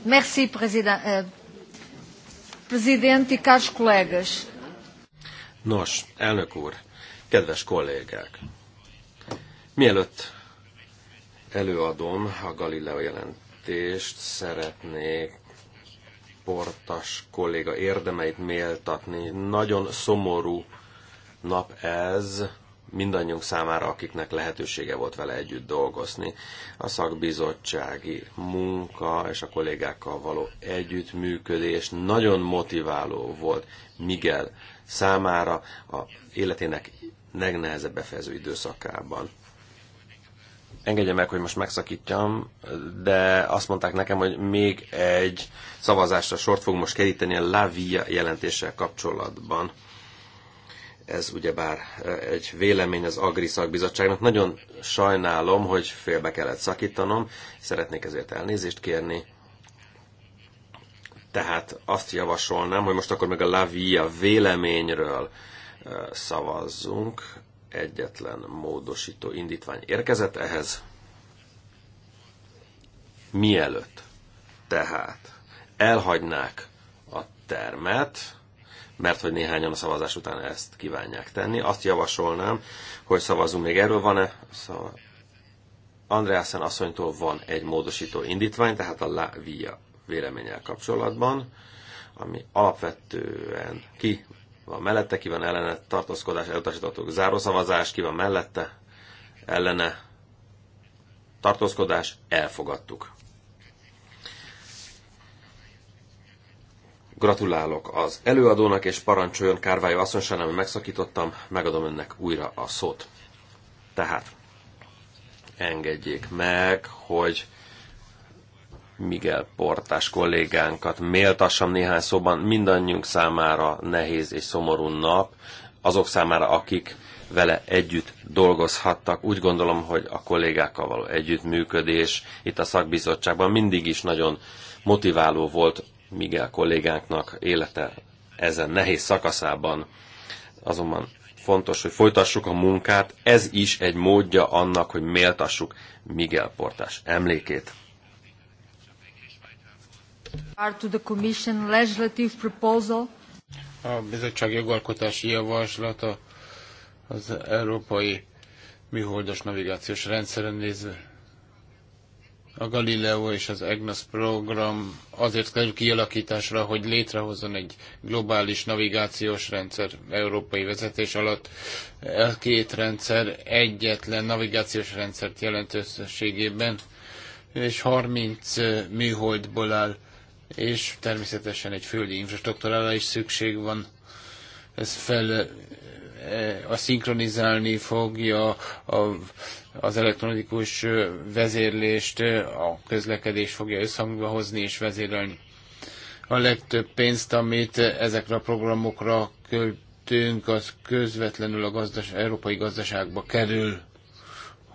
Merci, presidente, euh, caros colegas. Nos, elnök úr, kedves kollégák! Mielőtt előadom a Galileo jelentést, szeretnék portas kolléga érdemeit méltatni. Nagyon szomorú nap ez, mindannyiunk számára, akiknek lehetősége volt vele együtt dolgozni. A szakbizottsági munka és a kollégákkal való együttműködés nagyon motiváló volt Miguel számára a életének legnehezebb befejező időszakában. Engedje meg, hogy most megszakítjam, de azt mondták nekem, hogy még egy szavazásra sort fog most keríteni a La Via jelentéssel kapcsolatban ez ugyebár e, egy vélemény az Agri Szakbizottságnak. Nagyon sajnálom, hogy félbe kellett szakítanom, szeretnék ezért elnézést kérni. Tehát azt javasolnám, hogy most akkor meg a Lavia véleményről e, szavazzunk. Egyetlen módosító indítvány érkezett ehhez. Mielőtt tehát elhagynák a termet, mert hogy néhányan a szavazás után ezt kívánják tenni. Azt javasolnám, hogy szavazunk még erről. Van-e? Andreasen asszonytól van egy módosító indítvány, tehát a La Via véleménnyel kapcsolatban, ami alapvetően ki van mellette, ki van ellene, tartózkodás, elutasítottuk, zárószavazás, ki van mellette, ellene, tartózkodás, elfogadtuk. Gratulálok az előadónak, és parancsoljon Kárvályó asszony, amit megszakítottam, megadom önnek újra a szót. Tehát engedjék meg, hogy Miguel Portás kollégánkat méltassam néhány szóban. Mindannyiunk számára nehéz és szomorú nap, azok számára, akik vele együtt dolgozhattak. Úgy gondolom, hogy a kollégákkal való együttműködés itt a szakbizottságban mindig is nagyon motiváló volt Miguel kollégánknak élete ezen nehéz szakaszában. Azonban fontos, hogy folytassuk a munkát, ez is egy módja annak, hogy méltassuk Miguel Portás emlékét. A bizottság jogalkotási javaslata az európai műholdas navigációs rendszeren nézve a Galileo és az EGNOS program azért kerül kialakításra, hogy létrehozzon egy globális navigációs rendszer európai vezetés alatt. A e két rendszer egyetlen navigációs rendszert jelent összességében, és 30 e, műholdból áll, és természetesen egy földi infrastruktúrára is szükség van. Ez fel e, a szinkronizálni fogja a az elektronikus vezérlést a közlekedés fogja összhangba hozni és vezérelni. A legtöbb pénzt, amit ezekre a programokra költünk, az közvetlenül a gazdas- európai gazdaságba kerül.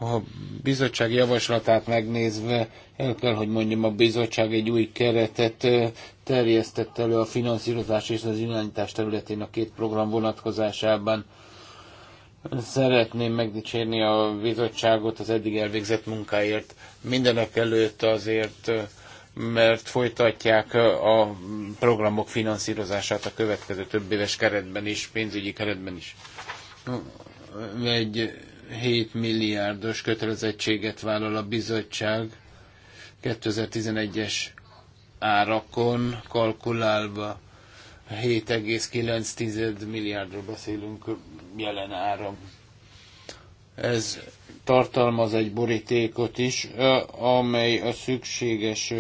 A bizottság javaslatát megnézve, el kell, hogy mondjam, a bizottság egy új keretet terjesztett elő a finanszírozás és az irányítás területén a két program vonatkozásában Szeretném megdicsérni a bizottságot az eddig elvégzett munkáért. Mindenek előtt azért, mert folytatják a programok finanszírozását a következő több éves keretben is, pénzügyi keretben is. Egy 7 milliárdos kötelezettséget vállal a bizottság 2011-es árakon kalkulálva 7,9 milliárdról beszélünk jelen áram. Ez tartalmaz egy borítékot is, amely a szükséges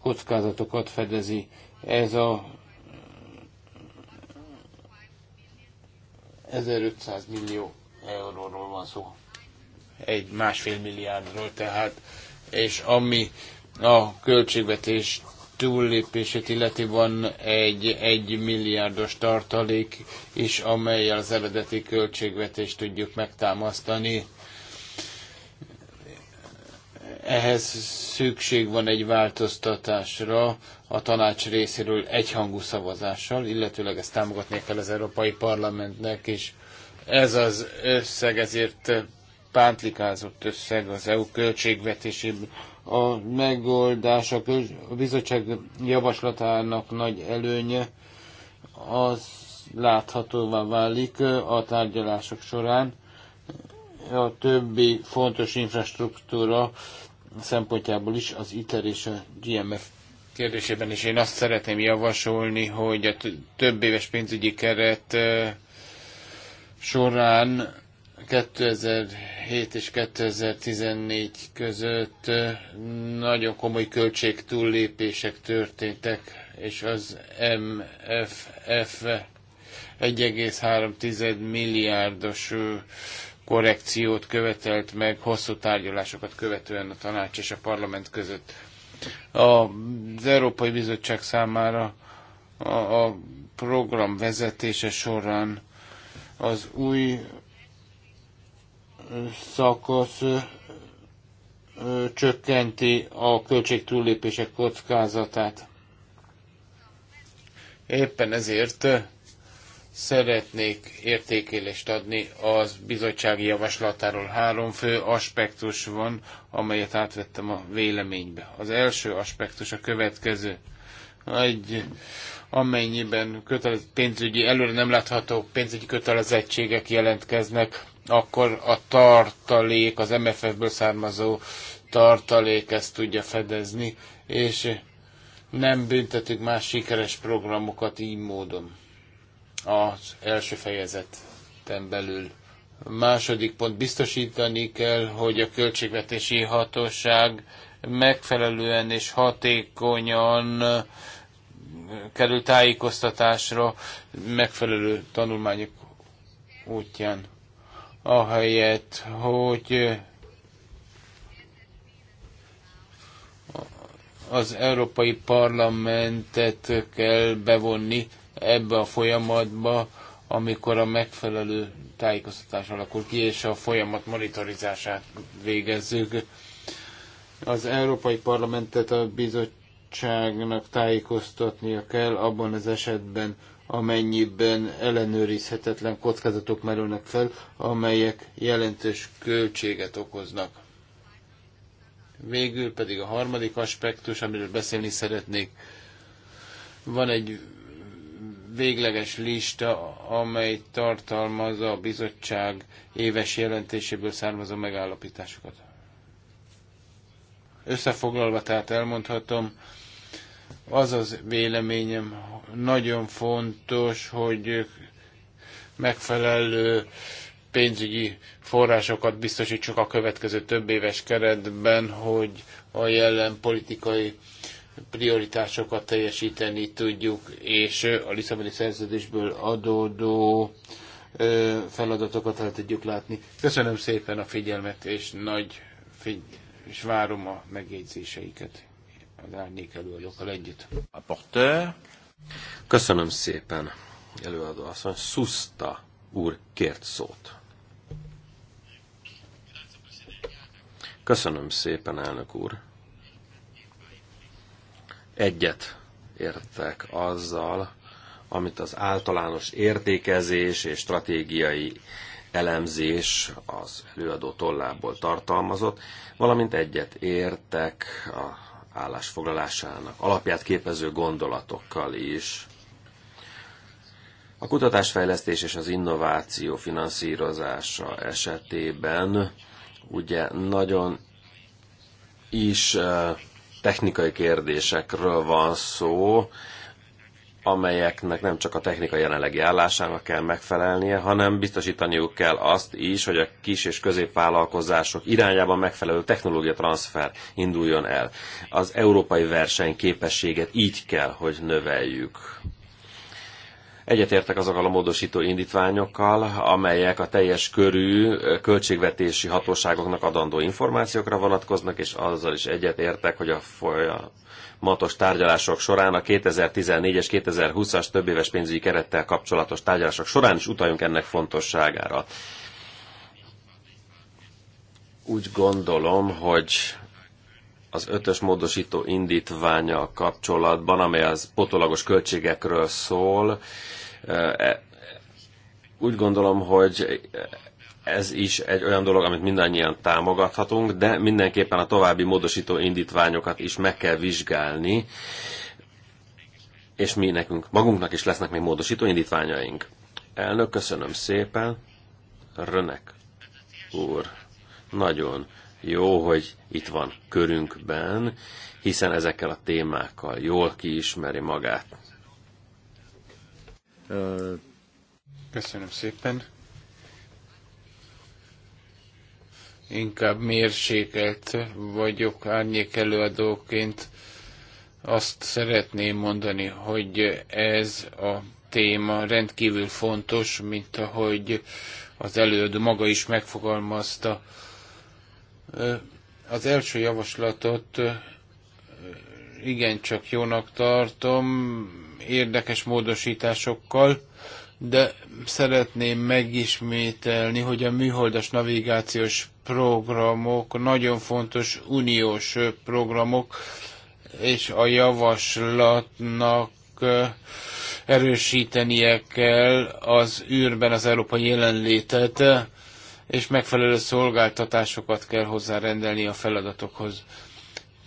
kockázatokat fedezi. Ez a 1500 millió euróról van szó. Egy másfél milliárdról tehát, és ami a költségvetést túllépését illeti van egy 1 milliárdos tartalék is, amelyel az eredeti költségvetést tudjuk megtámasztani. Ehhez szükség van egy változtatásra a tanács részéről egyhangú szavazással, illetőleg ezt támogatni kell az Európai Parlamentnek is. Ez az összeg ezért pántlikázott összeg az EU költségvetésében a megoldás a, köz, a bizottság javaslatának nagy előnye az láthatóvá válik a tárgyalások során. A többi fontos infrastruktúra szempontjából is az ITER és a GMF kérdésében is én azt szeretném javasolni, hogy a több éves pénzügyi keret során 2007 és 2014 között nagyon komoly költség túllépések történtek, és az MFF 1,3 milliárdos korrekciót követelt meg hosszú tárgyalásokat követően a tanács és a parlament között. Az Európai Bizottság számára a program vezetése során az új szakasz csökkenti a költség túllépések kockázatát. Éppen ezért szeretnék értékelést adni az bizottsági javaslatáról. Három fő aspektus van, amelyet átvettem a véleménybe. Az első aspektus a következő. Egy amennyiben kötelez, pénzügyi, előre nem látható pénzügyi kötelezettségek jelentkeznek, akkor a tartalék, az MFF-ből származó tartalék ezt tudja fedezni, és nem büntetünk más sikeres programokat így módon az első fejezeten belül. Második pont biztosítani kell, hogy a költségvetési hatóság megfelelően és hatékonyan kerül tájékoztatásra megfelelő tanulmányok útján ahelyett, hogy az Európai Parlamentet kell bevonni ebbe a folyamatba, amikor a megfelelő tájékoztatás alakul ki, és a folyamat monitorizását végezzük. Az Európai Parlamentet a bizottságnak tájékoztatnia kell abban az esetben, amennyiben ellenőrizhetetlen kockázatok merülnek fel, amelyek jelentős költséget okoznak. Végül pedig a harmadik aspektus, amiről beszélni szeretnék, van egy végleges lista, amely tartalmazza a bizottság éves jelentéséből származó megállapításokat. Összefoglalva tehát elmondhatom, az az véleményem nagyon fontos, hogy megfelelő pénzügyi forrásokat biztosítsuk a következő több éves keretben, hogy a jelen politikai prioritásokat teljesíteni tudjuk, és a Lisszaboni szerződésből adódó feladatokat el tudjuk látni. Köszönöm szépen a figyelmet, és nagy figy- és várom a megjegyzéseiket az árnyék előadókkal együtt. A Porter. Köszönöm szépen, előadó asszony. Szuszta úr kért szót. Köszönöm szépen, elnök úr. Egyet értek azzal, amit az általános értékezés és stratégiai elemzés az előadó tollából tartalmazott, valamint egyet értek a állásfoglalásának alapját képező gondolatokkal is. A kutatásfejlesztés és az innováció finanszírozása esetében ugye nagyon is eh, technikai kérdésekről van szó, amelyeknek nem csak a technika jelenlegi állásának kell megfelelnie, hanem biztosítaniuk kell azt is, hogy a kis és középvállalkozások irányában megfelelő technológia transfer induljon el. Az európai versenyképességet így kell, hogy növeljük. Egyetértek azokkal a módosító indítványokkal, amelyek a teljes körű költségvetési hatóságoknak adandó információkra vonatkoznak, és azzal is egyetértek, hogy a matos tárgyalások során a 2014 és 2020-as többéves pénzügyi kerettel kapcsolatos tárgyalások során is utaljunk ennek fontosságára. Úgy gondolom, hogy az ötös módosító indítványa kapcsolatban, amely az potolagos költségekről szól, e, e, úgy gondolom, hogy ez is egy olyan dolog, amit mindannyian támogathatunk, de mindenképpen a további módosító indítványokat is meg kell vizsgálni, és mi nekünk, magunknak is lesznek még módosító indítványaink. Elnök, köszönöm szépen. Rönek úr, nagyon jó, hogy itt van körünkben, hiszen ezekkel a témákkal jól kiismeri magát. Köszönöm szépen. inkább mérsékelt vagyok árnyék előadóként. Azt szeretném mondani, hogy ez a téma rendkívül fontos, mint ahogy az előadó maga is megfogalmazta. Az első javaslatot igencsak jónak tartom, érdekes módosításokkal, de szeretném megismételni, hogy a műholdas navigációs programok, nagyon fontos uniós programok, és a javaslatnak erősítenie kell az űrben az európai jelenlétet, és megfelelő szolgáltatásokat kell hozzárendelni a feladatokhoz.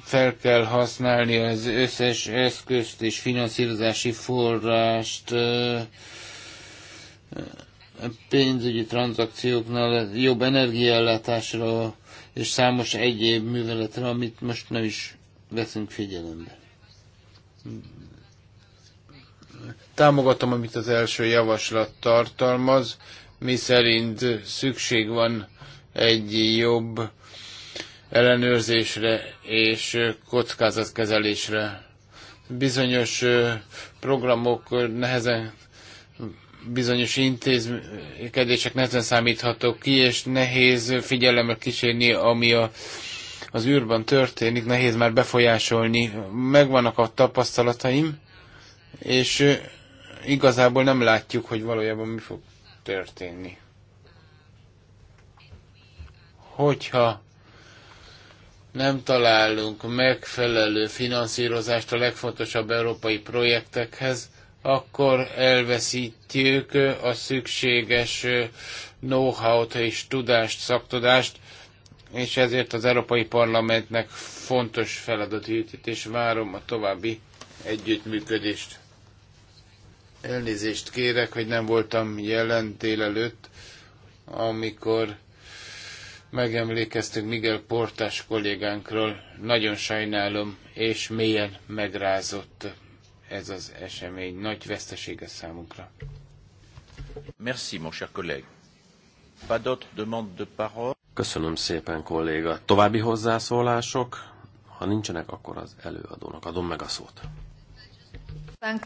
Fel kell használni az összes eszközt és finanszírozási forrást, pénzügyi tranzakcióknál jobb energiállátásra és számos egyéb műveletre, amit most nem is veszünk figyelembe. Támogatom, amit az első javaslat tartalmaz, mi szerint szükség van egy jobb ellenőrzésre és kockázatkezelésre. Bizonyos programok nehezen bizonyos intézkedések nehezen számíthatók ki, és nehéz figyelemmel kísérni, ami a, az űrben történik, nehéz már befolyásolni. Megvannak a tapasztalataim, és igazából nem látjuk, hogy valójában mi fog történni. Hogyha nem találunk megfelelő finanszírozást a legfontosabb európai projektekhez, akkor elveszítjük a szükséges know-how-t és tudást, szaktudást, és ezért az Európai Parlamentnek fontos feladat jutott, és várom a további együttműködést. Elnézést kérek, hogy nem voltam jelen délelőtt, amikor megemlékeztünk Miguel Portás kollégánkról. Nagyon sajnálom, és mélyen megrázott ez az esemény nagy vesztesége számunkra. Merci, mon cher collègue. Pas d'autres demandes de parole. Köszönöm szépen, kolléga. További hozzászólások? Ha nincsenek, akkor az előadónak adom meg a szót.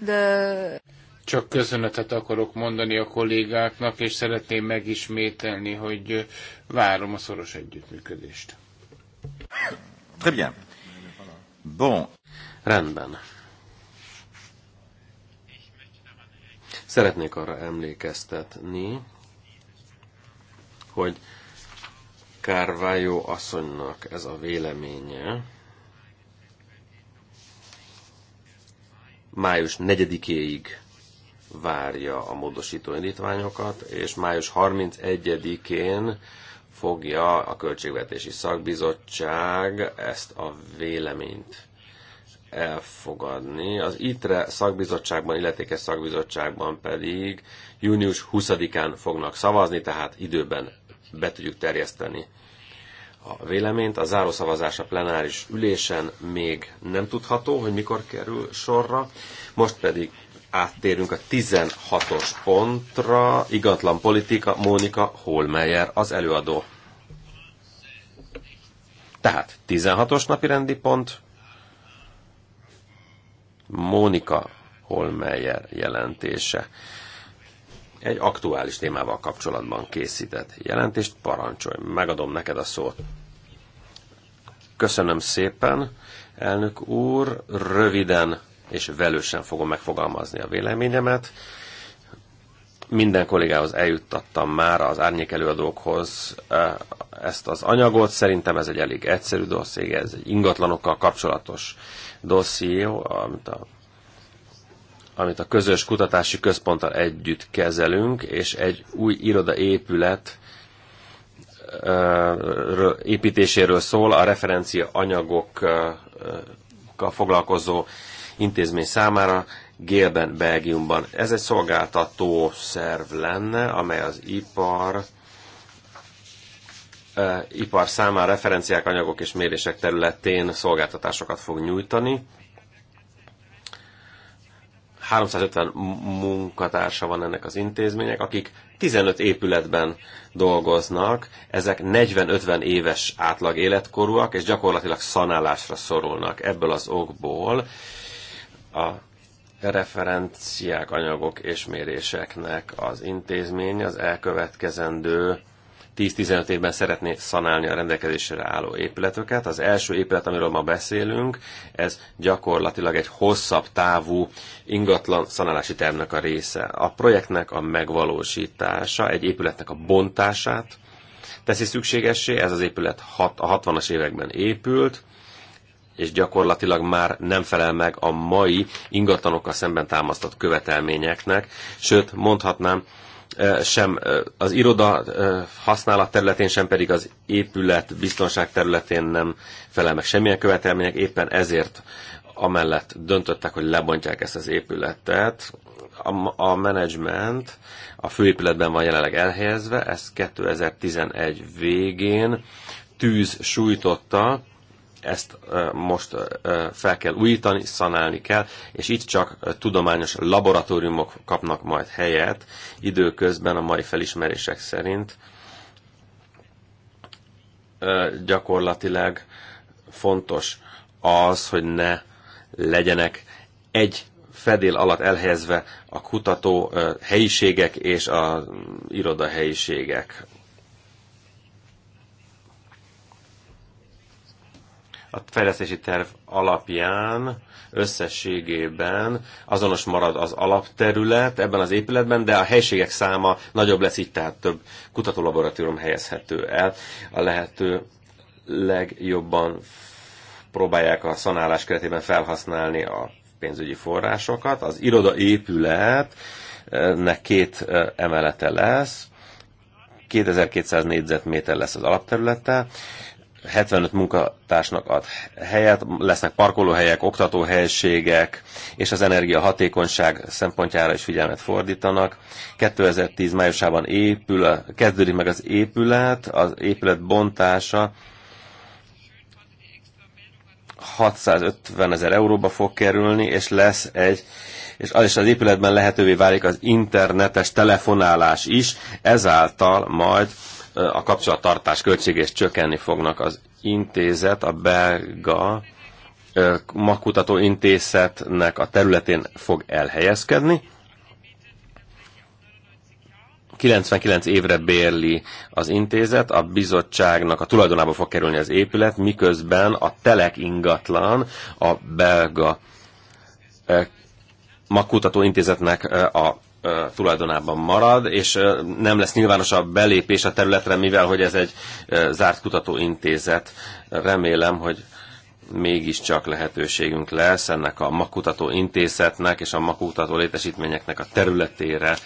the. Csak köszönetet akarok mondani a kollégáknak, és szeretném megismételni, hogy várom a szoros együttműködést. Très bien. Bon. Rendben. Szeretnék arra emlékeztetni, hogy Kárvájó asszonynak ez a véleménye május 4-éig várja a módosító indítványokat, és május 31-én fogja a Költségvetési Szakbizottság ezt a véleményt elfogadni. Az ITRE szakbizottságban, illetékes szakbizottságban pedig június 20-án fognak szavazni, tehát időben be tudjuk terjeszteni a véleményt. A zárószavazás a plenáris ülésen még nem tudható, hogy mikor kerül sorra. Most pedig áttérünk a 16-os pontra. Igatlan politika, Mónika Holmeyer az előadó. Tehát 16-os napi rendi pont, Mónika Holmeyer jelentése. Egy aktuális témával kapcsolatban készített jelentést, parancsolj, megadom neked a szót. Köszönöm szépen, elnök úr, röviden és velősen fogom megfogalmazni a véleményemet. Minden kollégához eljuttattam már az árnyék előadókhoz eh, ezt az anyagot. Szerintem ez egy elég egyszerű dosszég, ez egy ingatlanokkal kapcsolatos dosszió, amit a, amit a közös kutatási központtal együtt kezelünk, és egy új irodaépület építéséről szól a referencia anyagokkal foglalkozó intézmény számára, Gélben, Belgiumban. Ez egy szolgáltató szerv lenne, amely az ipar ipar számára referenciák, anyagok és mérések területén szolgáltatásokat fog nyújtani. 350 munkatársa van ennek az intézmények, akik 15 épületben dolgoznak, ezek 40-50 éves átlag életkorúak, és gyakorlatilag szanálásra szorulnak ebből az okból. A referenciák, anyagok és méréseknek az intézmény az elkövetkezendő 10-15 évben szeretné szanálni a rendelkezésre álló épületeket. Az első épület, amiről ma beszélünk, ez gyakorlatilag egy hosszabb távú ingatlan szanálási tervnek a része. A projektnek a megvalósítása, egy épületnek a bontását teszi szükségessé, ez az épület hat, a 60-as években épült, és gyakorlatilag már nem felel meg a mai ingatlanokkal szemben támasztott követelményeknek, sőt mondhatnám, sem az iroda használat területén, sem pedig az épület biztonság területén nem felel meg semmilyen követelmények, éppen ezért amellett döntöttek, hogy lebontják ezt az épületet. A, a menedzsment a főépületben van jelenleg elhelyezve, ezt 2011 végén tűz sújtotta, ezt most fel kell újítani, szanálni kell, és itt csak tudományos laboratóriumok kapnak majd helyet időközben a mai felismerések szerint. Gyakorlatilag fontos az, hogy ne legyenek egy fedél alatt elhelyezve a kutató helyiségek és a mm, irodahelyiségek. a fejlesztési terv alapján összességében azonos marad az alapterület ebben az épületben, de a helységek száma nagyobb lesz, így tehát több kutatólaboratórium helyezhető el. A lehető legjobban próbálják a szanálás keretében felhasználni a pénzügyi forrásokat. Az iroda épületnek két emelete lesz, 2200 négyzetméter lesz az alapterülete, 75 munkatársnak ad helyet, lesznek parkolóhelyek, oktatóhelységek, és az energiahatékonyság szempontjára is figyelmet fordítanak. 2010 májusában épül, kezdődik meg az épület, az épület bontása 650 ezer euróba fog kerülni, és lesz egy és az is az épületben lehetővé válik az internetes telefonálás is, ezáltal majd a kapcsolattartás költségés csökkenni fognak. Az intézet, a belga makutató intézetnek a területén fog elhelyezkedni. 99 évre bérli az intézet, a bizottságnak a tulajdonába fog kerülni az épület, miközben a telek ingatlan a belga makutató intézetnek a tulajdonában marad, és nem lesz nyilvános a belépés a területre, mivel hogy ez egy zárt kutatóintézet. Remélem, hogy mégiscsak lehetőségünk lesz ennek a makutató intézetnek és a makutató létesítményeknek a területére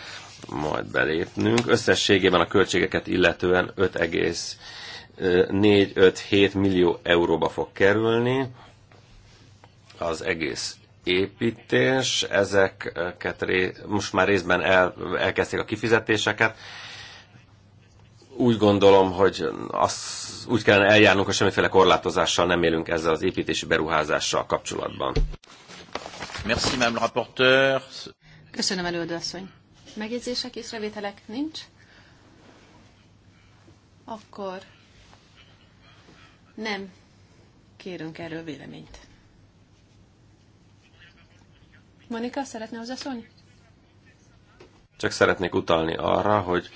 majd belépnünk. Összességében a költségeket illetően 5,457 millió euróba fog kerülni az egész építés, ezeket ré, most már részben el, elkezdték a kifizetéseket. Úgy gondolom, hogy az, úgy kellene eljárnunk, hogy semmiféle korlátozással nem élünk ezzel az építési beruházással kapcsolatban. Merci, Mme rapporteur. Köszönöm, előadóasszony. Megjegyzések, revételek nincs? Akkor nem kérünk erről véleményt. Monika, szeretne hozzászólni? Csak szeretnék utalni arra, hogy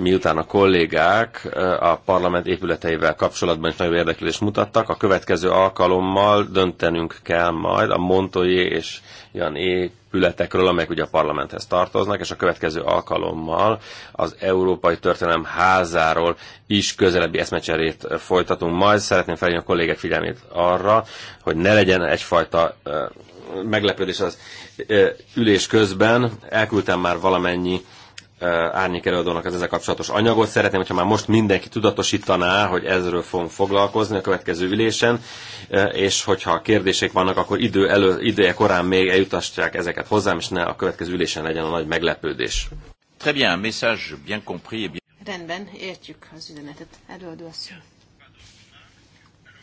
miután a kollégák eh, a parlament épületeivel kapcsolatban is nagyon érdeklődést mutattak, a következő alkalommal döntenünk kell majd a Montoyé és olyan épületekről, amelyek ugye a parlamenthez tartoznak, és a következő alkalommal az Európai Történelem házáról is közelebbi eszmecserét folytatunk. Majd szeretném felhívni a kollégek figyelmét arra, hogy ne legyen egyfajta eh, meglepődés az ülés közben. Elküldtem már valamennyi árnyék az ezzel kapcsolatos anyagot. Szeretném, hogyha már most mindenki tudatosítaná, hogy ezről fogunk foglalkozni a következő ülésen, és hogyha kérdések vannak, akkor idő elő, ideje korán még eljutassák ezeket hozzám, és ne a következő ülésen legyen a nagy meglepődés. Très bien, message bien compris. Et bien... Rendben, értjük az üzenetet. Előadó asszony.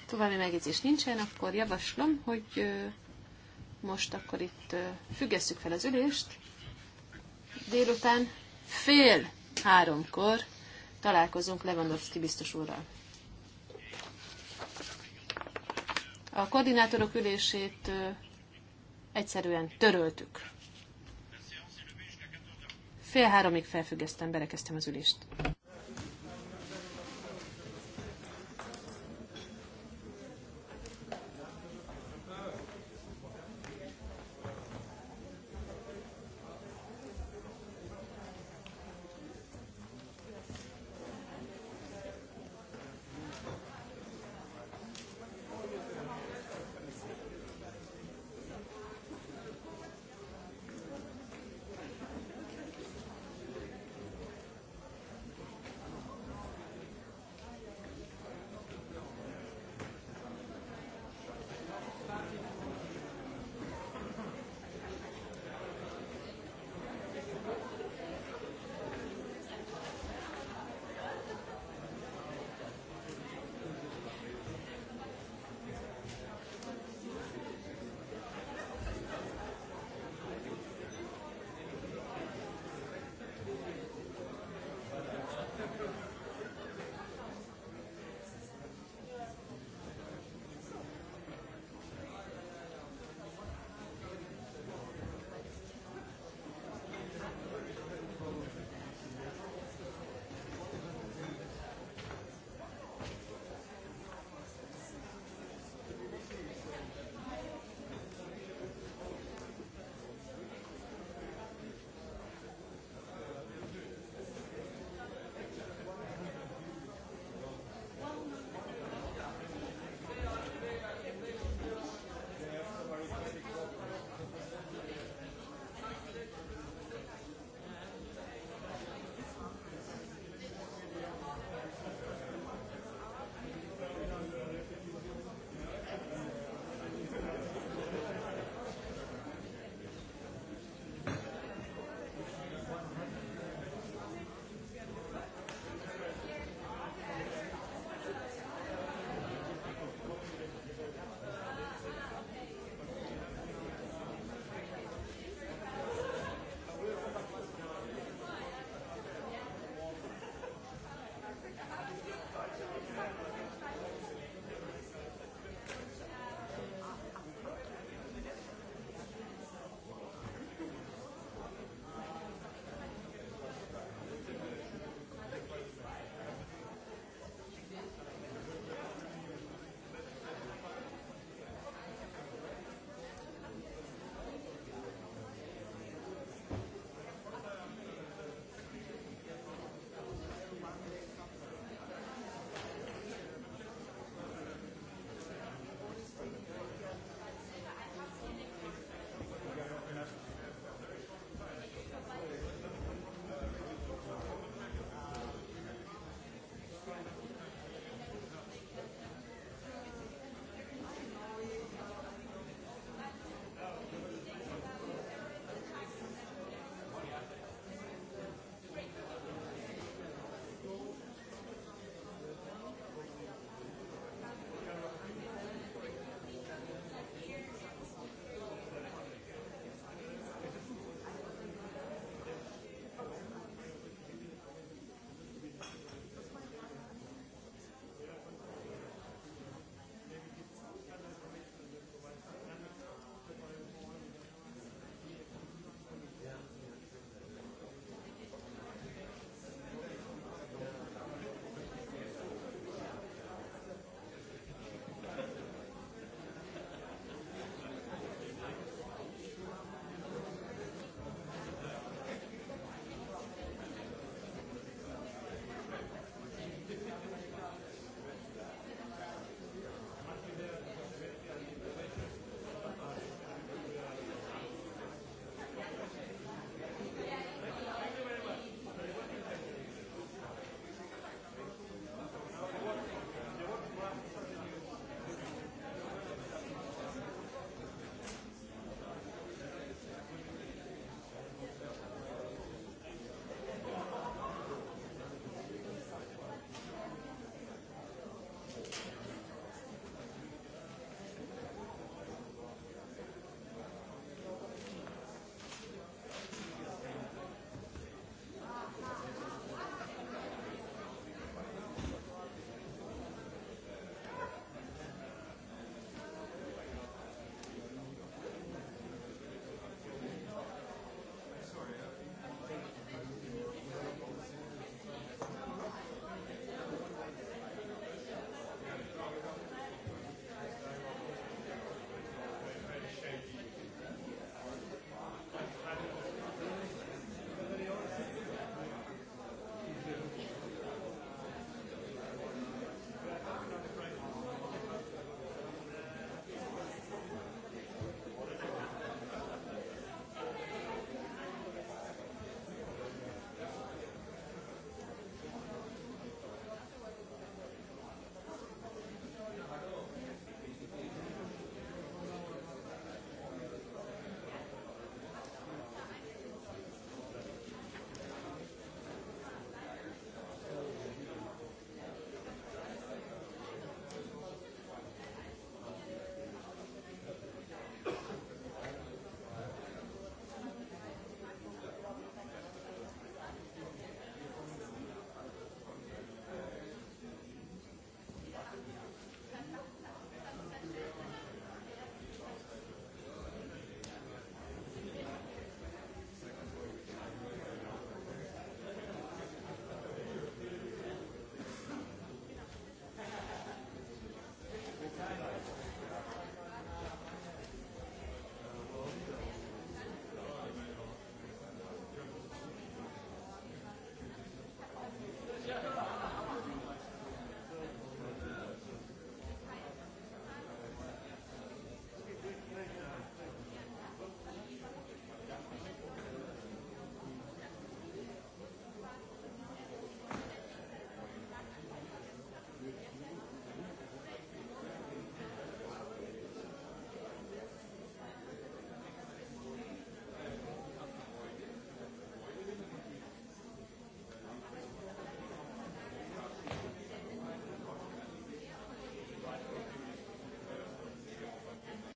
További megjegyzés nincsen, akkor javaslom, hogy most akkor itt függesszük fel az ülést. Délután fél háromkor találkozunk Lewandowski biztos úrral. A koordinátorok ülését egyszerűen töröltük. Fél háromig felfüggesztem, berekeztem az ülést.